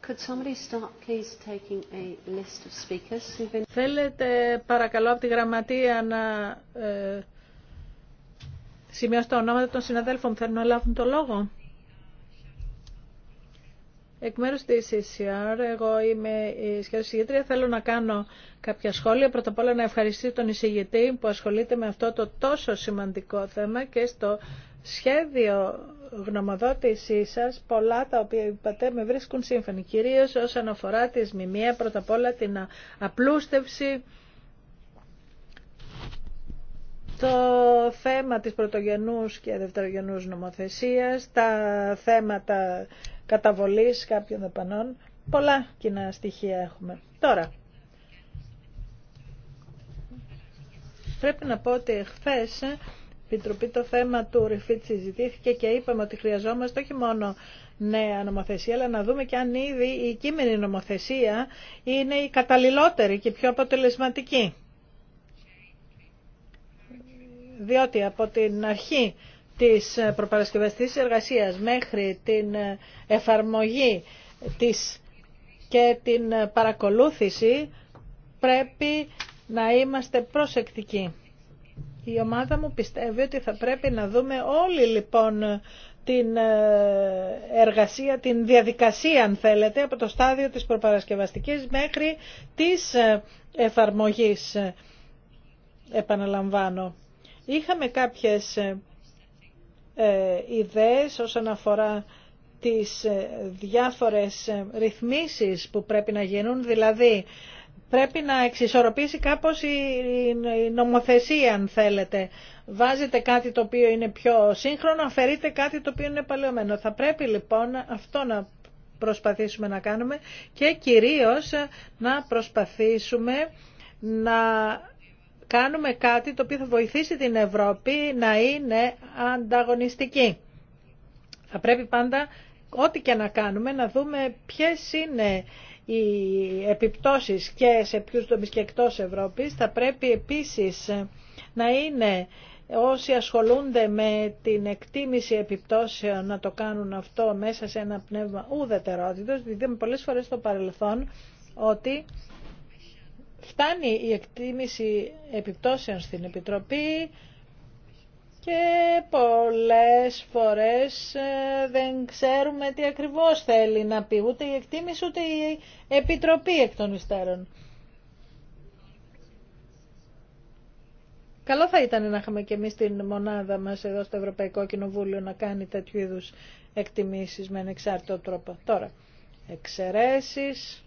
Could somebody please, taking a
list of speakers? Θέλετε παρακαλώ από τη γραμματεία να ε, σημειώσετε ονόματα των συναδέλφων που θέλουν να λάβουν το λόγο. Εκ μέρους της ECR, εγώ είμαι η σχέση συγγετρία, θέλω να κάνω κάποια σχόλια. Πρώτα απ' όλα να ευχαριστήσω τον εισηγητή που ασχολείται με αυτό το τόσο σημαντικό θέμα και στο σχέδιο γνωμοδότησή σας, πολλά τα οποία είπατε με βρίσκουν σύμφωνοι, κυρίως όσον αφορά τη μιμία, πρώτα απ' όλα την απλούστευση, το θέμα της πρωτογενούς και δευτερογενούς νομοθεσίας, τα θέματα καταβολής κάποιων επανών, Πολλά κοινά στοιχεία έχουμε. Τώρα, πρέπει να πω ότι εχθές, ε, Επιτροπή το θέμα του Refit συζητήθηκε και είπαμε ότι χρειαζόμαστε όχι μόνο νέα νομοθεσία, αλλά να δούμε και αν ήδη η κείμενη νομοθεσία είναι η καταλληλότερη και πιο αποτελεσματική. Διότι από την αρχή ε, της προπαρασκευαστικής εργασίας μέχρι την ε, εφαρμογή της και την ε, παρακολούθηση πρέπει να είμαστε προσεκτικοί. Η ομάδα μου πιστεύει ότι θα πρέπει να δούμε όλοι λοιπόν την εργασία, την διαδικασία αν θέλετε από το στάδιο της προπαρασκευαστικής μέχρι της εφαρμογής επαναλαμβάνω. Είχαμε κάποιες ε, ιδέες όσον αφορά τις ε, διάφορες ε, ρυθμίσεις που πρέπει να γίνουν, δηλαδή πρέπει να εξισορροπήσει κάπως η νομοθεσία αν θέλετε. Βάζετε κάτι το οποίο είναι πιο σύγχρονο, αφαιρείτε κάτι το οποίο είναι παλαιωμένο. Θα πρέπει λοιπόν αυτό να προσπαθήσουμε να κάνουμε και κυρίως να προσπαθήσουμε να κάνουμε κάτι το οποίο θα βοηθήσει την Ευρώπη να είναι ανταγωνιστική. Θα πρέπει πάντα, ό,τι και να κάνουμε, να δούμε ποιες είναι οι επιπτώσεις και σε ποιους τομείς και εκτός Ευρώπης. Θα πρέπει επίσης να είναι όσοι ασχολούνται με την εκτίμηση επιπτώσεων να το κάνουν αυτό μέσα σε ένα πνεύμα ουδετερότητος, διότι δηλαδή πολλές φορές στο παρελθόν ότι Φτάνει η εκτίμηση επιπτώσεων στην Επιτροπή και πολλές φορές ε, δεν ξέρουμε τι ακριβώς θέλει να πει ούτε η εκτίμηση ούτε η Επιτροπή εκ των υστέρων. Καλό θα ήταν να είχαμε και εμείς την μονάδα μας εδώ στο Ευρωπαϊκό Κοινοβούλιο να κάνει τέτοιου είδους εκτιμήσεις με ανεξάρτητο τρόπο. Τώρα, εξαιρέσεις,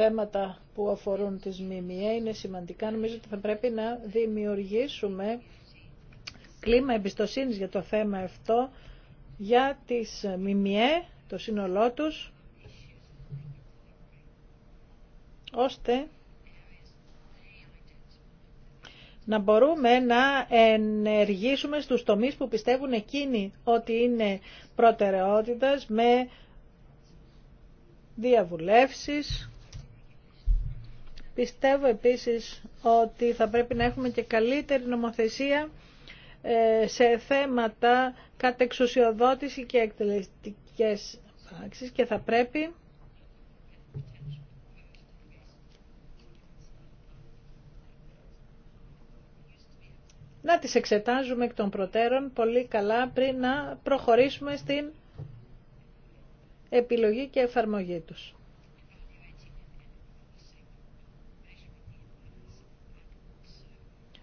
θέματα που αφορούν τις ΜΜΕ είναι σημαντικά. Νομίζω ότι θα πρέπει να δημιουργήσουμε κλίμα εμπιστοσύνης για το θέμα αυτό, για τις ΜΜΕ, το σύνολό τους, ώστε να μπορούμε να ενεργήσουμε στους τομείς που πιστεύουν εκείνοι ότι είναι προτεραιότητας με διαβουλεύσεις Πιστεύω επίσης ότι θα πρέπει να έχουμε και καλύτερη νομοθεσία ε, σε θέματα κατεξουσιοδότηση και εκτελεστικές πράξεις και θα πρέπει να τις εξετάζουμε εκ των προτέρων πολύ καλά πριν να προχωρήσουμε στην επιλογή και εφαρμογή τους.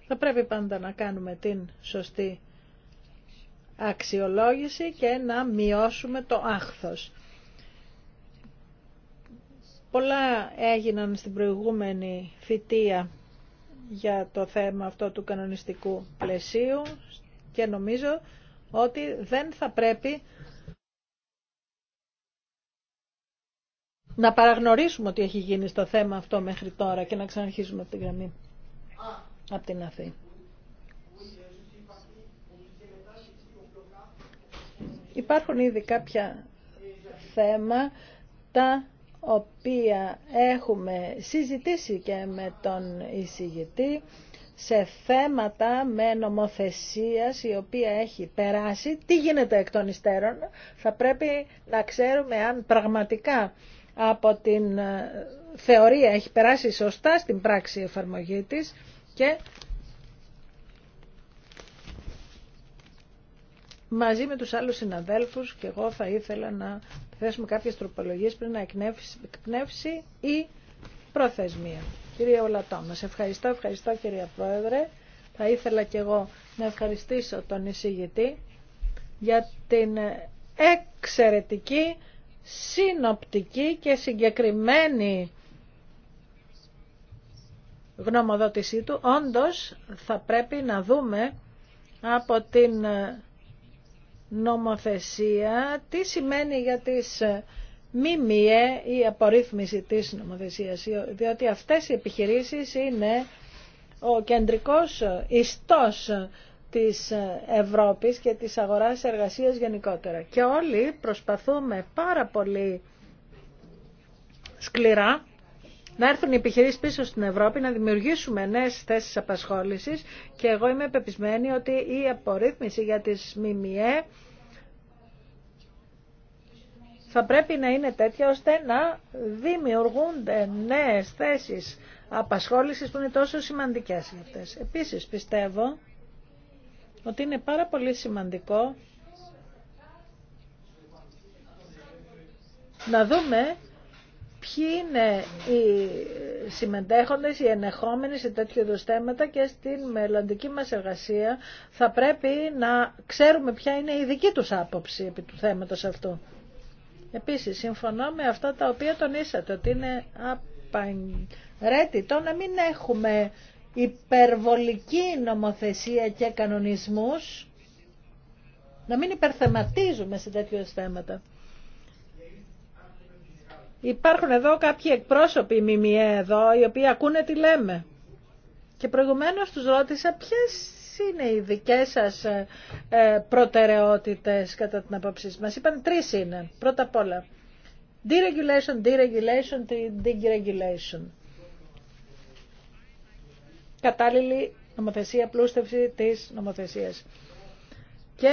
Θα πρέπει πάντα να κάνουμε την σωστή αξιολόγηση και να μειώσουμε το άχθος. Πολλά έγιναν στην προηγούμενη φοιτεία για το θέμα αυτό του κανονιστικού πλαισίου και νομίζω ότι δεν θα πρέπει να παραγνωρίσουμε ότι έχει γίνει στο θέμα αυτό μέχρι τώρα και να ξαναρχίσουμε από την γραμμή από την Αθή. Υπάρχουν ήδη κάποια θέματα τα οποία έχουμε συζητήσει και με τον εισηγητή σε θέματα με νομοθεσία η οποία έχει περάσει. Τι γίνεται εκ των υστέρων. Θα πρέπει να ξέρουμε αν πραγματικά από την ε, θεωρία έχει περάσει σωστά στην πράξη εφαρμογή της και μαζί με τους άλλους συναδέλφους και εγώ θα ήθελα να θέσουμε κάποιες τροπολογίες πριν να εκπνεύσει η προθεσμία. Κυρία Ολατόμα, ευχαριστώ, ευχαριστώ κυρία Πρόεδρε. Θα ήθελα και εγώ να ευχαριστήσω τον εισηγητή για την εξαιρετική, συνοπτική και συγκεκριμένη γνωμοδότησή του, όντως θα πρέπει να δούμε από την νομοθεσία τι σημαίνει για τις μιμιέ η απορρίθμιση της νομοθεσίας, διότι αυτές οι επιχειρήσεις είναι ο κεντρικός ιστός της Ευρώπης και της αγοράς εργασίας γενικότερα. Και όλοι προσπαθούμε πάρα πολύ σκληρά να έρθουν οι επιχειρήσει πίσω στην Ευρώπη, να δημιουργήσουμε νέες θέσεις απασχόλησης και εγώ είμαι πεπισμένη ότι η απορρίθμιση για τις ΜΜΕ θα πρέπει να είναι τέτοια ώστε να δημιουργούνται νέες θέσεις απασχόλησης που είναι τόσο σημαντικέ για αυτές. Επίσης πιστεύω ότι είναι πάρα πολύ σημαντικό να δούμε ποιοι είναι οι συμμετέχοντες, οι ενεχόμενοι σε τέτοιου είδους θέματα και στην μελλοντική μας εργασία θα πρέπει να ξέρουμε ποια είναι η δική τους άποψη επί του θέματος αυτού. Επίσης, συμφωνώ με αυτά τα οποία τονίσατε, ότι είναι απαραίτητο να μην έχουμε υπερβολική νομοθεσία και κανονισμούς, να μην υπερθεματίζουμε σε τέτοιου θέματα. Υπάρχουν εδώ κάποιοι εκπρόσωποι ΜΜΕ εδώ, οι οποίοι ακούνε τι λέμε. Και προηγουμένως τους ρώτησα ποιες είναι οι δικές σας ε, ε, προτεραιότητες κατά την απόψη μας. Είπαν τρεις είναι. Πρώτα απ' όλα. Deregulation, deregulation, deregulation. Κατάλληλη νομοθεσία, πλούστευση της νομοθεσίας. Και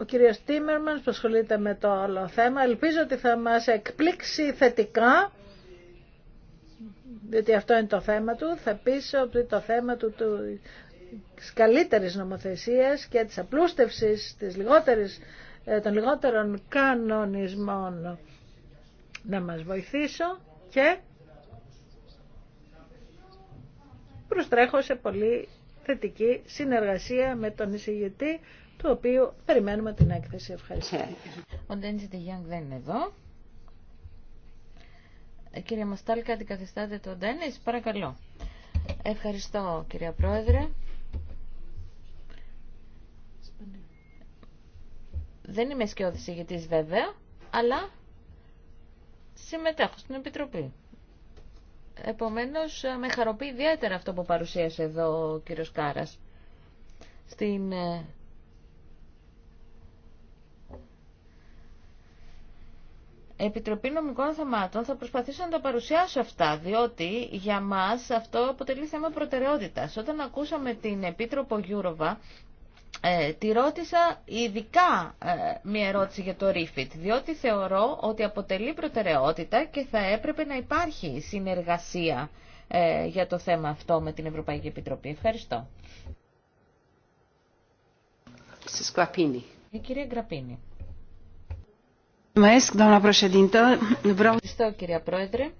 ο κύριος Τίμερμανς που ασχολείται με το άλλο θέμα. Ελπίζω ότι θα μας εκπλήξει θετικά, διότι αυτό είναι το θέμα του. Θα πείσω ότι το θέμα του, του της καλύτερης νομοθεσίας και της απλούστευσης της ε, των λιγότερων κανονισμών να μας βοηθήσω και προστρέχω σε πολύ θετική συνεργασία με τον εισηγητή το οποίο περιμένουμε την έκθεση. Ευχαριστώ. Ο Ντένις Τιγιάνγκ δεν είναι εδώ. Ε, κύριε Μαστάλκα,
αντικαθιστάτε τον Ντένις, παρακαλώ. Ευχαριστώ, κυρία Πρόεδρε. Δεν είμαι σκιώδης ηγητής βέβαια, αλλά συμμετέχω στην Επιτροπή. Επομένως, ε, με χαροποιεί ιδιαίτερα αυτό που παρουσίασε εδώ ο κύριος Κάρας. Στην ε, Επιτροπή Νομικών Θεμάτων θα προσπαθήσω να τα παρουσιάσω αυτά, διότι για μας αυτό αποτελεί θέμα προτεραιότητας. Όταν ακούσαμε την Επίτροπο Γιούροβα, ε, τη ρώτησα ειδικά ε, μια ερώτηση για το Refit, διότι θεωρώ ότι αποτελεί προτεραιότητα και θα έπρεπε να υπάρχει συνεργασία ε, για το θέμα αυτό με την Ευρωπαϊκή Επιτροπή. Ευχαριστώ. Η ε, κυρία
Ευχαριστώ Κύριε Πρόεδρε.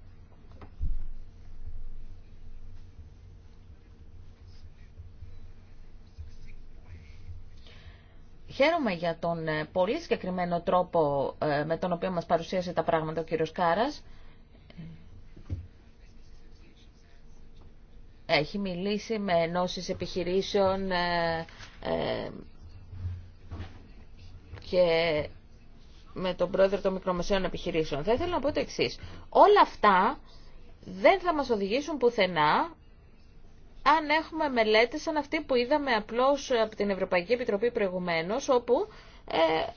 Χαίρομαι για τον ε, πολύ συγκεκριμένο τρόπο ε, με τον οποίο μας παρουσίασε τα πράγματα ο κύριος Κάρας. Έχει μιλήσει με ενώσεις επιχειρήσεων ε, και με τον πρόεδρο των μικρομεσαίων επιχειρήσεων. Θα ήθελα να πω το εξή. Όλα αυτά δεν θα μας οδηγήσουν πουθενά αν έχουμε μελέτες σαν αυτή που είδαμε απλώς από την Ευρωπαϊκή Επιτροπή προηγουμένως, όπου ε,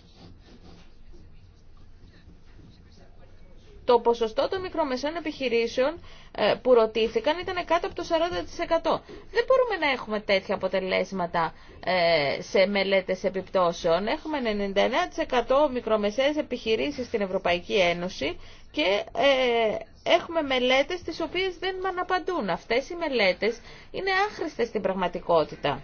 το ποσοστό των μικρομεσαίων επιχειρήσεων ε, που ρωτήθηκαν ήταν κάτω από το 40%. Δεν μπορούμε να έχουμε τέτοια αποτελέσματα ε, σε μελέτες επιπτώσεων. Έχουμε 99% μικρομεσαίες επιχειρήσεις στην Ευρωπαϊκή Ένωση και ε, έχουμε μελέτες τις οποίες δεν αναπαντούν. Αυτές οι μελέτες είναι άχρηστες στην πραγματικότητα.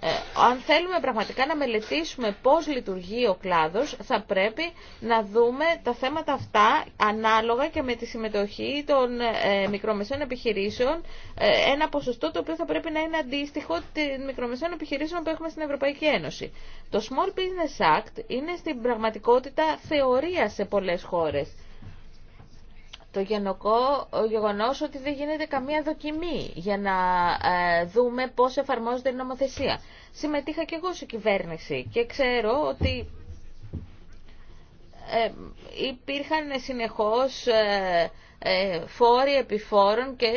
Ε, αν θέλουμε πραγματικά να μελετήσουμε πώς λειτουργεί ο κλάδος, θα πρέπει να δούμε τα θέματα αυτά ανάλογα και με τη συμμετοχή των ε, μικρομεσαίων επιχειρήσεων, ε, ένα ποσοστό το οποίο θα πρέπει να είναι αντίστοιχο των μικρομεσαίων επιχειρήσεων που έχουμε στην Ευρωπαϊκή Ένωση. Το Small Business Act είναι στην πραγματικότητα θεωρία σε πολλές χώρες το γενικό γεγονός ότι δεν γίνεται καμία δοκιμή για να ε, δούμε πώς εφαρμόζεται η νομοθεσία. Συμμετείχα και εγώ σε κυβέρνηση και ξέρω ότι ε, υπήρχαν συνεχώς ε, φόροι επιφόρων και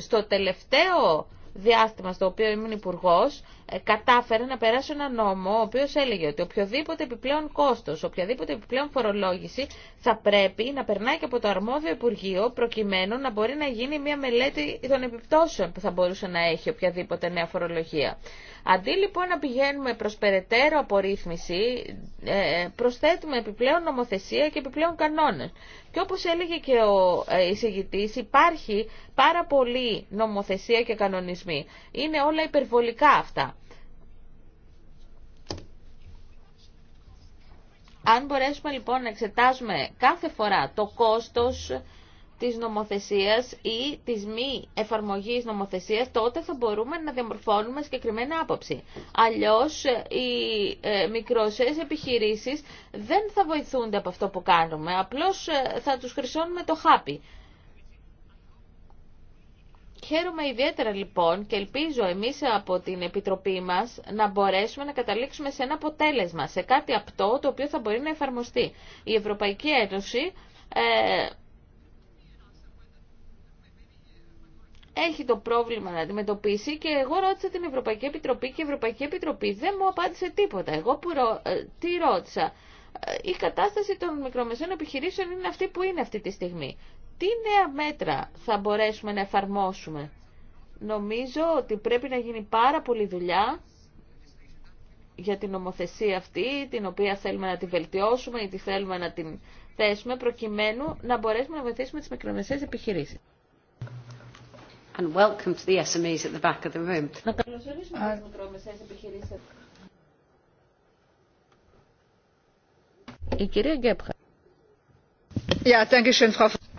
στο τελευταίο διάστημα στο οποίο ήμουν υπουργός κατάφερε να περάσει ένα νόμο ο οποίος έλεγε ότι οποιοδήποτε επιπλέον κόστος, οποιαδήποτε επιπλέον φορολόγηση θα πρέπει να περνάει και από το αρμόδιο Υπουργείο προκειμένου να μπορεί να γίνει μια μελέτη των επιπτώσεων που θα μπορούσε να έχει οποιαδήποτε νέα φορολογία. Αντί λοιπόν να πηγαίνουμε προς περαιτέρω απορρίθμιση, ε, ε, προσθέτουμε επιπλέον νομοθεσία και επιπλέον κανόνες. Και όπως έλεγε και ο ε, εισηγητής, υπάρχει πάρα πολύ νομοθεσία και κανονισμοί. Είναι όλα υπερβολικά αυτά. Αν μπορέσουμε λοιπόν να εξετάσουμε κάθε φορά το κόστος της νομοθεσίας ή της μη εφαρμογής νομοθεσίας, τότε θα μπορούμε να διαμορφώνουμε συγκεκριμένη άποψη. Αλλιώς οι ε, μικρόσες επιχειρήσεις δεν θα βοηθούνται από αυτό που κάνουμε, απλώς ε, θα τους χρυσώνουμε το χάπι. Χαίρομαι ιδιαίτερα λοιπόν και ελπίζω εμείς από την Επιτροπή μας να μπορέσουμε να καταλήξουμε σε ένα αποτέλεσμα, σε κάτι απτό το οποίο θα μπορεί να εφαρμοστεί. Η Ευρωπαϊκή Ένωση ε, έχει το πρόβλημα να αντιμετωπίσει και εγώ ρώτησα την Ευρωπαϊκή Επιτροπή και η Ευρωπαϊκή Επιτροπή δεν μου απάντησε τίποτα. Εγώ που ε, τι ρώτησα. Ε, η κατάσταση των μικρομεσαίων επιχειρήσεων είναι αυτή που είναι αυτή τη στιγμή. Τι νέα μέτρα θα μπορέσουμε να εφαρμόσουμε. Νομίζω ότι πρέπει να γίνει πάρα πολλή δουλειά για την νομοθεσία αυτή, την οποία θέλουμε να τη βελτιώσουμε ή τη θέλουμε να την θέσουμε, προκειμένου να μπορέσουμε να βοηθήσουμε τις μικρομεσαίες επιχειρήσεις and welcome to the SMEs at the back of the room.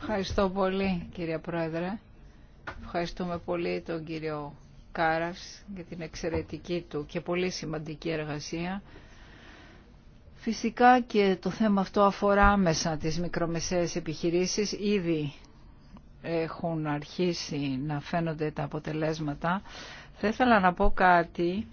Ευχαριστώ πολύ κύριε Πρόεδρε. Ευχαριστούμε πολύ τον κύριο Κάρας για την εξαιρετική του και πολύ σημαντική εργασία. Φυσικά και το θέμα αυτό αφορά μέσα τις μικρομεσαίες επιχειρήσεις. Ήδη έχουν αρχίσει να φαίνονται τα αποτελέσματα, θα ήθελα να πω κάτι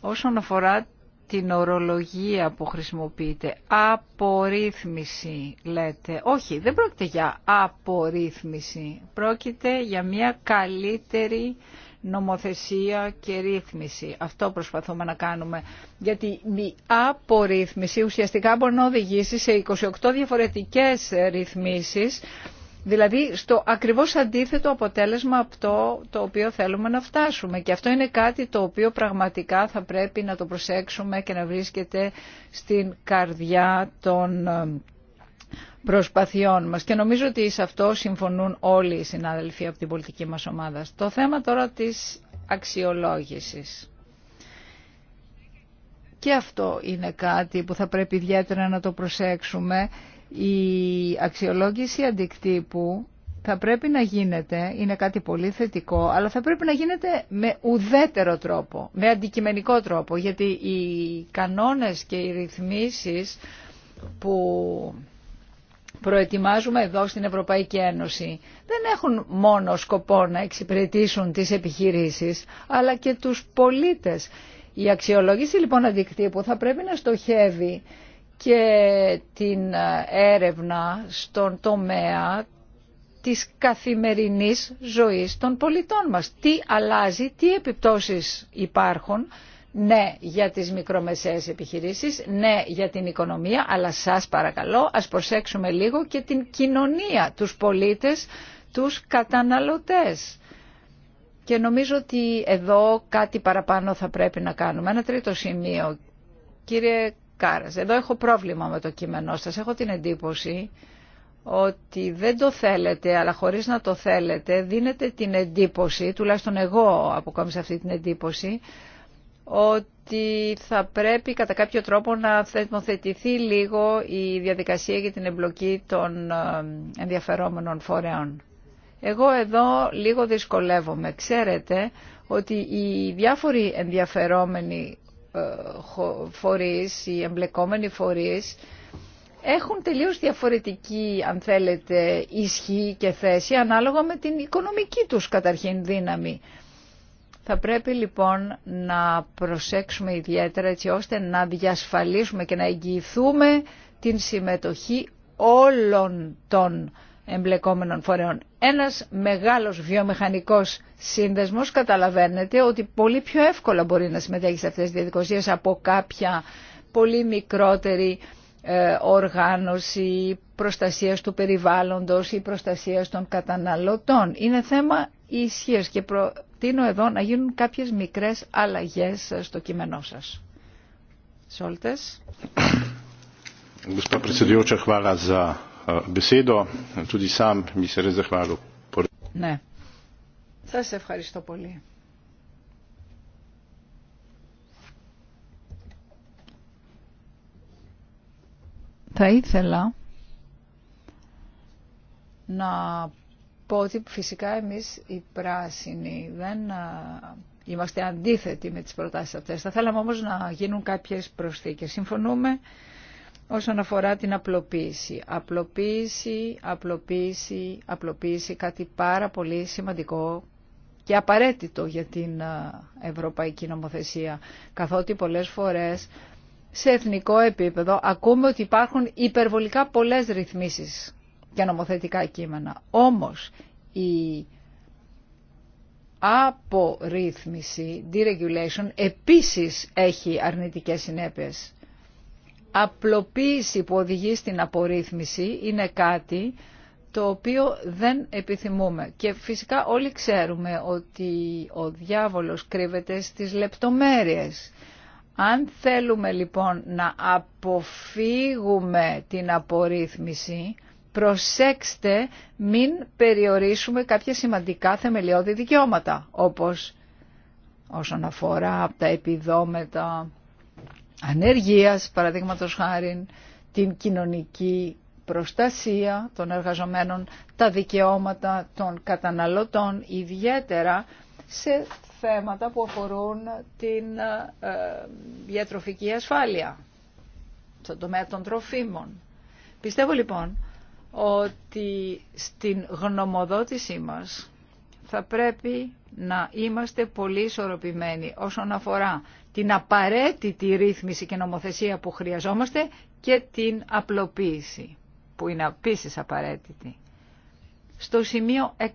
όσον αφορά την ορολογία που χρησιμοποιείτε, Απορρίθμιση λέτε. Όχι, δεν πρόκειται για απορρίθμιση. Πρόκειται για μια καλύτερη νομοθεσία και ρύθμιση. Αυτό προσπαθούμε να κάνουμε. Γιατί η απορρίθμιση ουσιαστικά μπορεί να οδηγήσει σε 28 διαφορετικές ρυθμίσεις Δηλαδή στο ακριβώς αντίθετο αποτέλεσμα από το, το οποίο θέλουμε να φτάσουμε. Και αυτό είναι κάτι το οποίο πραγματικά θα πρέπει να το προσέξουμε και να βρίσκεται στην καρδιά των ε, προσπαθειών μας. Και νομίζω ότι σε αυτό συμφωνούν όλοι οι συνάδελφοι από την πολιτική μας ομάδα. Το θέμα τώρα της αξιολόγησης. Και αυτό είναι κάτι που θα πρέπει ιδιαίτερα να το προσέξουμε η αξιολόγηση αντικτύπου θα πρέπει να γίνεται, είναι κάτι πολύ θετικό, αλλά θα πρέπει να γίνεται με ουδέτερο τρόπο, με αντικειμενικό τρόπο, γιατί οι κανόνες και οι ρυθμίσεις που προετοιμάζουμε εδώ στην Ευρωπαϊκή Ένωση δεν έχουν μόνο σκοπό να εξυπηρετήσουν τις επιχειρήσεις, αλλά και τους πολίτες. Η αξιολόγηση λοιπόν αντικτύπου θα πρέπει να στοχεύει και την ε, έρευνα στον τομέα της καθημερινής ζωής των πολιτών μας. Τι αλλάζει, τι επιπτώσεις υπάρχουν, ναι για τις μικρομεσαίες επιχειρήσεις, ναι για την οικονομία, αλλά σας παρακαλώ ας προσέξουμε λίγο και την κοινωνία, τους πολίτες, τους καταναλωτές. Και νομίζω ότι εδώ κάτι παραπάνω θα πρέπει να κάνουμε. Ένα τρίτο σημείο. Κύριε Κάρας. Εδώ έχω πρόβλημα με το κείμενό σας. Έχω την εντύπωση ότι δεν το θέλετε, αλλά χωρίς να το θέλετε, δίνετε την εντύπωση, τουλάχιστον εγώ αποκόμισα αυτή την εντύπωση, ότι θα πρέπει κατά κάποιο τρόπο να θεσμοθετηθεί λίγο η διαδικασία για την εμπλοκή των ε, ενδιαφερόμενων φορέων. Εγώ εδώ λίγο δυσκολεύομαι. Ξέρετε ότι οι διάφοροι ενδιαφερόμενοι ε, φορείς, οι εμπλεκόμενοι φορείς έχουν τελείως διαφορετική, αν θέλετε, ισχύ και θέση ανάλογα με την οικονομική τους καταρχήν δύναμη. Θα πρέπει λοιπόν να προσέξουμε ιδιαίτερα έτσι ώστε να διασφαλίσουμε και να εγγυηθούμε την συμμετοχή όλων των εμπλεκόμενων φορέων. Ένας μεγάλος βιομηχανικός σύνδεσμος καταλαβαίνετε ότι πολύ πιο εύκολα μπορεί να συμμετέχει σε αυτές τις διαδικασίες από κάποια πολύ μικρότερη ε, οργάνωση προστασίας του περιβάλλοντος ή προστασίας των καταναλωτών. Είναι θέμα ισχύως και προτείνω εδώ να γίνουν κάποιες μικρές αλλαγές στο κείμενό σας. Σόλτες besedo. Σας ευχαριστώ πολύ. Θα ήθελα να πω ότι φυσικά εμείς οι πράσινοι δεν ε, είμαστε αντίθετοι με τις προτάσεις αυτές. Θα θέλαμε όμως να γίνουν κάποιες προσθήκες. Συμφωνούμε όσον αφορά την απλοποίηση. Απλοποίηση, απλοποίηση, απλοποίηση, κάτι πάρα πολύ σημαντικό και απαραίτητο για την ευρωπαϊκή νομοθεσία, καθότι πολλές φορές σε εθνικό επίπεδο ακούμε ότι υπάρχουν υπερβολικά πολλές ρυθμίσεις και νομοθετικά κείμενα. Όμως η απορρίθμιση, deregulation, επίσης έχει αρνητικές συνέπειες απλοποίηση που οδηγεί στην απορρίθμιση είναι κάτι το οποίο δεν επιθυμούμε. Και φυσικά όλοι ξέρουμε ότι ο διάβολος κρύβεται στις λεπτομέρειες. Αν θέλουμε λοιπόν να αποφύγουμε την απορρίθμιση, προσέξτε μην περιορίσουμε κάποια σημαντικά θεμελιώδη δικαιώματα, όπως όσον αφορά από τα επιδόμετα ανεργίας, παραδείγματο χάρη, την κοινωνική προστασία των εργαζομένων, τα δικαιώματα των καταναλωτών, ιδιαίτερα σε θέματα που αφορούν την ε, διατροφική ασφάλεια, στον τομέα των τροφίμων. Πιστεύω λοιπόν ότι στην γνωμοδότησή μας θα πρέπει να είμαστε πολύ ισορροπημένοι όσον αφορά την απαραίτητη ρύθμιση και νομοθεσία που χρειαζόμαστε και την απλοποίηση που είναι επίση απαραίτητη. Στο σημείο 6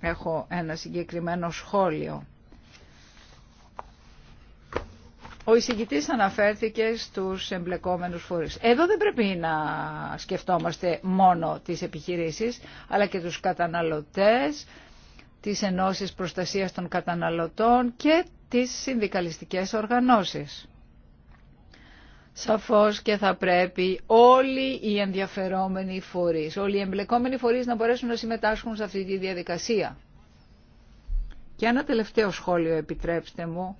έχω ένα συγκεκριμένο σχόλιο. Ο εισηγητή αναφέρθηκε στους εμπλεκόμενους φορείς. Εδώ δεν πρέπει να σκεφτόμαστε μόνο τις επιχειρήσεις, αλλά και τους καταναλωτές, τις ενώσεις προστασίας των καταναλωτών και τις συνδικαλιστικές οργανώσεις. Σαφώς και θα πρέπει όλοι οι ενδιαφερόμενοι φορείς, όλοι οι εμπλεκόμενοι φορείς να μπορέσουν να συμμετάσχουν σε αυτή τη διαδικασία. Και ένα τελευταίο σχόλιο επιτρέψτε μου.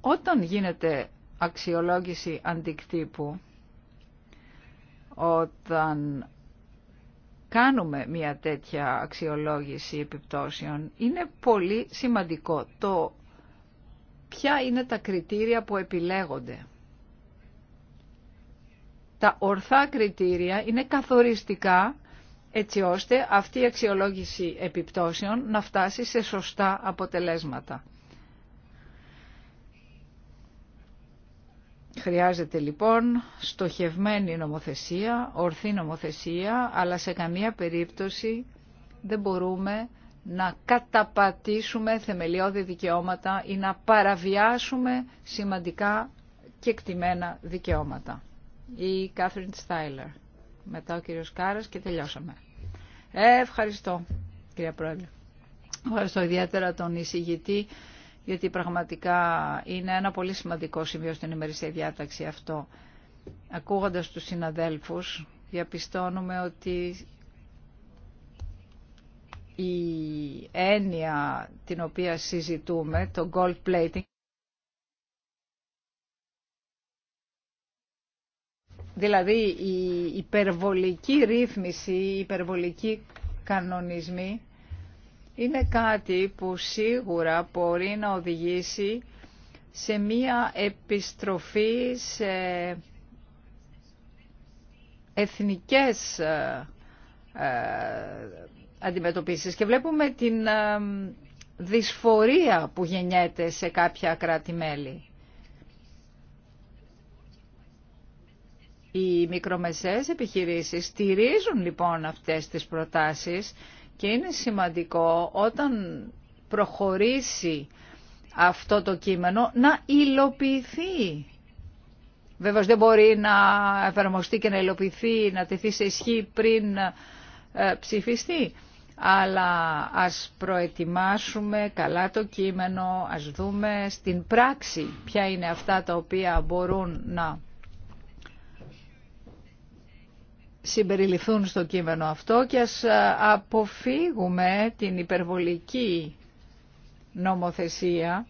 Όταν γίνεται αξιολόγηση αντικτύπου, όταν κάνουμε μια τέτοια αξιολόγηση επιπτώσεων, είναι πολύ σημαντικό το ποια είναι τα κριτήρια που επιλέγονται. Τα ορθά κριτήρια είναι καθοριστικά έτσι ώστε αυτή η αξιολόγηση επιπτώσεων να φτάσει σε σωστά αποτελέσματα. Χρειάζεται λοιπόν στοχευμένη νομοθεσία, ορθή νομοθεσία, αλλά σε καμία περίπτωση δεν μπορούμε να καταπατήσουμε θεμελιώδη δικαιώματα ή να παραβιάσουμε σημαντικά και εκτιμένα δικαιώματα. Η Κάθριν Στάιλερ. Μετά ο κύριος Κάρας και τελειώσαμε. Ε, ευχαριστώ, κυρία Πρόεδρε. Ευχαριστώ ιδιαίτερα τον εισηγητή, γιατί πραγματικά είναι ένα πολύ σημαντικό σημείο στην ημερήσια διάταξη αυτό. Ακούγοντας τους συναδέλφους, διαπιστώνουμε ότι η έννοια την οποία συζητούμε, το gold plating, δηλαδή η υπερβολική ρύθμιση, η υπερβολική κανονισμή είναι κάτι που σίγουρα μπορεί να οδηγήσει σε μία επιστροφή σε εθνικές ε, ε, αντιμετωπίσεις. Και βλέπουμε την ε, δυσφορία που γεννιέται σε κάποια κράτη-μέλη. Οι μικρομεσαίες επιχειρήσεις στηρίζουν λοιπόν αυτές τις προτάσεις και είναι σημαντικό όταν προχωρήσει αυτό το κείμενο να υλοποιηθεί. Βέβαια δεν μπορεί να εφαρμοστεί και να υλοποιηθεί, να τεθεί σε ισχύ πριν ε, ψηφιστεί αλλά ας προετοιμάσουμε καλά το κείμενο, ας δούμε στην πράξη ποια είναι αυτά τα οποία μπορούν να συμπεριληφθούν στο κείμενο αυτό και ας ε, αποφύγουμε την υπερβολική νομοθεσία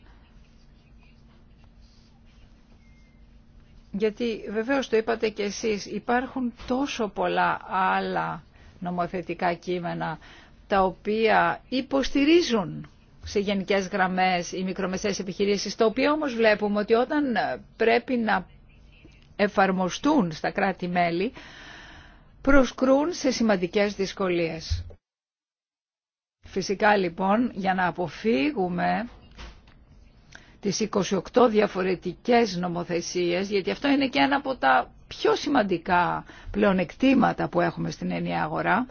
γιατί βεβαίως το είπατε και εσείς υπάρχουν τόσο πολλά άλλα νομοθετικά κείμενα τα οποία υποστηρίζουν σε γενικές γραμμές οι μικρομεσαίες επιχειρήσεις, τα οποίο όμως βλέπουμε ότι όταν ε, πρέπει να εφαρμοστούν στα κράτη-μέλη, προσκρούν σε σημαντικές δυσκολίες. Φυσικά λοιπόν, για να αποφύγουμε τις 28 διαφορετικές νομοθεσίες, γιατί αυτό είναι και ένα από τα πιο σημαντικά πλεονεκτήματα που έχουμε στην ενιαία αγορά,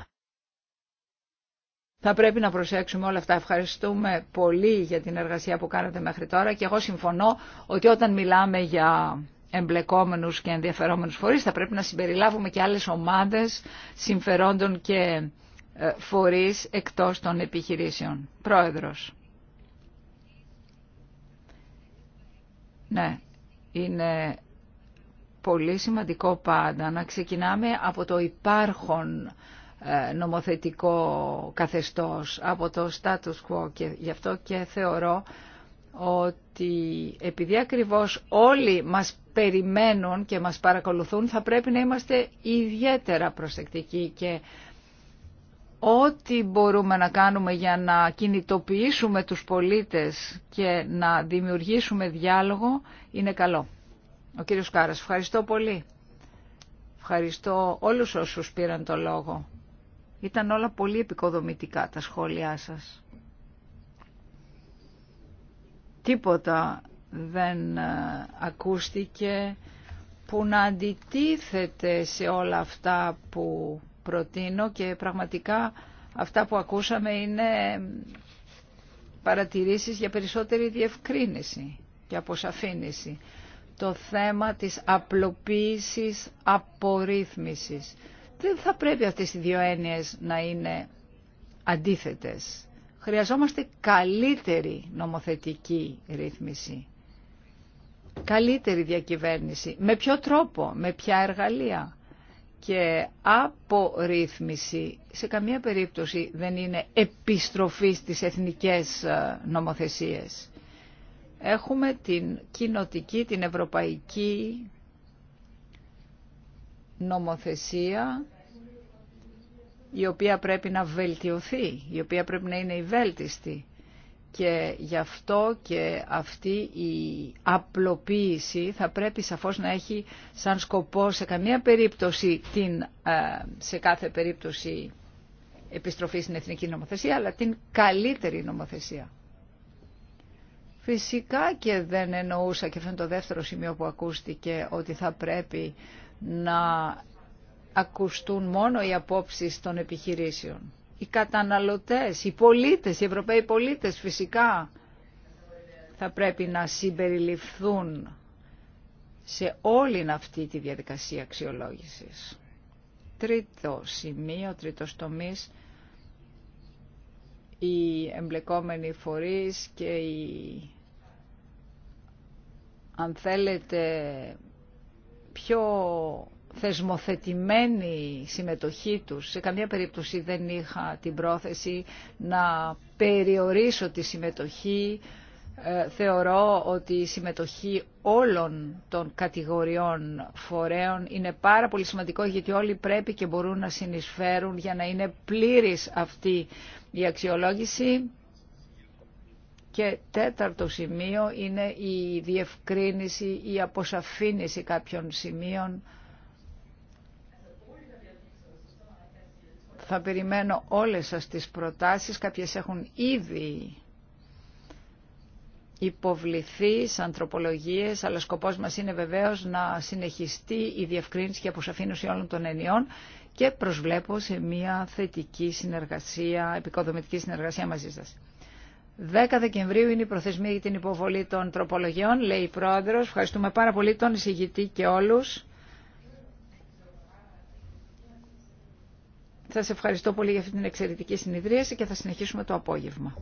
θα πρέπει να προσέξουμε όλα αυτά. Ευχαριστούμε πολύ για την εργασία που κάνατε μέχρι τώρα και εγώ συμφωνώ ότι όταν μιλάμε για εμπλεκόμενους και ενδιαφερόμενους φορείς θα πρέπει να συμπεριλάβουμε και άλλες ομάδες συμφερόντων και ε, φορείς εκτός των επιχειρήσεων. Πρόεδρος. Ναι, είναι πολύ σημαντικό πάντα να ξεκινάμε από το υπάρχον ε, νομοθετικό καθεστώς από το status quo και γι' αυτό και θεωρώ ότι επειδή ακριβώς όλοι μας περιμένουν και μας παρακολουθούν θα πρέπει να είμαστε ιδιαίτερα προσεκτικοί και ό,τι μπορούμε να κάνουμε για να κινητοποιήσουμε τους πολίτες και να δημιουργήσουμε διάλογο είναι καλό. Ο κύριος Κάρας, ευχαριστώ πολύ. Ευχαριστώ όλους όσους πήραν το λόγο. Ήταν όλα πολύ επικοδομητικά τα σχόλιά σας. Τίποτα δεν ε, ακούστηκε που να αντιτίθεται σε όλα αυτά που προτείνω και πραγματικά αυτά που ακούσαμε είναι παρατηρήσεις για περισσότερη διευκρίνηση και αποσαφήνιση. Το θέμα της απλοποίησης απορρίθμισης δεν θα πρέπει αυτές οι δύο έννοιες να είναι αντίθετες. Χρειαζόμαστε καλύτερη νομοθετική ρύθμιση, καλύτερη διακυβέρνηση. Με ποιο τρόπο, με ποια εργαλεία και απορρίθμιση σε καμία περίπτωση δεν είναι επιστροφή στις εθνικές ε, νομοθεσίες. Έχουμε την κοινοτική, την ευρωπαϊκή νομοθεσία η οποία πρέπει να βελτιωθεί, η οποία πρέπει να είναι η βέλτιστη. Και γι' αυτό και αυτή η απλοποίηση θα πρέπει σαφώς να έχει σαν σκοπό σε καμία περίπτωση την, ε, σε κάθε περίπτωση επιστροφή στην εθνική νομοθεσία, αλλά την καλύτερη νομοθεσία. Φυσικά και δεν εννοούσα, και αυτό είναι το δεύτερο σημείο που ακούστηκε, ότι θα πρέπει να ακουστούν μόνο οι απόψεις των επιχειρήσεων. Οι καταναλωτές, οι πολίτες, οι Ευρωπαίοι πολίτες φυσικά θα πρέπει να συμπεριληφθούν σε όλη αυτή τη διαδικασία αξιολόγησης. Τρίτο σημείο, τρίτο τομής, οι εμπλεκόμενοι φορείς και οι, αν θέλετε, πιο θεσμοθετημένη συμμετοχή τους. Σε καμία περίπτωση δεν είχα την πρόθεση να περιορίσω τη συμμετοχή. Ε, θεωρώ ότι η συμμετοχή όλων των κατηγοριών φορέων είναι πάρα πολύ σημαντικό γιατί όλοι πρέπει και μπορούν να συνεισφέρουν για να είναι πλήρης αυτή η αξιολόγηση. Και τέταρτο σημείο είναι η διευκρίνηση, η αποσαφήνιση κάποιων σημείων. Θα περιμένω όλες σας τις προτάσεις, κάποιες έχουν ήδη υποβληθεί σαν τροπολογίες, αλλά σκοπός μας είναι βεβαίως να συνεχιστεί η διευκρίνηση και αποσαφήνωση όλων των ενιών και προσβλέπω σε μια θετική συνεργασία, επικοδομητική συνεργασία μαζί σας. 10 Δεκεμβρίου είναι η προθεσμία για την υποβολή των τροπολογιών, λέει η Πρόεδρος. Ευχαριστούμε πάρα πολύ τον εισηγητή και όλους. Σας ευχαριστώ πολύ για αυτή την εξαιρετική συνεδρίαση και θα συνεχίσουμε το απόγευμα.